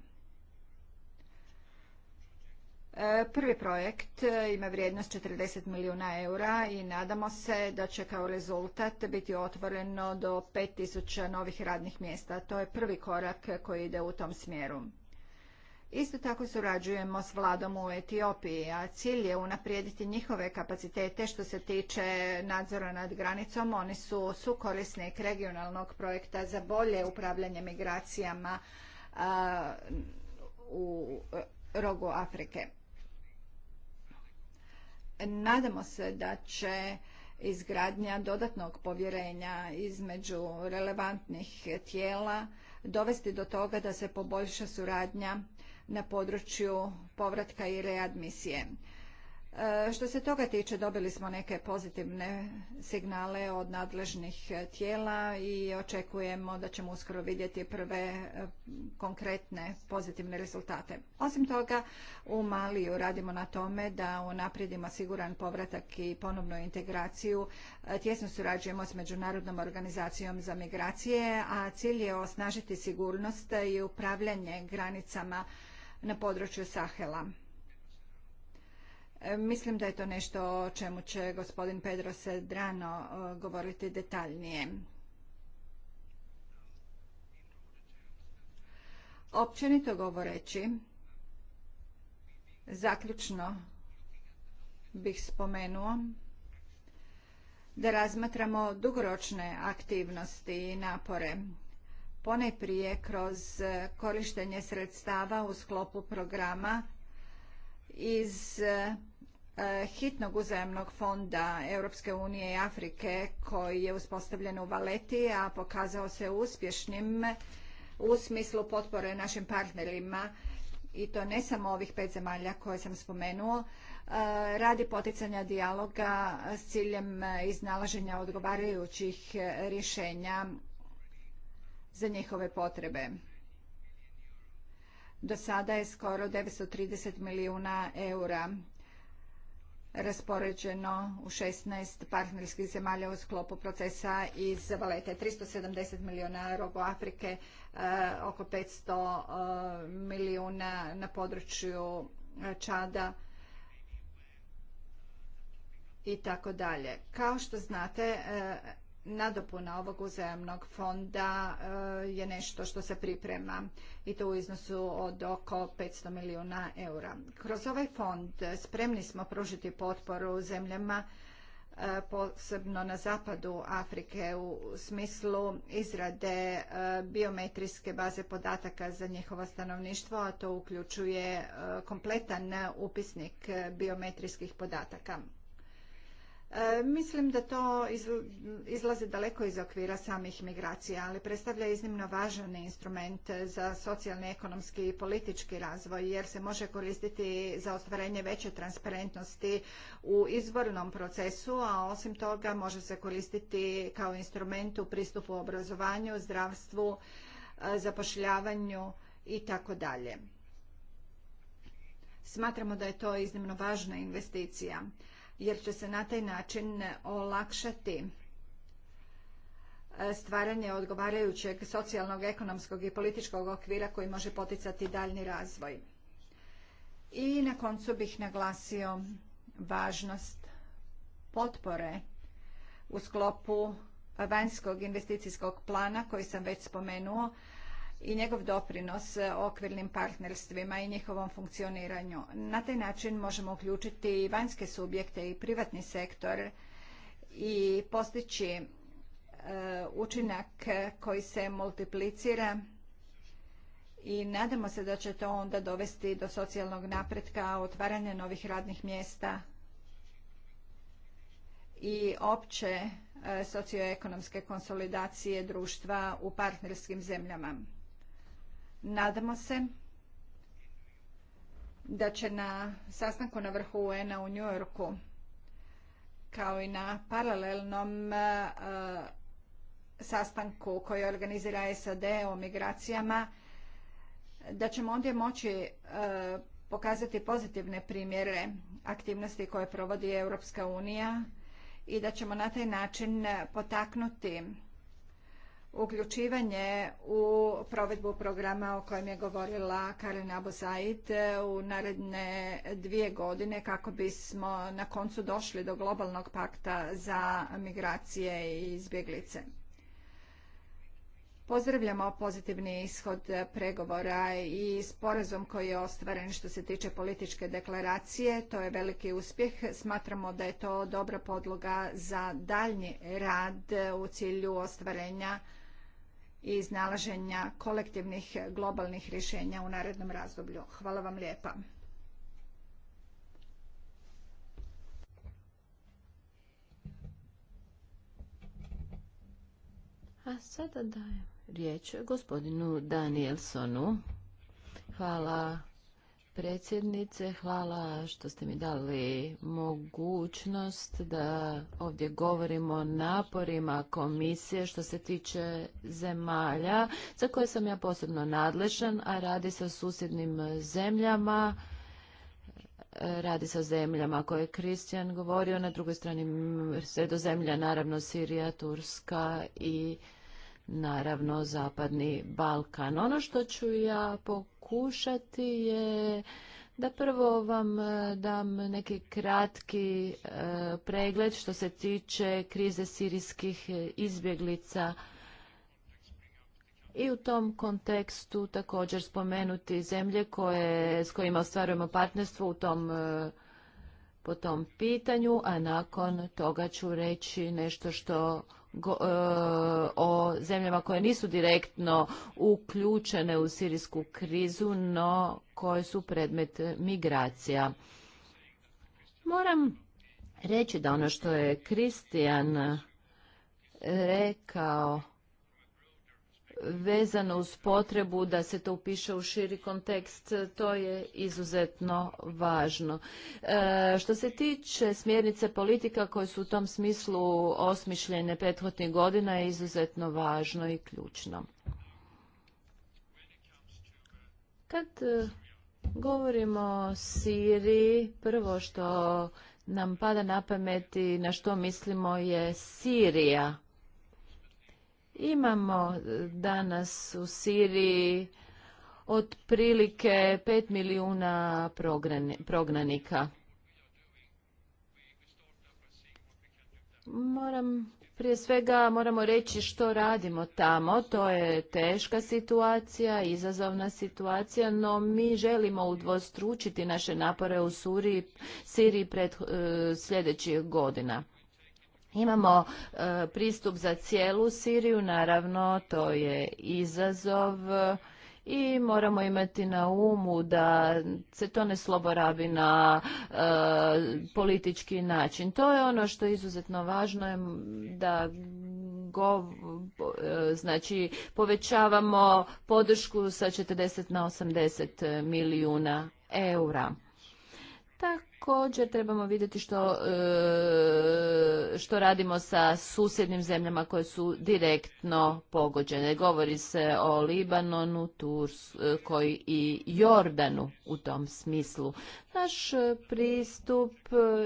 [SPEAKER 1] E, prvi projekt e, ima vrijednost 40 milijuna eura i nadamo se da će kao rezultat biti otvoreno do 5000 novih radnih mjesta. To je prvi korak koji ide u tom smjeru. Isto tako surađujemo s vladom u Etiopiji, a cilj je unaprijediti njihove kapacitete što se tiče nadzora nad granicom. Oni su sukorisnik regionalnog projekta za bolje upravljanje migracijama u rogu Afrike. Nadamo se da će izgradnja dodatnog povjerenja između relevantnih tijela dovesti do toga da se poboljša suradnja na području povratka i readmisije. E, što se toga tiče, dobili smo neke pozitivne signale od nadležnih tijela i očekujemo da ćemo uskoro vidjeti prve e, konkretne pozitivne rezultate. Osim toga, u Maliju radimo na tome da unaprijedimo siguran povratak i ponovnu integraciju. E, tjesno surađujemo s Međunarodnom organizacijom za migracije, a cilj je osnažiti sigurnost i upravljanje granicama na području Sahela. E, mislim da je to nešto o čemu će gospodin Pedro Sedrano e, govoriti detaljnije. Općenito govoreći, zaključno bih spomenuo da razmatramo dugoročne aktivnosti i napore poneprije kroz e, korištenje sredstava u sklopu programa iz e, e, hitnog uzajemnog fonda Europske unije i Afrike koji je uspostavljen u Valeti, a pokazao se uspješnim u smislu potpore našim partnerima i to ne samo ovih pet zemalja koje sam spomenuo, radi poticanja dijaloga s ciljem iznalaženja odgovarajućih rješenja za njihove potrebe. Do sada je skoro 930 milijuna eura raspoređeno u 16 partnerskih zemalja u sklopu procesa iz Valete. 370 milijuna rogo Afrike, e, oko 500 e, milijuna na području e, Čada i tako dalje. Kao što znate, nadopuna ovog uzajamnog fonda eh, je nešto što se priprema i to u iznosu od oko 500 milijuna eura. Kroz ovaj fond spremni smo pružiti potporu zemljama eh, posebno na zapadu Afrike u smislu izrade eh, biometrijske baze podataka za njihovo stanovništvo, a to uključuje kompletan upisnik biometrijskih podataka. E, mislim da to izlazi daleko iz okvira samih migracija, ali predstavlja iznimno važan instrument za socijalni, ekonomski i politički razvoj, jer se može koristiti za ostvarenje veće transparentnosti u izvornom procesu, a osim toga može se koristiti kao instrument u pristupu obrazovanju, zdravstvu, e, zapošljavanju i tako dalje. Smatramo da je to iznimno važna investicija jer će se na taj način olakšati e, stvaranje odgovarajućeg socijalnog, ekonomskog i političkog okvira koji može poticati daljni razvoj. I na koncu bih naglasio važnost potpore u sklopu vanjskog investicijskog plana koji sam već spomenuo, i njegov doprinos okvirnim partnerstvima i njihovom funkcioniranju. Na taj način možemo uključiti i vanjske subjekte i privatni sektor i postići e, učinak koji se multiplicira i nadamo se da će to onda dovesti do socijalnog napretka, otvaranja novih radnih mjesta i opće e, socioekonomske konsolidacije društva u partnerskim zemljama. Nadamo se da će na sastanku na vrhu UN-a u New Yorku kao i na paralelnom e, sastanku koji organizira SAD o migracijama, da ćemo ondje moći e, pokazati pozitivne primjere aktivnosti koje provodi Europska unija i da ćemo na taj način potaknuti uključivanje u provedbu programa o kojem je govorila Karina Said e, u naredne dvije godine kako bismo na koncu došli do globalnog pakta za migracije i izbjeglice. Pozdravljamo pozitivni ishod pregovora i sporazum koji je ostvaren što se tiče političke deklaracije. To je veliki uspjeh. Smatramo da je to dobra podloga za daljnji rad u cilju ostvarenja i iznalaženja kolektivnih globalnih rješenja u narednom razdoblju. Hvala vam lijepa.
[SPEAKER 2] A sada dajem riječ gospodinu Danielsonu. Hvala predsjednice. Hvala što ste mi dali mogućnost da ovdje govorimo o naporima komisije što se tiče zemalja za koje sam ja posebno nadležan, a radi se o susjednim zemljama radi sa zemljama koje je Kristijan govorio, na drugoj strani sredozemlja, naravno Sirija, Turska i naravno Zapadni Balkan. Ono što ću ja pokušati je da prvo vam eh, dam neki kratki eh, pregled što se tiče krize sirijskih eh, izbjeglica i u tom kontekstu također spomenuti zemlje koje, s kojima ostvarujemo partnerstvo u tom, po tom pitanju, a nakon toga ću reći nešto što E, o zemljama koje nisu direktno uključene u sirijsku krizu, no koje su predmet migracija. Moram reći da ono što je Kristijan rekao vezano uz potrebu da se to upiše u širi kontekst, to je izuzetno važno. E, što se tiče smjernice politika koje su u tom smislu osmišljene prethodnih godina je izuzetno važno i ključno. Kad e, govorimo o Siriji, prvo što nam pada na pamet i na što mislimo je Sirija Imamo e, danas u Siriji otprilike pet milijuna prognanika. Moram, prije svega moramo reći što radimo tamo. To je teška situacija, izazovna situacija, no mi želimo udvostručiti naše napore u Siriji pred e, sljedećih godina. Imamo e, pristup za cijelu Siriju, naravno to je izazov e, i moramo imati na umu da se to ne sloborabi na e, politički način. To je ono što je izuzetno važno da znači povećavamo podršku sa 40 na 80 milijuna eura. Također trebamo vidjeti što, e, što radimo sa susjednim zemljama koje su direktno pogođene. Govori se o Libanonu, Turskoj e, i Jordanu u tom smislu. Naš pristup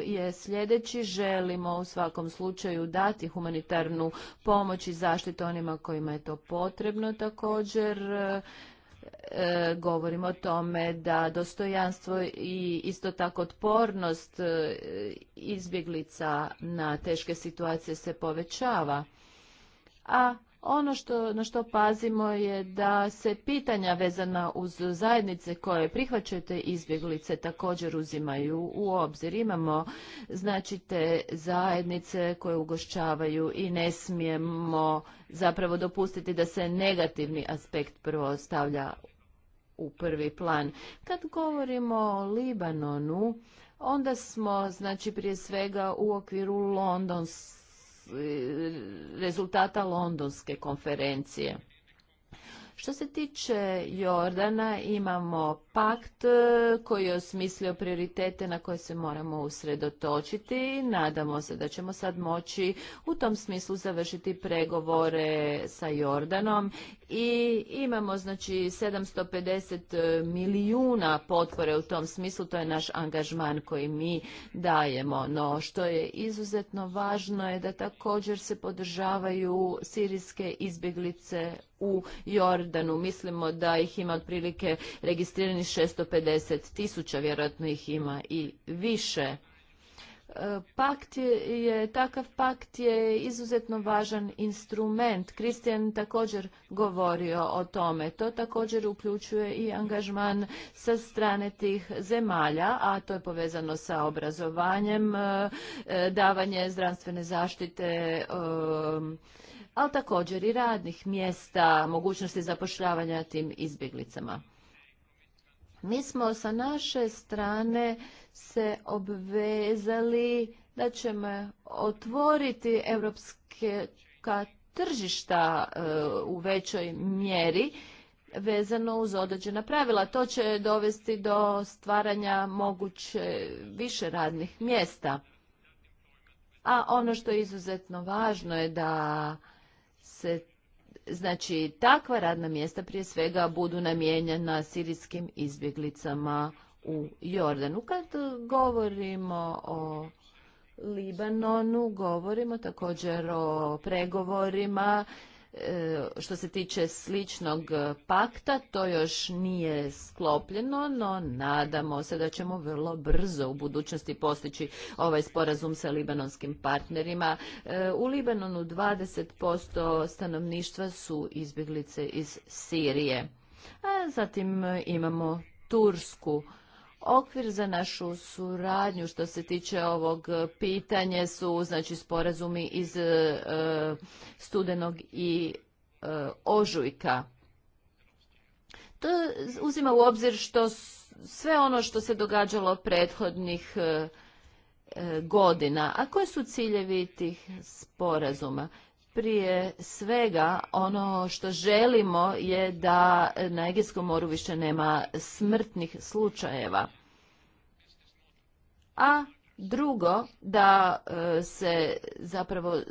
[SPEAKER 2] je sljedeći. Želimo u svakom slučaju dati humanitarnu pomoć i zaštitu onima kojima je to potrebno također e, E, govorimo o tome da dostojanstvo i isto tako otpornost e, izbjeglica na teške situacije se povećava. A ono što, na što pazimo je da se pitanja vezana uz zajednice koje prihvaćate izbjeglice također uzimaju u obzir. Imamo znači te zajednice koje ugošćavaju i ne smijemo zapravo dopustiti da se negativni aspekt prvo stavlja u prvi plan. Kad govorimo o Libanonu, onda smo znači prije svega u okviru Londons rezultata londonske konferencije. Što se tiče Jordana, imamo pakt e, koji je osmislio prioritete na koje se moramo usredotočiti. Nadamo se da ćemo sad moći u tom smislu završiti pregovore sa Jordanom i imamo znači 750 e, milijuna potpore u tom smislu, to je naš angažman koji mi dajemo. No što je izuzetno važno je da također se podržavaju sirijske izbjeglice u Jordanu. Mislimo da ih ima otprilike registriranih 650 tisuća, vjerojatno ih ima i više. Pakt je, takav pakt je izuzetno važan instrument. Kristijan također govorio o tome. To također uključuje i angažman sa strane tih zemalja, a to je povezano sa obrazovanjem, e, davanje zdravstvene zaštite, e, ali također i radnih mjesta, mogućnosti zapošljavanja tim izbjeglicama. Mi smo sa naše strane se obvezali da ćemo otvoriti evropske tržišta e, u većoj mjeri vezano uz određena pravila. To će dovesti do stvaranja moguće više radnih mjesta. A ono što je izuzetno važno je da se Znači, takva radna mjesta prije svega budu namijenjena sirijskim izbjeglicama u Jordanu. Kad govorimo o Libanonu, govorimo također o pregovorima E, što se tiče sličnog e, pakta, to još nije sklopljeno, no nadamo se da ćemo vrlo brzo u budućnosti postići ovaj sporazum sa libanonskim partnerima. E, u Libanonu 20% stanovništva su izbjeglice iz Sirije. A zatim imamo Tursku Okvir za našu suradnju što se tiče ovog pitanja su znači sporazumi iz e, studenog i e, ožujka. To uzima u obzir što sve ono što se događalo prethodnih e, godina. A koji su ciljevi tih sporazuma? prije svega ono što želimo je da na Egejskom moru više nema smrtnih slučajeva. A drugo da e, se zapravo e,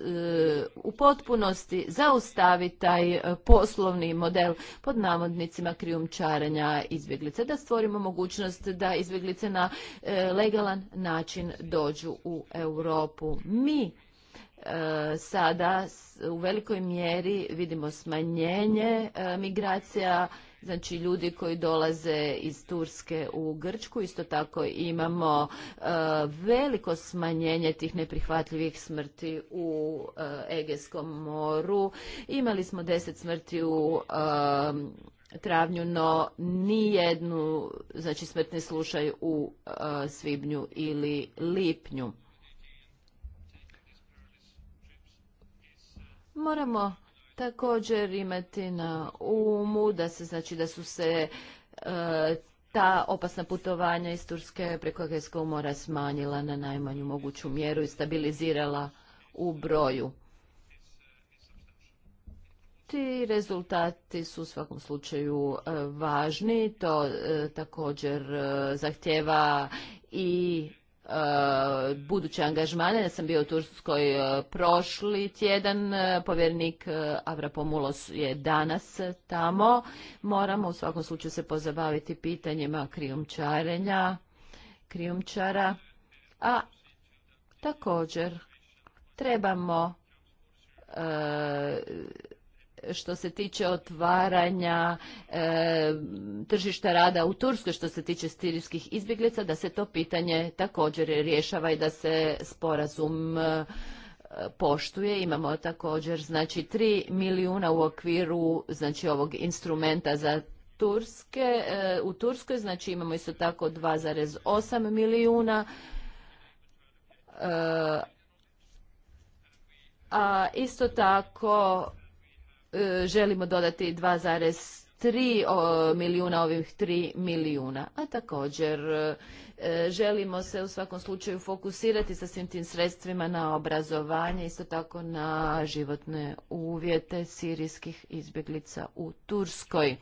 [SPEAKER 2] u potpunosti zaustavi taj poslovni model pod navodnicima krijumčarenja izbjeglice da stvorimo mogućnost da izbjeglice na e, legalan način dođu u Europu mi E, sada u velikoj mjeri vidimo smanjenje e, migracija, znači ljudi koji dolaze iz Turske u Grčku, isto tako imamo e, veliko smanjenje tih neprihvatljivih smrti u Egeskom moru. Imali smo deset smrti u travnju, no nijednu, znači smrtni slušaj u svibnju ili lipnju. Moramo također imati na umu da se znači da su se e, ta opasna putovanja iz Turske preko Egejskog mora smanjila na najmanju moguću mjeru i stabilizirala u broju. Ti rezultati su u svakom slučaju e, važni, to e, također zahtjeva i buduće angažmane. Ja sam bio u Turskoj e, prošli tjedan, e, povjernik e, Avrapomulos je danas tamo. Moramo u svakom slučaju se pozabaviti pitanjima krijumčarenja, krijumčara, a također trebamo što se tiče otvaranja e, tržišta rada u Turskoj što se tiče sirijskih izbjeglica, da se to pitanje također rješava i da se sporazum e, poštuje. Imamo također znači 3 milijuna u okviru znači ovog instrumenta za Turske, e, u Turskoj, znači imamo isto tako 2,8 milijuna a isto tako E, želimo dodati 2,3 milijuna ovih 3 milijuna. A također e, želimo se u svakom slučaju fokusirati sa svim tim sredstvima na obrazovanje, isto tako na životne uvjete sirijskih izbjeglica u Turskoj.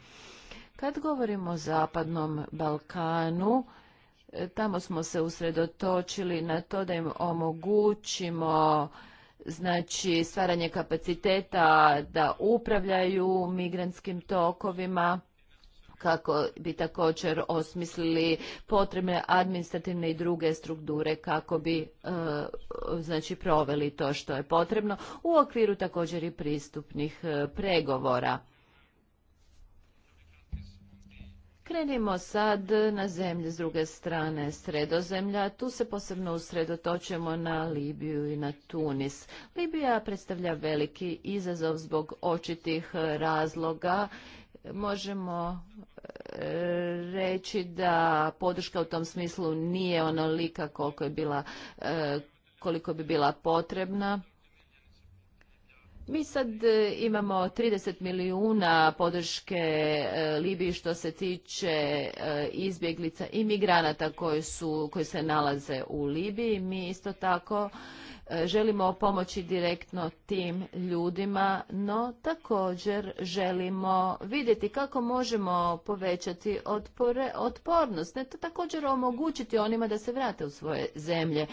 [SPEAKER 2] Kad govorimo o Zapadnom Balkanu, e, tamo smo se usredotočili na to da im omogućimo znači stvaranje kapaciteta da upravljaju migrantskim tokovima kako bi također osmislili potrebne administrativne i druge strukture kako bi e, znači proveli to što je potrebno u okviru također i pristupnih e, pregovora Krenimo sad na zemlje s druge strane sredozemlja. Tu se posebno usredotočujemo na Libiju i na Tunis. Libija predstavlja veliki izazov zbog očitih razloga. Možemo e, reći da podrška u tom smislu nije onolika koliko je bila e, koliko bi bila potrebna mi sad e, imamo 30 milijuna podrške e, Libiji što se tiče e, izbjeglica i migranata koji, se nalaze u Libiji. Mi isto tako želimo pomoći direktno tim ljudima, no također želimo vidjeti kako možemo povećati otpornost, ne to također omogućiti onima da se vrate u svoje zemlje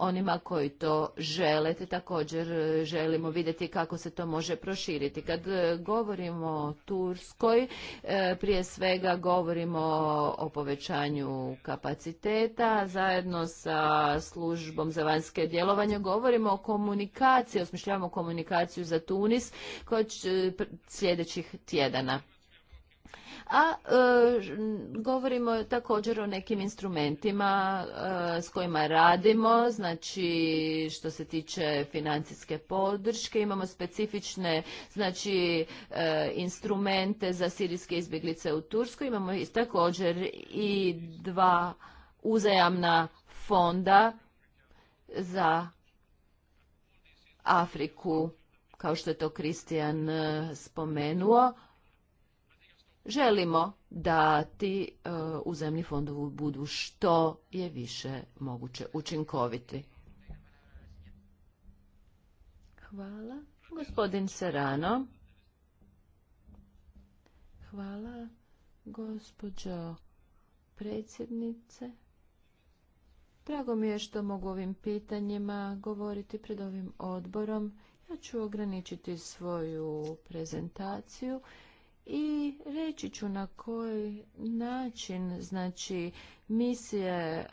[SPEAKER 2] onima koji to žele, te također e, želimo vidjeti kako se to može proširiti. Kad e, govorimo o Turskoj, e, prije svega govorimo o povećanju kapaciteta, zajedno sa službom za vanjske djelovanje govorimo o komunikaciji, osmišljavamo komunikaciju za Tunis kod sljedećih tjedana a e, govorimo također o nekim instrumentima e, s kojima radimo, znači što se tiče financijske podrške, imamo specifične znači e, instrumente za sirijske izbjeglice u Tursku, imamo također i dva uzajamna fonda za Afriku, kao što je to Kristijan spomenuo želimo dati ti e, u zemlji fondovu budu što je više moguće učinkoviti. Hvala. Gospodin Serano. Hvala, gospođo predsjednice. Drago mi je što mogu ovim pitanjima govoriti pred ovim odborom. Ja ću ograničiti svoju prezentaciju i reći ću na koji način znači misije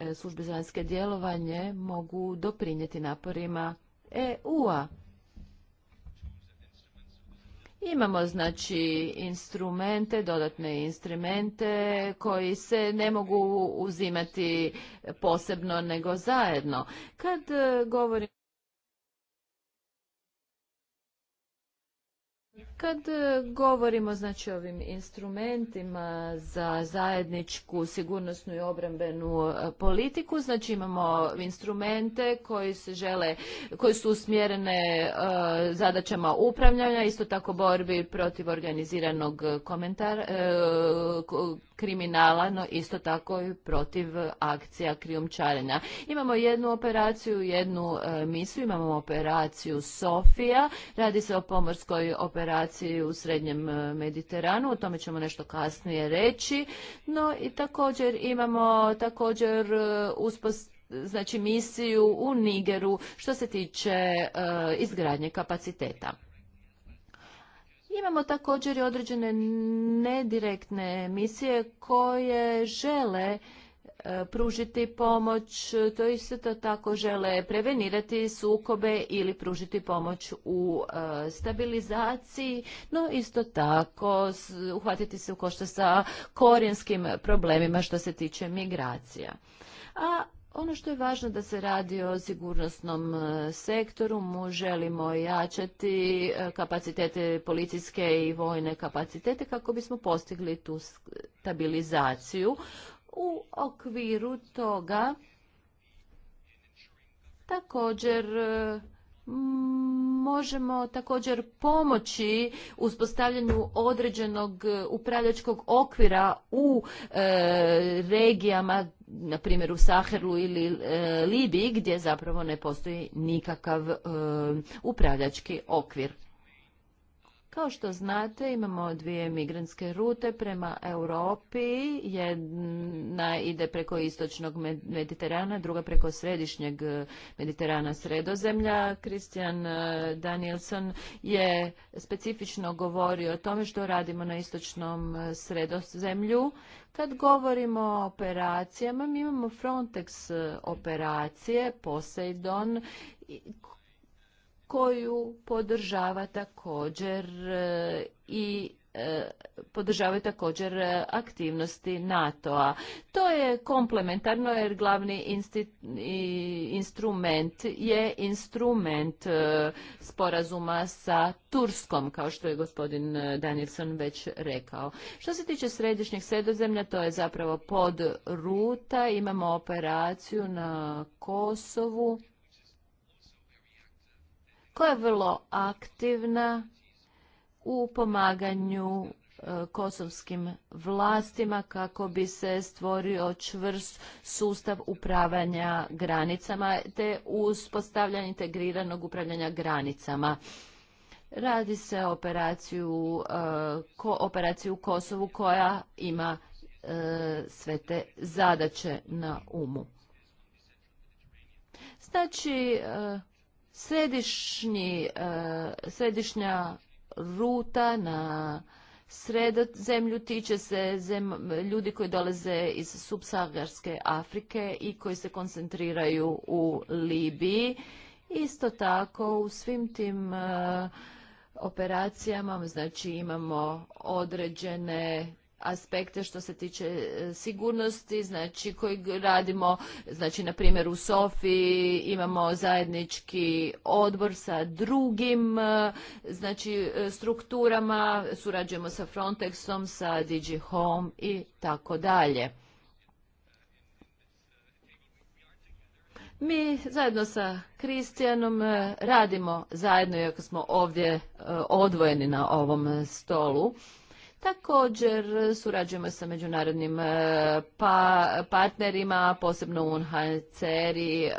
[SPEAKER 2] e, službe djelovanje mogu doprinijeti naporima EU-a. Imamo znači instrumente, dodatne instrumente koji se ne mogu uzimati posebno nego zajedno. Kad e, govorim Kad e, govorimo znači o ovim instrumentima za zajedničku sigurnosnu i obrambenu e, politiku, znači imamo instrumente koji se žele, koji su usmjerene e, zadaćama upravljanja, isto tako borbi protiv organiziranog komentara kriminala, no isto tako i protiv akcija krijumčarenja. Imamo jednu operaciju, jednu misiju, imamo operaciju Sofija, radi se o pomorskoj operaciji situaciji u srednjem e, Mediteranu, o tome ćemo nešto kasnije reći, no i također imamo također e, znači misiju u Nigeru što se tiče e, izgradnje kapaciteta. Imamo također i određene nedirektne misije koje žele pružiti pomoć, to isto tako žele prevenirati sukobe ili pružiti pomoć u e, stabilizaciji, no isto tako uhvatiti se u košta sa korijenskim problemima što se tiče migracija. A ono što je važno da se radi o sigurnosnom e, sektoru, mu želimo jačati e, kapacitete policijske i vojne kapacitete kako bismo postigli tu stabilizaciju u okviru toga također e, možemo također pomoći uspostavljanju određenog upravljačkog okvira u e, regijama na primjer u Sahelu ili e, Libiji gdje zapravo ne postoji nikakav upravljački okvir kao što znate, imamo dvije migrantske rute prema Europi. Jedna ide preko istočnog Mediterana, druga preko središnjeg eh, Mediterana sredozemlja. Kristijan eh, Danielson je specifično govorio o tome što radimo na istočnom eh, sredozemlju. Kad govorimo o operacijama, mi imamo Frontex operacije, Poseidon, koju podržava također e, i e, podržavaju također e, aktivnosti NATO-a. To je komplementarno jer glavni instrument je instrument sporazuma sa Turskom, kao što je gospodin Danielson već rekao. Što se tiče središnjeg sredozemlja, to je zapravo pod ruta. Imamo operaciju na Kosovu koja je vrlo aktivna u pomaganju e, kosovskim vlastima kako bi se stvorio čvrst sustav upravljanja granicama te uspostavljanje integriranog upravljanja granicama. Radi se o operaciju, e, operaciju u Kosovu koja ima e, sve te zadaće na umu. Znači, Središnji, e, središnja ruta na zemlju tiče se ljudi koji dolaze iz subsaharske Afrike i koji se koncentriraju u Libiji. Isto tako u svim tim e, operacijama, znači imamo određene aspekte što se tiče e, sigurnosti, znači koji radimo, znači na primjer u Sofiji imamo zajednički odbor sa drugim e, znači e, strukturama, surađujemo sa Frontexom, sa DG Home i tako dalje. Mi zajedno sa Kristijanom radimo zajedno, iako smo ovdje odvojeni na ovom stolu. Također surađujemo sa međunarodnim e, pa, partnerima, posebno UNHCR i e,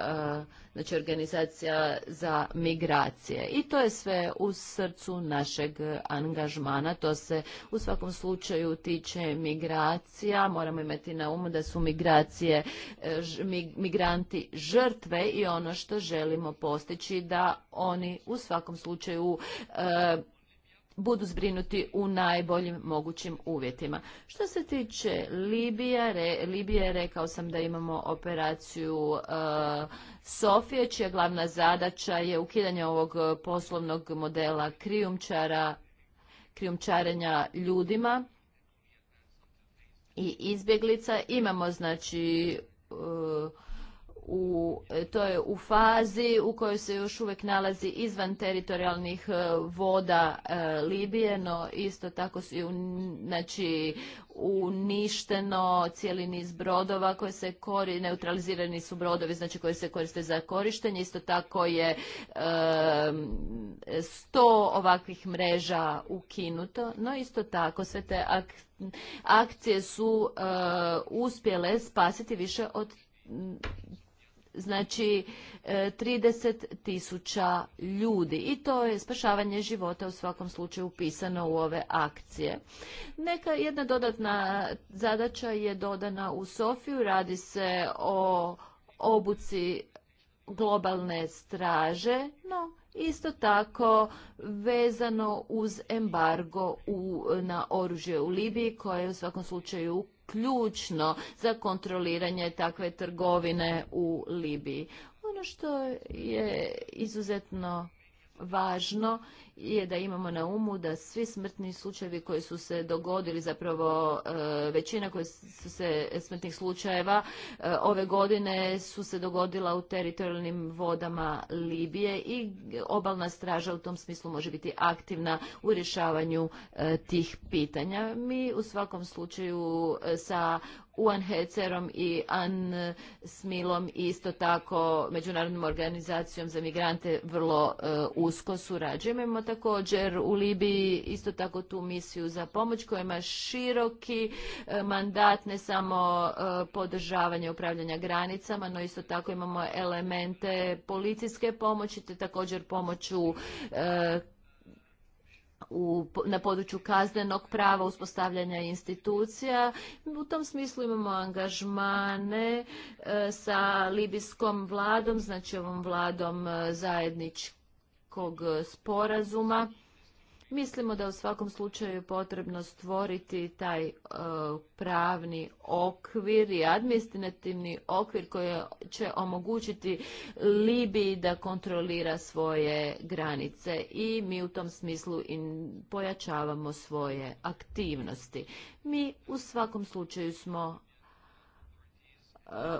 [SPEAKER 2] znači organizacija za migracije. I to je sve u srcu našeg angažmana. To se u svakom slučaju tiče migracija. Moramo imati na umu da su migracije, e, migranti žrtve i ono što želimo postići da oni u svakom slučaju budu zbrinuti u najboljim mogućim uvjetima. Što se tiče Libije, Libije rekao sam da imamo operaciju e, Sofije, čija glavna zadaća je ukidanje ovog poslovnog modela krijumčara, krijumčarenja ljudima i izbjeglica. Imamo znači e, u, to je u fazi u kojoj se još uvijek nalazi izvan teritorijalnih e, voda e, Libije, no isto tako su u, znači, uništeno cijeli niz brodova koje se kori, neutralizirani su brodovi znači koji se koriste za korištenje. Isto tako je e, sto ovakvih mreža ukinuto, no isto tako sve te akcije su uspjele spasiti više od znači 30 e, tisuća ljudi i to je spašavanje života u svakom slučaju upisano u ove akcije. Neka jedna dodatna zadaća je dodana u Sofiju, radi se o obuci globalne straže, no isto tako vezano uz embargo na oružje u Libiji koje je u svakom slučaju ključno za kontroliranje takve trgovine u Libiji. Ono što je izuzetno važno je da imamo na umu da svi smrtni slučajevi koji su se dogodili, zapravo e, većina koji su se smrtnih slučajeva e, ove godine su se dogodila u teritorijalnim vodama Libije i obalna straža u tom smislu može biti aktivna u rješavanju e, tih pitanja. Mi u svakom slučaju sa UNHCR-om i an om i isto tako Međunarodnom organizacijom za migrante vrlo e, usko surađujemo. također u Libiji isto tako tu misiju za pomoć koja ima široki e, mandat, ne samo e, podržavanje upravljanja granicama, no isto tako imamo elemente policijske pomoći te također pomoć u u, na području kaznenog prava uspostavljanja institucija. U tom smislu imamo angažmane e, sa libijskom vladom, znači ovom vladom e, zajedničkog sporazuma Mislimo da u svakom slučaju je potrebno stvoriti taj e, pravni okvir i administrativni okvir koji će omogućiti Libiji da kontrolira svoje granice i mi u tom smislu pojačavamo svoje aktivnosti. Mi u svakom slučaju smo e,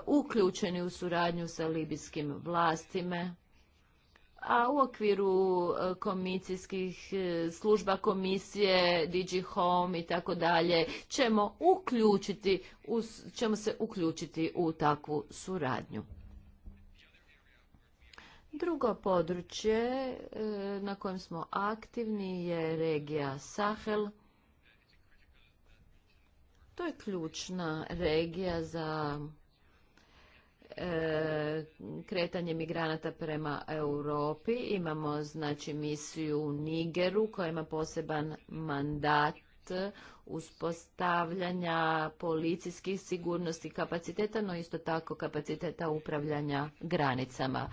[SPEAKER 2] uključeni u suradnju sa libijskim vlastima a u okviru e, komisijskih e, služba komisije, Digi Home i tako dalje, ćemo uključiti, ćemo se uključiti u takvu suradnju. Drugo područje e, na kojem smo aktivni je regija Sahel. To je ključna regija za E, kretanje migranata prema Europi. Imamo znači misiju u Nigeru koja ima poseban mandat uspostavljanja policijskih sigurnosti kapaciteta, no isto tako kapaciteta upravljanja granicama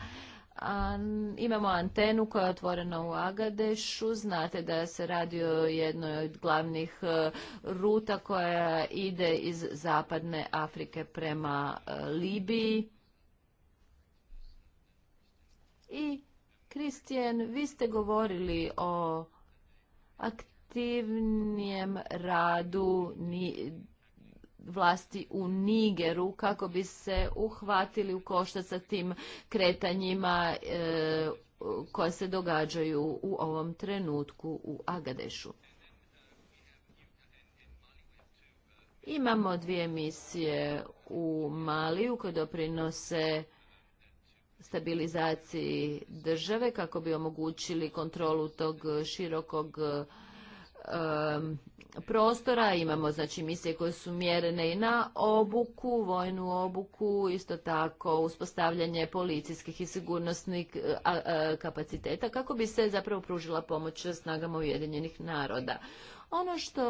[SPEAKER 2] imamo antenu koja je otvorena u Agadešu. Znate da se radi o jednoj od glavnih e, ruta koja ide iz zapadne Afrike prema e, Libiji. I, Kristijan, vi ste govorili o aktivnijem radu vlasti u Nigeru kako bi se uhvatili u koštac sa tim kretanjima e, koje se događaju u ovom trenutku u Agadešu. Imamo dvije misije u Maliju koje doprinose stabilizaciji države kako bi omogućili kontrolu tog širokog prostora, imamo znači misije koje su mjerene i na obuku, vojnu obuku, isto tako uspostavljanje policijskih i sigurnosnih e, e, kapaciteta kako bi se zapravo pružila pomoć snagama Ujedinjenih naroda. Ono što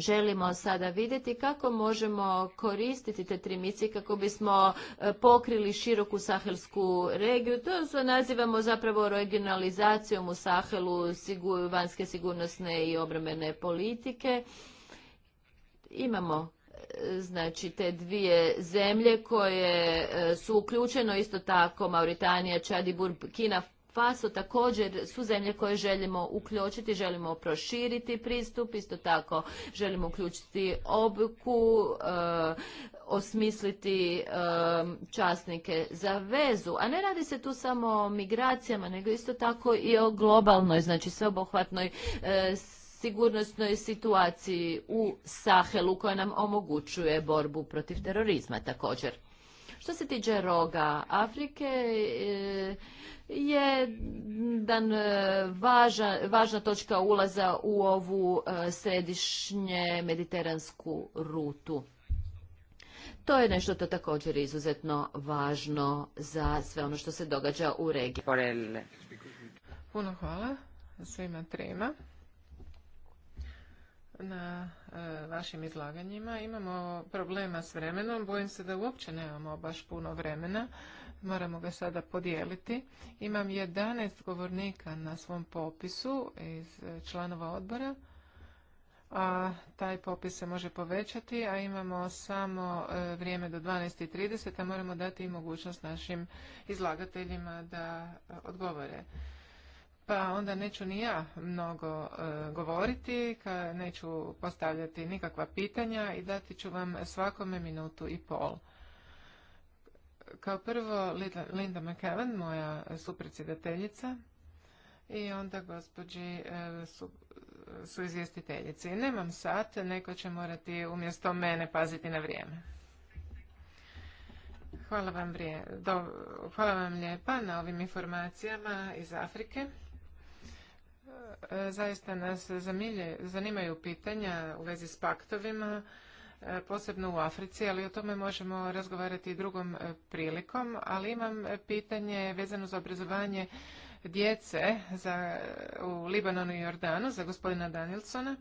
[SPEAKER 2] želimo sada vidjeti kako možemo koristiti te trimici kako bismo e, pokrili široku sahelsku regiju. To se nazivamo zapravo regionalizacijom u Sahelu vanjske sigurnosne i obrambene politike. Imamo e, znači te dvije zemlje koje e, su uključeno isto tako Mauritanija, Čad i Burkina Faso pa također su zemlje koje želimo uključiti, želimo proširiti pristup, isto tako želimo uključiti obuku, e, osmisliti e, časnike za vezu. A ne radi se tu samo o migracijama, nego isto tako i o globalnoj, znači sveobuhvatnoj e, sigurnosnoj situaciji u Sahelu koja nam omogućuje borbu protiv terorizma također. Što se tiče roga Afrike, jedan e, važna točka ulaza u ovu e, središnje mediteransku rutu. To je nešto to također izuzetno važno za sve ono što se događa u regiji.
[SPEAKER 4] Puno hvala svima trema na e, vašim izlaganjima. Imamo problema s vremenom. Bojim se da uopće nemamo baš puno vremena. Moramo ga sada podijeliti. Imam 11 govornika na svom popisu iz e, članova odbora, a taj popis se može povećati, a imamo samo e, vrijeme do 12.30, a moramo dati i mogućnost našim izlagateljima da e, odgovore. Pa onda neću ni ja mnogo govoriti, neću postavljati nikakva pitanja i dati ću vam svakome minutu i pol. Kao prvo Linda McKellen, moja supredsjedateljica i onda gospođi e, su, su izvjestiteljici. Nemam sat, neko će morati umjesto mene paziti na vrijeme. Hvala vam, hvala lijepa na ovim informacijama iz Afrike. E, zaista nas zanimaju pitanja u vezi s paktovima, E, posebno u Africi, ali o tome možemo razgovarati i drugom e, prilikom. Ali imam pitanje vezano za obrazovanje djece za, u Libanonu i Jordanu za gospodina Danielsona.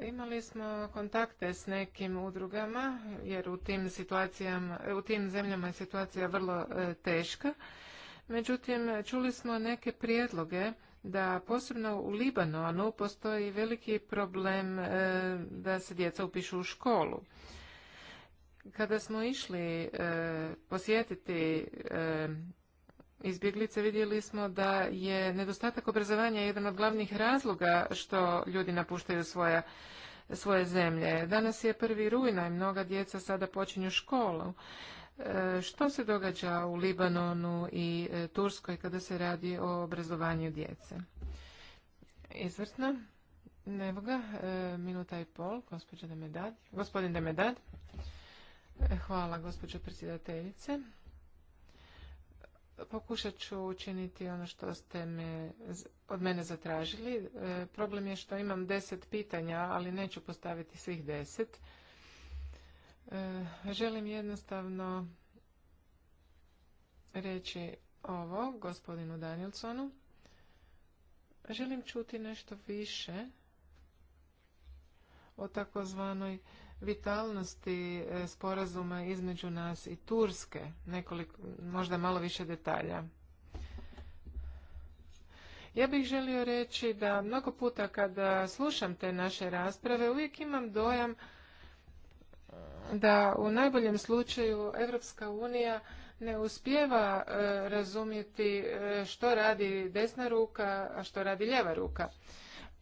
[SPEAKER 4] Imali smo kontakte s nekim udrugama jer u tim, situacijama, u tim zemljama je situacija vrlo e, teška. Međutim, čuli smo neke prijedloge da posebno u Libanonu postoji veliki problem e, da se djeca upišu u školu. Kada smo išli e, posjetiti e, izbjeglice, vidjeli smo da je nedostatak obrazovanja jedan od glavnih razloga što ljudi napuštaju svoja svoje zemlje. Danas je prvi rujna i mnoga djeca sada počinju školu. E, što se događa u Libanonu i e, Turskoj kada se radi o obrazovanju djece? Izvrsno. Evo ga, e, minuta i pol, Gospodin Demedad. Hvala, gospođo predsjedateljice. Pokušat ću učiniti ono što ste me, od mene zatražili. Problem je što imam deset pitanja, ali neću postaviti svih deset. E, želim jednostavno reći ovo gospodinu Danielsonu. Želim čuti nešto više o takozvanoj vitalnosti e, sporazuma između nas i Turske. Nekoliko, možda malo više detalja. Ja bih želio reći da mnogo puta kada slušam te naše rasprave uvijek imam dojam da u najboljem slučaju Europska unija ne uspjeva e, razumjeti e, što radi desna ruka, a što radi ljeva ruka.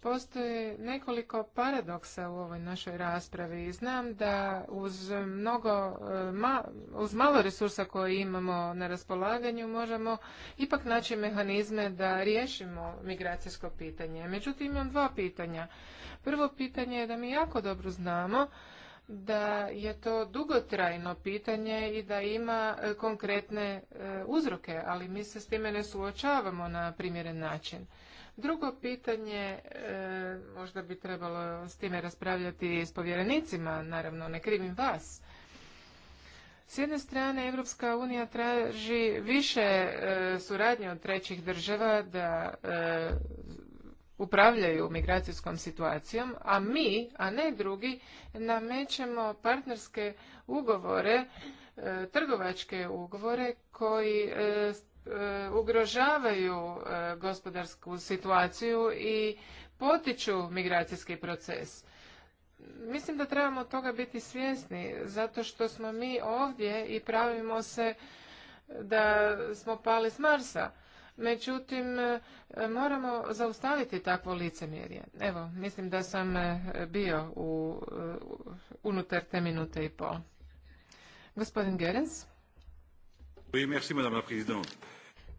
[SPEAKER 4] Postoje nekoliko paradoksa u ovoj našoj raspravi. Znam da uz, mnogo, e, uz malo resursa koje imamo na raspolaganju možemo ipak naći mehanizme da riješimo migracijsko pitanje. Međutim, imam dva pitanja. Prvo pitanje je da mi jako dobro znamo da je to dugotrajno pitanje i da ima e, konkretne e, uzroke, ali mi se s time ne suočavamo na primjeren način. Drugo pitanje, e, možda bi trebalo s time raspravljati s povjerenicima, naravno ne krivim vas. S jedne strane, Evropska unija traži više suradnje od trećih država da upravljaju migracijskom situacijom, a mi, a ne drugi, namećemo partnerske ugovore, e, trgovačke ugovore koji e, e, ugrožavaju gospodarsku situaciju i potiču migracijski proces. Mislim da trebamo toga biti svjesni, zato što smo mi ovdje i pravimo se da smo pali s Marsa međutim e, moramo zaustaviti takvo licemjerje. Evo, mislim da sam e, bio u, e, unutar te minute i pol. Gospodin Gerens.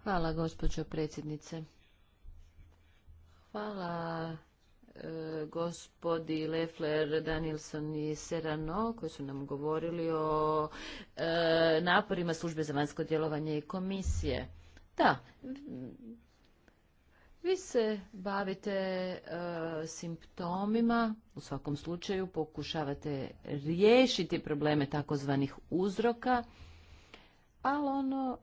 [SPEAKER 4] Hvala, gospođo
[SPEAKER 2] predsjednice. Hvala gospodi Lefler, Danielson i Serano koji su nam govorili o naporima službe za vanjsko djelovanje i komisije. Da, vi se bavite e, simptomima, u svakom slučaju pokušavate riješiti probleme takozvanih uzroka, ali ono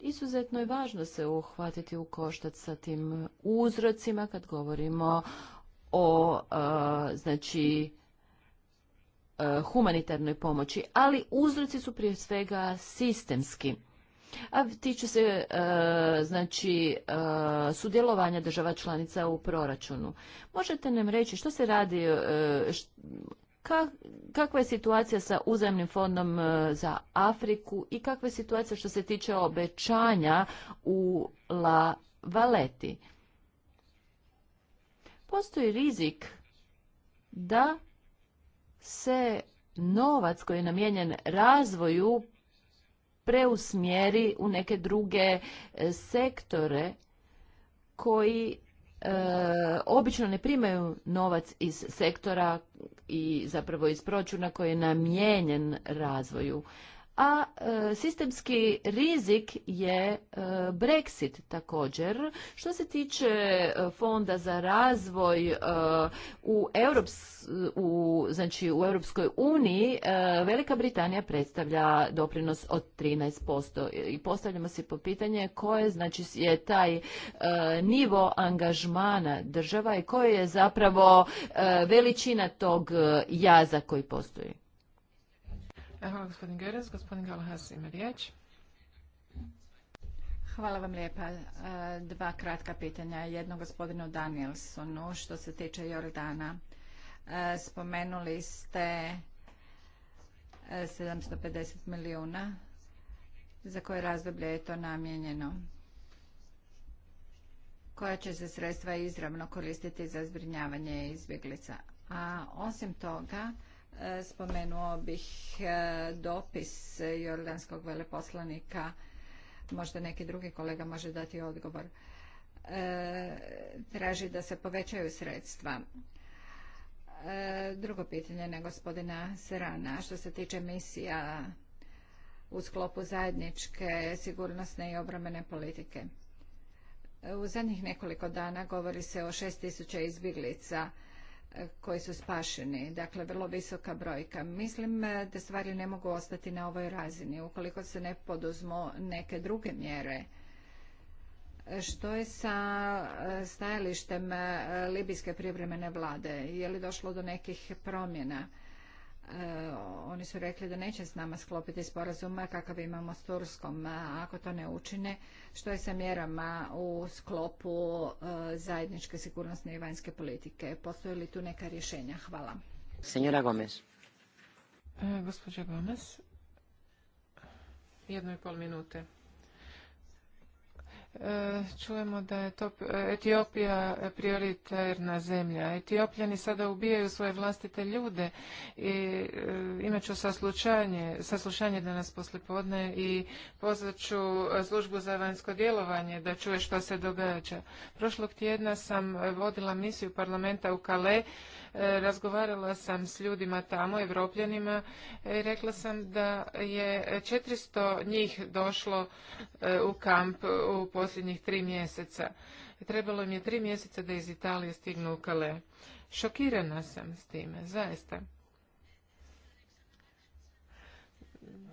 [SPEAKER 2] izuzetno je važno se uhvatiti u koštac sa tim uzrocima kad govorimo o e, znači e, humanitarnoj pomoći, ali uzroci su prije svega sistemski a tiče se e, znači e, sudjelovanja država članica u proračunu. Možete nam reći što se radi, e, kakva je situacija sa uzemnim fondom za Afriku i kakva je situacija što se tiče obećanja u La Valeti? Postoji rizik da se novac koji je namijenjen razvoju preusmjeri u neke druge e, sektore koji e, obično ne primaju novac iz sektora i zapravo iz proračuna koji je namijenjen razvoju a e, sistemski rizik je e, Brexit također. Što se tiče e, fonda za razvoj e, u, Europs, u, znači, u Europskoj uniji, Velika Britanija predstavlja doprinos od 13%. I postavljamo se po pitanje koje znači, je taj nivo angažmana država i koje je zapravo veličina tog jaza koji postoji.
[SPEAKER 4] Hvala gospodin Gospodin ima riječ. Hvala vam lijepa. E,
[SPEAKER 1] dva kratka pitanja. Jedno gospodinu Danielsonu što se tiče Jordana. E, spomenuli ste 750 e, milijuna. Za koje razdoblje je to namijenjeno? Koja će se sredstva izravno koristiti za zbrinjavanje izbjeglica? A osim toga, E, spomenuo bih e, dopis jordanskog veleposlanika, možda neki drugi kolega može dati odgovor. E, traži da se povećaju sredstva. Drugo pitanje na gospodina Serana, što se tiče misija u sklopu zajedničke sigurnosne i obrambene politike. U zadnjih nekoliko dana govori se o šest tisuća izbjeglica koji su spašeni, dakle vrlo visoka brojka. Mislim e, da stvari ne mogu ostati na ovoj razini ukoliko se ne poduzmu neke druge mjere. Što je sa e, stajalištem e, libijske privremene vlade? Je li došlo do nekih promjena? Eh, oni su rekli da neće s nama sklopiti sporazuma kakav imamo s Turskom. ako to ne učine, što je sa mjerama u sklopu eh, zajedničke sigurnosne i vanjske politike? Postoje li tu neka
[SPEAKER 4] rješenja? Hvala. Senjora Gomez. E, Gomez, jedno i pol minute. E, čujemo da je to e, Etiopija prioritarna zemlja. Etiopljani sada ubijaju svoje vlastite ljude i e, imat ću saslušanje, saslušanje danas poslijepodne i pozvat ću službu za vanjsko djelovanje da čuje što se događa. Prošlog tjedna sam vodila misiju parlamenta u Kale E, razgovarala sam s ljudima tamo, evropljanima, e, rekla sam da je 400 njih došlo e, u kamp u posljednjih tri mjeseca. Trebalo im je tri mjeseca da iz Italije stignu u Kale. Šokirana sam s time, zaista.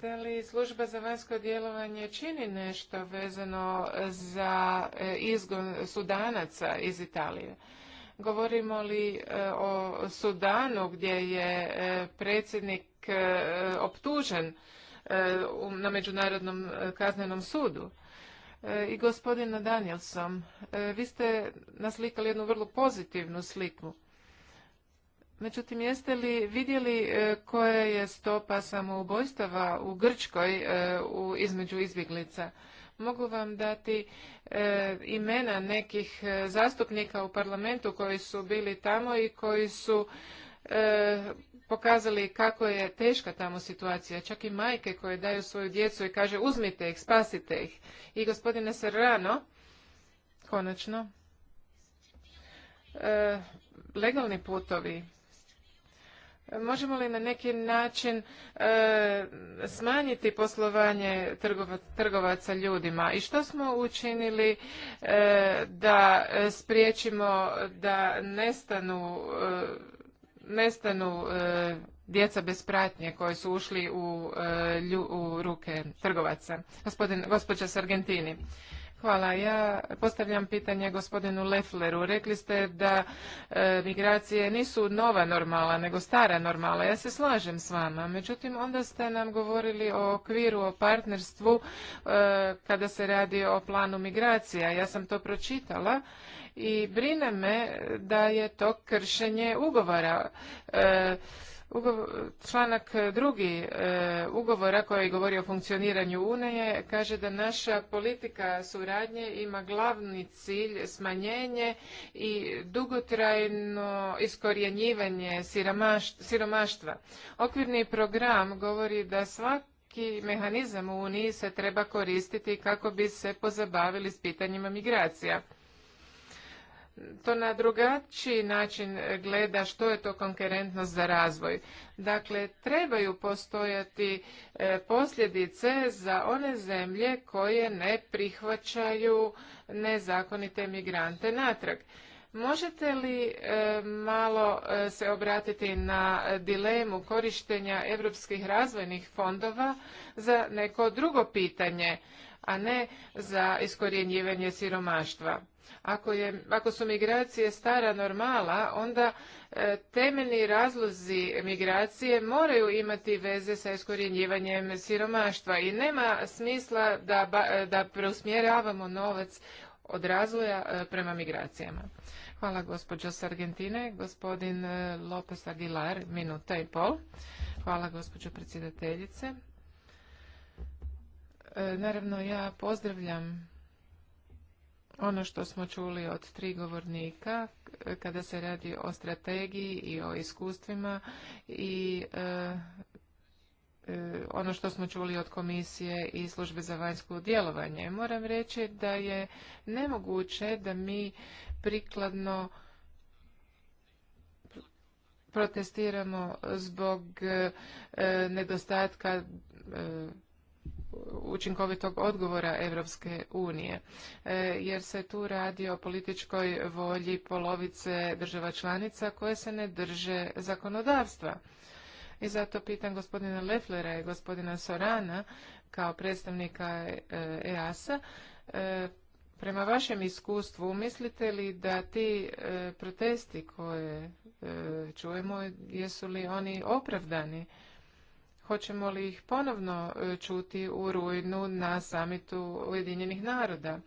[SPEAKER 4] Da li služba za vanjsko djelovanje čini nešto vezano za izgon Sudanaca iz Italije? Govorimo li e, o Sudanu gdje je e, predsjednik e, optužen na Međunarodnom kaznenom sudu? I gospodina Danielson, vi ste naslikali jednu vrlo pozitivnu sliku. Međutim, jeste li vidjeli koja je stopa samoubojstava u Grčkoj između izbjeglica? Mogu vam dati e, imena nekih e, zastupnika u parlamentu koji su bili tamo i koji su e, pokazali kako je teška tamo situacija. Čak i majke koje daju svoju djecu i kaže uzmite ih, spasite ih. I gospodine Serrano, konačno, legalni putovi Možemo li na neki način e, smanjiti poslovanje trgovaca ljudima i što smo učinili e, da spriječimo da nestanu, e, nestanu djeca bez pratnje koje su ušli u, ruke trgovaca? Gospodin, gospođa argentini. Hvala. Ja postavljam pitanje gospodinu Leffleru. Rekli ste da e, migracije nisu nova normala, nego stara normala. Ja se slažem s vama. Međutim, onda ste nam govorili o okviru, o partnerstvu e, kada se radi o planu migracija. Ja sam to pročitala i brine me da je to kršenje ugovora. E, članak drugi e, ugovora koji govori o funkcioniranju Unije kaže da naša politika suradnje ima glavni cilj smanjenje i dugotrajno iskorjenjivanje siromaštva. Okvirni program govori da svaki mehanizam u Uniji se treba koristiti kako bi se pozabavili s pitanjima migracija to na drugačiji način gleda što je to konkurentnost za razvoj. Dakle, trebaju postojati e, posljedice za one zemlje koje ne prihvaćaju nezakonite migrante natrag. Možete li e, malo e, se obratiti na dilemu korištenja europskih razvojnih fondova za neko drugo pitanje, a ne za iskorjenjivanje siromaštva? Ako, je, ako su migracije stara normala, onda e, temeljni razlozi migracije moraju imati veze sa iskorjenjivanjem siromaštva i nema smisla da, e, da preusmjeravamo novac od razvoja e, prema migracijama. Hvala gospođo s Argentine. Gospodin e, Lopez Aguilar, minuta i pol. Hvala gospođo predsjedateljice. naravno, ja pozdravljam ono što smo čuli od tri govornika kada se radi o strategiji i o iskustvima i e, e, ono što smo čuli od komisije i službe za vanjsko djelovanje. Moram reći da je nemoguće da mi prikladno protestiramo zbog e, nedostatka učinkovitog odgovora Europske unije, e, jer se tu radi o političkoj volji polovice država članica koje se ne drže zakonodavstva. I zato pitam gospodina Leflera i gospodina Sorana kao predstavnika EASA, e e, prema vašem iskustvu mislite li da ti protesti koje čujemo, jesu li oni opravdani? Hoćemo li ih ponovno e, čuti u rujnu na samitu Ujedinjenih naroda?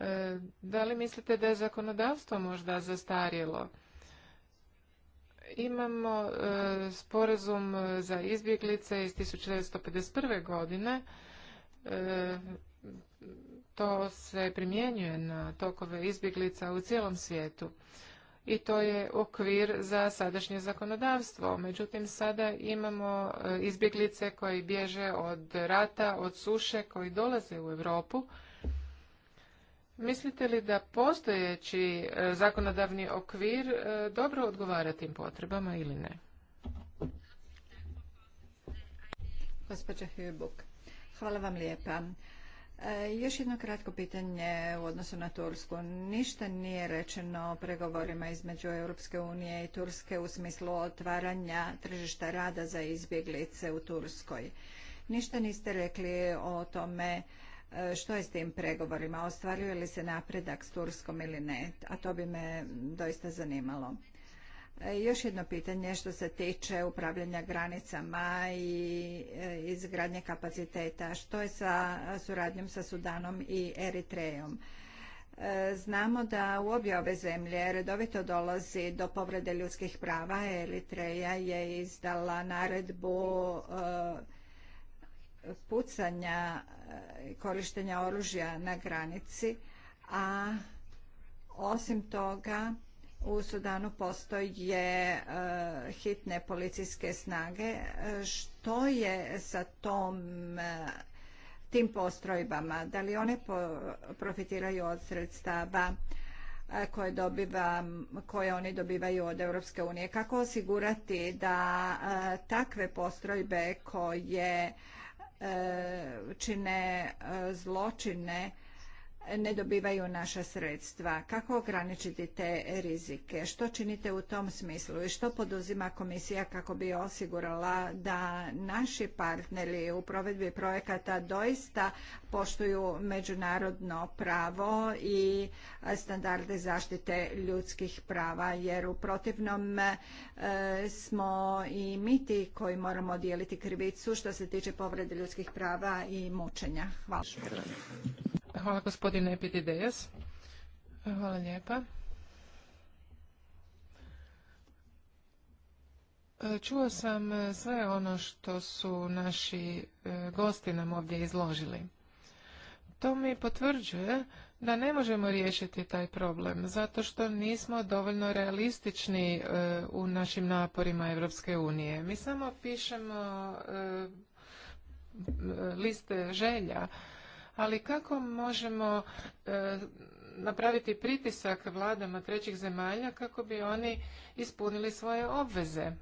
[SPEAKER 4] E, da li mislite da je zakonodavstvo možda zastarjelo? Imamo e, sporazum za izbjeglice iz 1951. godine. To se primjenjuje na tokove izbjeglica u cijelom svijetu i to je okvir za sadašnje zakonodavstvo. Međutim, sada imamo e, izbjeglice koji bježe od rata, od suše, koji dolaze u Europu. Mislite li da postojeći e, zakonodavni okvir e, dobro odgovara tim potrebama ili ne?
[SPEAKER 1] Hvala vam lijepa. E, još jedno kratko pitanje u odnosu na Tursku. Ništa nije rečeno o pregovorima između Europske unije i Turske u smislu otvaranja tržišta rada za izbjeglice u Turskoj. Ništa niste rekli o tome e, što je s tim pregovorima, ostvaruje li se napredak s Turskom ili ne, a to bi me doista zanimalo. E, još jedno pitanje što se tiče upravljanja granicama i e, izgradnje kapaciteta. Što je sa suradnjom sa Sudanom i Eritrejom? E, znamo da u obje ove zemlje redovito dolazi do povrede ljudskih prava. Eritreja je izdala naredbu pucanja korištenja oružja na granici, a osim toga u Sudanu postoje e, hitne policijske snage. E, što je sa tom e, tim postrojbama? Da li one profitiraju od sredstava koje, koje oni dobivaju od Europske unije? Kako osigurati da takve postrojbe koje čine zločine ne dobivaju naša sredstva. Kako ograničiti te rizike? Što činite u tom smislu i što poduzima komisija kako bi osigurala da naši partneri u provedbi projekata doista poštuju međunarodno pravo i standarde zaštite ljudskih prava, jer u protivnom e, smo i mi ti koji moramo dijeliti krivicu što se tiče povrede
[SPEAKER 4] ljudskih prava i mučenja. Hvala. Hvala gospodine Hvala lijepa. E, čuo sam e, sve ono što su naši e, gosti nam ovdje izložili. To mi potvrđuje da ne možemo riješiti taj problem zato što nismo dovoljno realistični u našim naporima Evropske unije. Mi samo pišemo liste želja ali kako možemo e, napraviti pritisak vladama trećih zemalja kako bi oni ispunili svoje obveze?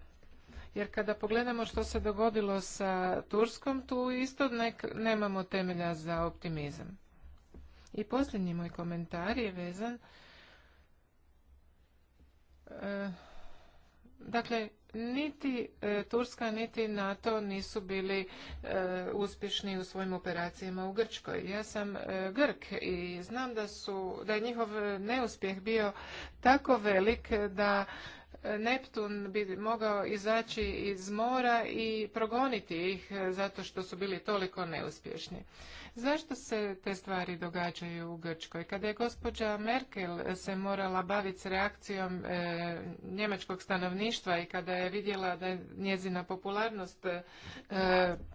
[SPEAKER 4] Jer kada pogledamo što se dogodilo sa Turskom, tu isto nemamo temelja za optimizam. I posljednji moj komentar je vezan. E, dakle, niti e, Turska niti NATO nisu bili e, uspješni u svojim operacijama u Grčkoj. Ja sam e, Grk i znam da su da je njihov neuspjeh bio tako velik da Neptun bi mogao izaći iz mora i progoniti ih e, zato što su bili toliko neuspješni. Zašto se te stvari događaju u Grčkoj? Kada je gospođa Merkel se morala baviti s reakcijom e, njemačkog stanovništva i kada je vidjela da je njezina popularnost e,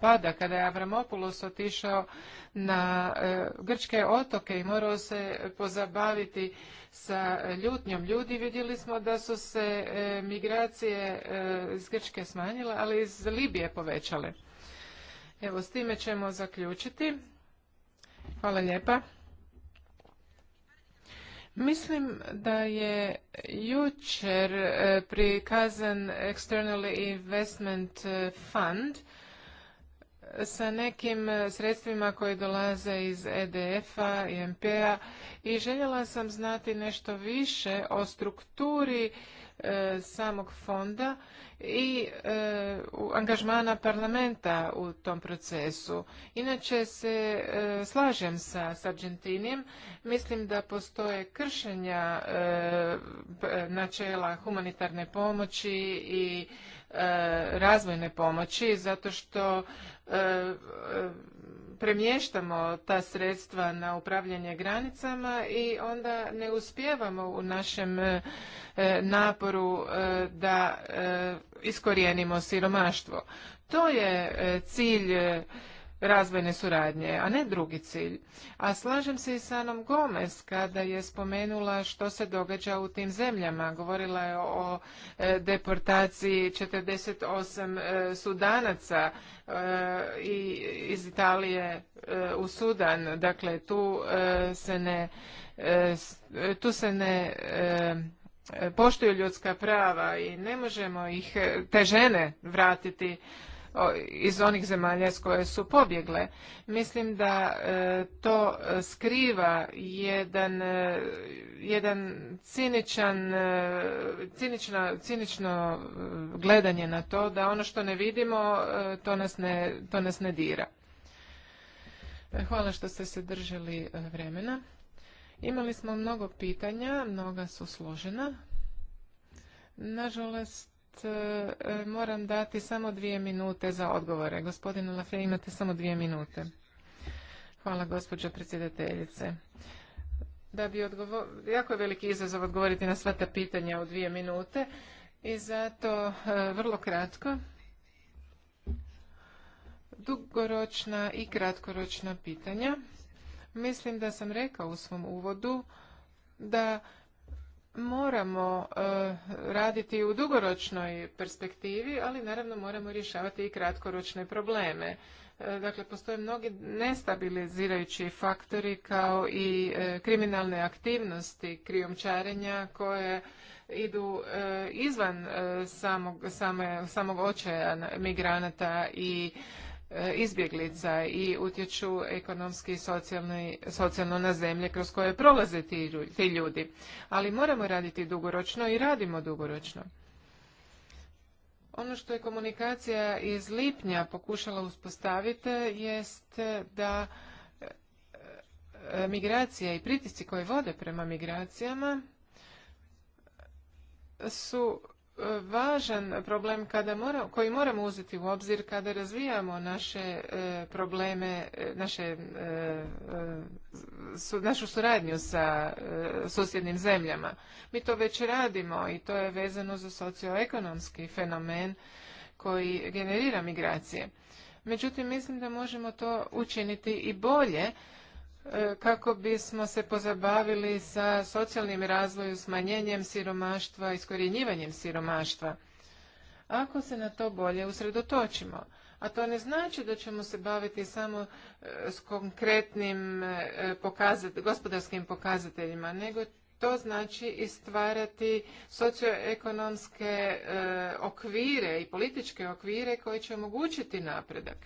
[SPEAKER 4] pada, kada je Avramopoulos otišao na grčke otoke i morao se pozabaviti sa ljutnjom ljudi. Vidjeli smo da su se e, migracije e, iz Grčke smanjile, ali iz Libije povećale. Evo, s time ćemo zaključiti. Hvala lijepa. Mislim da je jučer e, prikazan External Investment Fund sa nekim e, sredstvima koje dolaze iz EDF-a i MP-a i željela sam znati nešto više o strukturi e, samog fonda i e, angažmana parlamenta u tom procesu. Inače se slažem sa Sargentinim, mislim da postoje kršenja načela humanitarne pomoći i E, razvojne pomoći zato što e, e, premještamo ta sredstva na upravljanje granicama i onda ne uspijevamo u našem naporu da iskorijenimo siromaštvo. To je cilj razvojne suradnje, a ne drugi cilj. A slažem se i sa Anom Gomez kada je spomenula što se događa u tim zemljama. Govorila je o e, deportaciji 48 e, sudanaca e, iz Italije u Sudan. Dakle, tu se ne tu se ne poštuju ljudska prava i ne možemo ih te žene vratiti iz onih zemalja s koje su pobjegle. Mislim da e, to skriva jedan, e, jedan ciničan, e, cinično, cinično gledanje na to da ono što ne vidimo to nas ne, to nas ne dira. Hvala što ste se držali vremena. Imali smo mnogo pitanja, mnoga su složena. Nažalost, E, e, moram dati samo dvije minute za odgovore. Gospodinu Lafre, imate samo dvije minute. Hvala, gospođo predsjedateljice. Da bi odgovor... Jako je veliki izazov odgovoriti na sva ta pitanja u dvije minute i zato e, vrlo kratko. Dugoročna i kratkoročna pitanja. Mislim da sam rekao u svom uvodu da moramo e, raditi u dugoročnoj perspektivi, ali naravno moramo rješavati i kratkoročne probleme. E, dakle, postoje mnogi nestabilizirajući faktori kao i e, kriminalne aktivnosti krijumčarenja koje idu izvan samog, samog očaja migranata i E, izbjeglica i utječu ekonomski i socijalno na zemlje kroz koje prolaze ti ljudi. Ali moramo raditi dugoročno i radimo dugoročno. Ono što je komunikacija iz lipnja pokušala uspostaviti jest da e, migracija i pritisci koje vode prema migracijama su važan problem kada mora, koji moramo uzeti u obzir kada razvijamo naše e, probleme, e, naše, e, našu suradnju sa susjednim zemljama. Mi to već radimo i to je vezano za socioekonomski fenomen koji generira migracije. Međutim, mislim da možemo to učiniti i bolje E, kako bismo se pozabavili sa socijalnim razvojem, smanjenjem siromaštva, iskorjenjivanjem siromaštva. Ako se na to bolje usredotočimo, a to ne znači da ćemo se baviti samo e, s konkretnim e, gospodarskim pokazateljima, nego to znači i stvarati socioekonomske okvire i političke okvire koji će omogućiti napredak.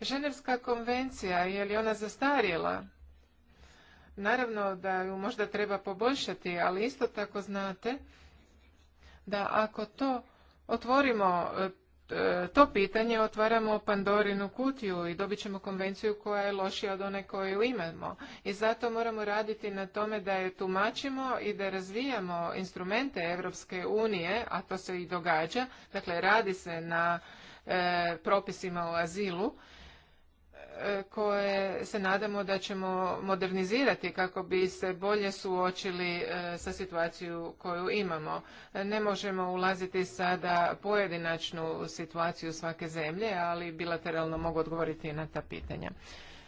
[SPEAKER 4] Ženevska konvencija, je li ona zastarjela? Naravno da ju možda treba poboljšati, ali isto tako znate da ako to otvorimo e, e, to pitanje otvaramo Pandorinu kutiju i dobit ćemo konvenciju koja je lošija od one koju imamo. I zato moramo raditi na tome da je tumačimo i da razvijamo instrumente Europske unije, a to se i događa, dakle radi se na e, propisima o azilu, koje se nadamo da ćemo modernizirati kako bi se bolje suočili e, sa situaciju koju imamo. Ne možemo ulaziti sada pojedinačnu situaciju svake zemlje, ali bilateralno mogu odgovoriti na ta pitanja.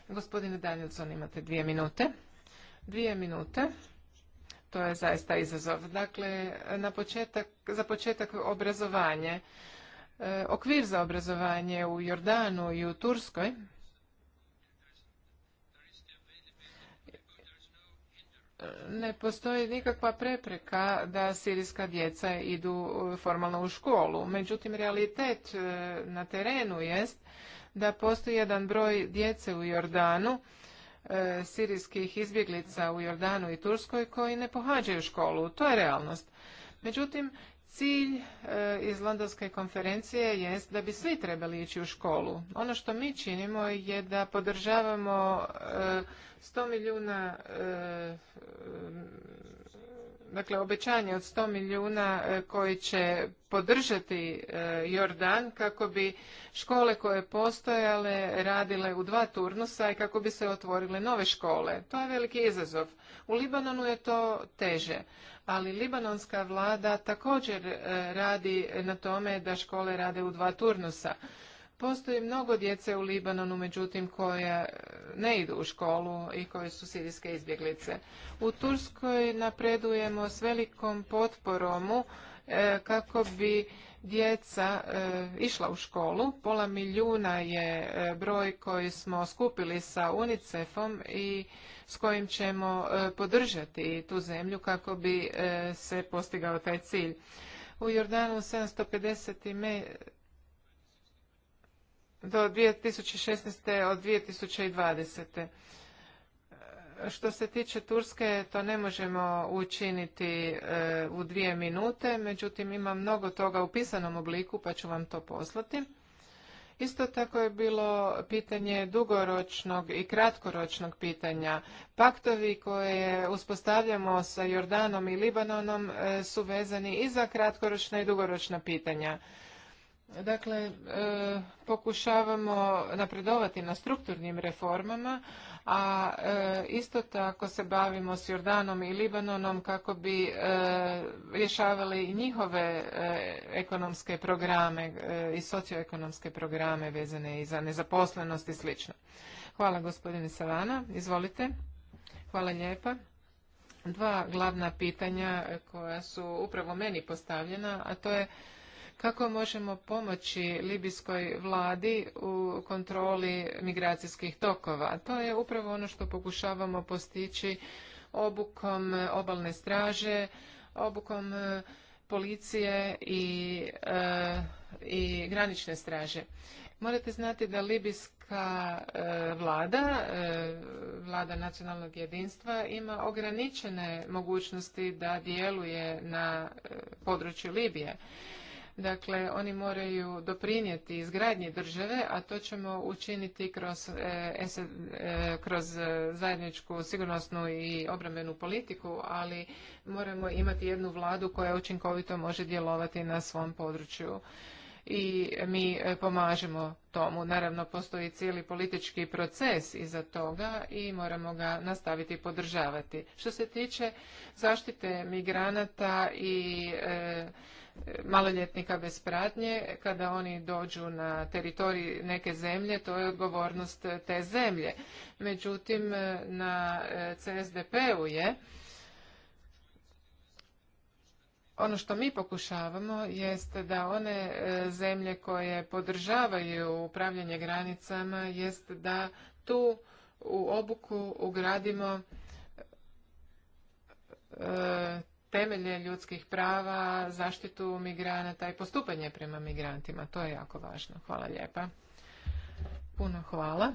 [SPEAKER 4] Gospodine Danielson, imate dvije minute. Dvije minute. To je zaista izazov. Dakle, na početak, za početak obrazovanje. E, okvir za obrazovanje u Jordanu i u Turskoj ne postoji nikakva prepreka da sirijska djeca idu e, formalno u školu. Međutim, realitet e, na terenu jest da postoji jedan broj djece u Jordanu, e, sirijskih izbjeglica u Jordanu i Turskoj koji ne pohađaju školu. To je realnost. Međutim, Cilj e, iz Londonske konferencije jest da bi svi trebali ići u školu. Ono što mi činimo je da podržavamo 100 e, milijuna e, dakle obećanje od 100 milijuna e, koji će podržati e, Jordan kako bi škole koje postojale radile u dva turnusa i kako bi se otvorile nove škole. To je veliki izazov. U Libanonu je to teže, ali libanonska vlada također e, radi na tome da škole rade u dva turnusa. Postoji mnogo djece u Libanonu, međutim, koje e, ne idu u školu i koje su sirijske izbjeglice. U Turskoj napredujemo s velikom potporom e, kako bi djeca e, išla u školu. Pola milijuna je broj koji smo skupili sa UNICEF-om i s kojim ćemo podržati tu zemlju kako bi se postigao taj cilj. U Jordanu 750 do 2016. od 2020. Što se tiče Turske, to ne možemo učiniti eh, u dvije minute, međutim ima mnogo toga u pisanom obliku pa ću vam to poslati. Isto tako je bilo pitanje dugoročnog i kratkoročnog pitanja. Paktovi koje uspostavljamo sa Jordanom i Libanonom eh, su vezani i za kratkoročna i dugoročna pitanja. Dakle, e, pokušavamo napredovati na strukturnim reformama, a e, isto tako se bavimo s Jordanom i Libanonom kako bi e, rješavali njihove ekonomske programe i socioekonomske programe vezane i za nezaposlenost i slično. Hvala gospodine Savana, izvolite. Hvala lijepa. Dva glavna pitanja koja su upravo meni postavljena, a to je kako možemo pomoći libijskoj vladi u kontroli migracijskih tokova? To je upravo ono što pokušavamo postići obukom obalne straže, obukom e, policije i, e, i granične straže. Morate znati da libijska e, vlada, vlada nacionalnog jedinstva, ima ograničene mogućnosti da djeluje na području Libije. Dakle, oni moraju doprinijeti izgradnji države, a to ćemo učiniti kroz, e, e, kroz e, zajedničku sigurnosnu i obrambenu politiku, ali moramo imati jednu vladu koja učinkovito može djelovati na svom području i mi pomažemo tomu. Naravno, postoji cijeli politički proces iza toga i moramo ga nastaviti podržavati. Što se tiče zaštite migranata i maloljetnika bez pratnje, kada oni dođu na teritorij neke zemlje, to je odgovornost te zemlje. Međutim, na eh, CSDP-u je ono što mi pokušavamo jest da one eh, zemlje koje podržavaju upravljanje granicama jest da tu u obuku ugradimo eh, temelje ljudskih prava, zaštitu migranata i postupanje prema migrantima. To je jako važno. Hvala lijepa. Puno hvala.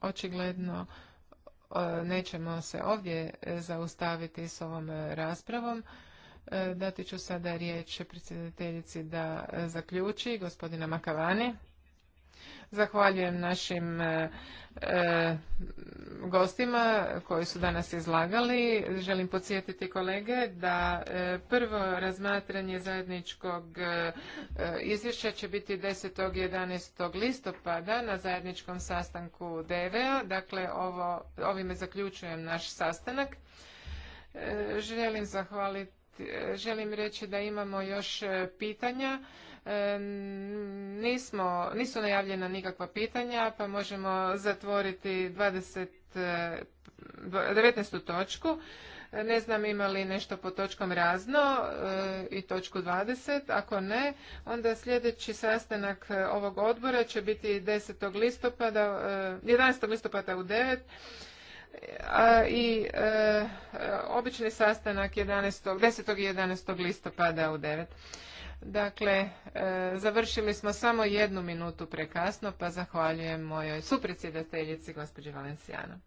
[SPEAKER 4] Očigledno e, nećemo se ovdje zaustaviti s ovom raspravom. E, dati ću sada riječ predsjedateljici da zaključi, gospodina Makavani. Zahvaljujem našim e, e, gostima koji su danas izlagali. Želim podsjetiti kolege da e, prvo razmatranje zajedničkog izvješća će biti 10. i 11. listopada na zajedničkom sastanku DVA. Dakle, ovime zaključujem naš sastanak. Želim zahvaliti Želim reći da imamo još pitanja. Nismo, nisu najavljena nikakva pitanja, pa možemo zatvoriti 20, 19. E, točku. Ne znam ima li nešto po točkom razno e, i točku 20. Ako ne, onda sljedeći sastanak e, ovog odbora će biti 10. listopada, 11. listopada u 9. A, i obični sastanak 11. 10. i 11. listopada u 9. Dakle, e, završili smo samo jednu minutu prekasno, pa zahvaljujem mojoj supredsjedateljici, gospođi Valencijanu.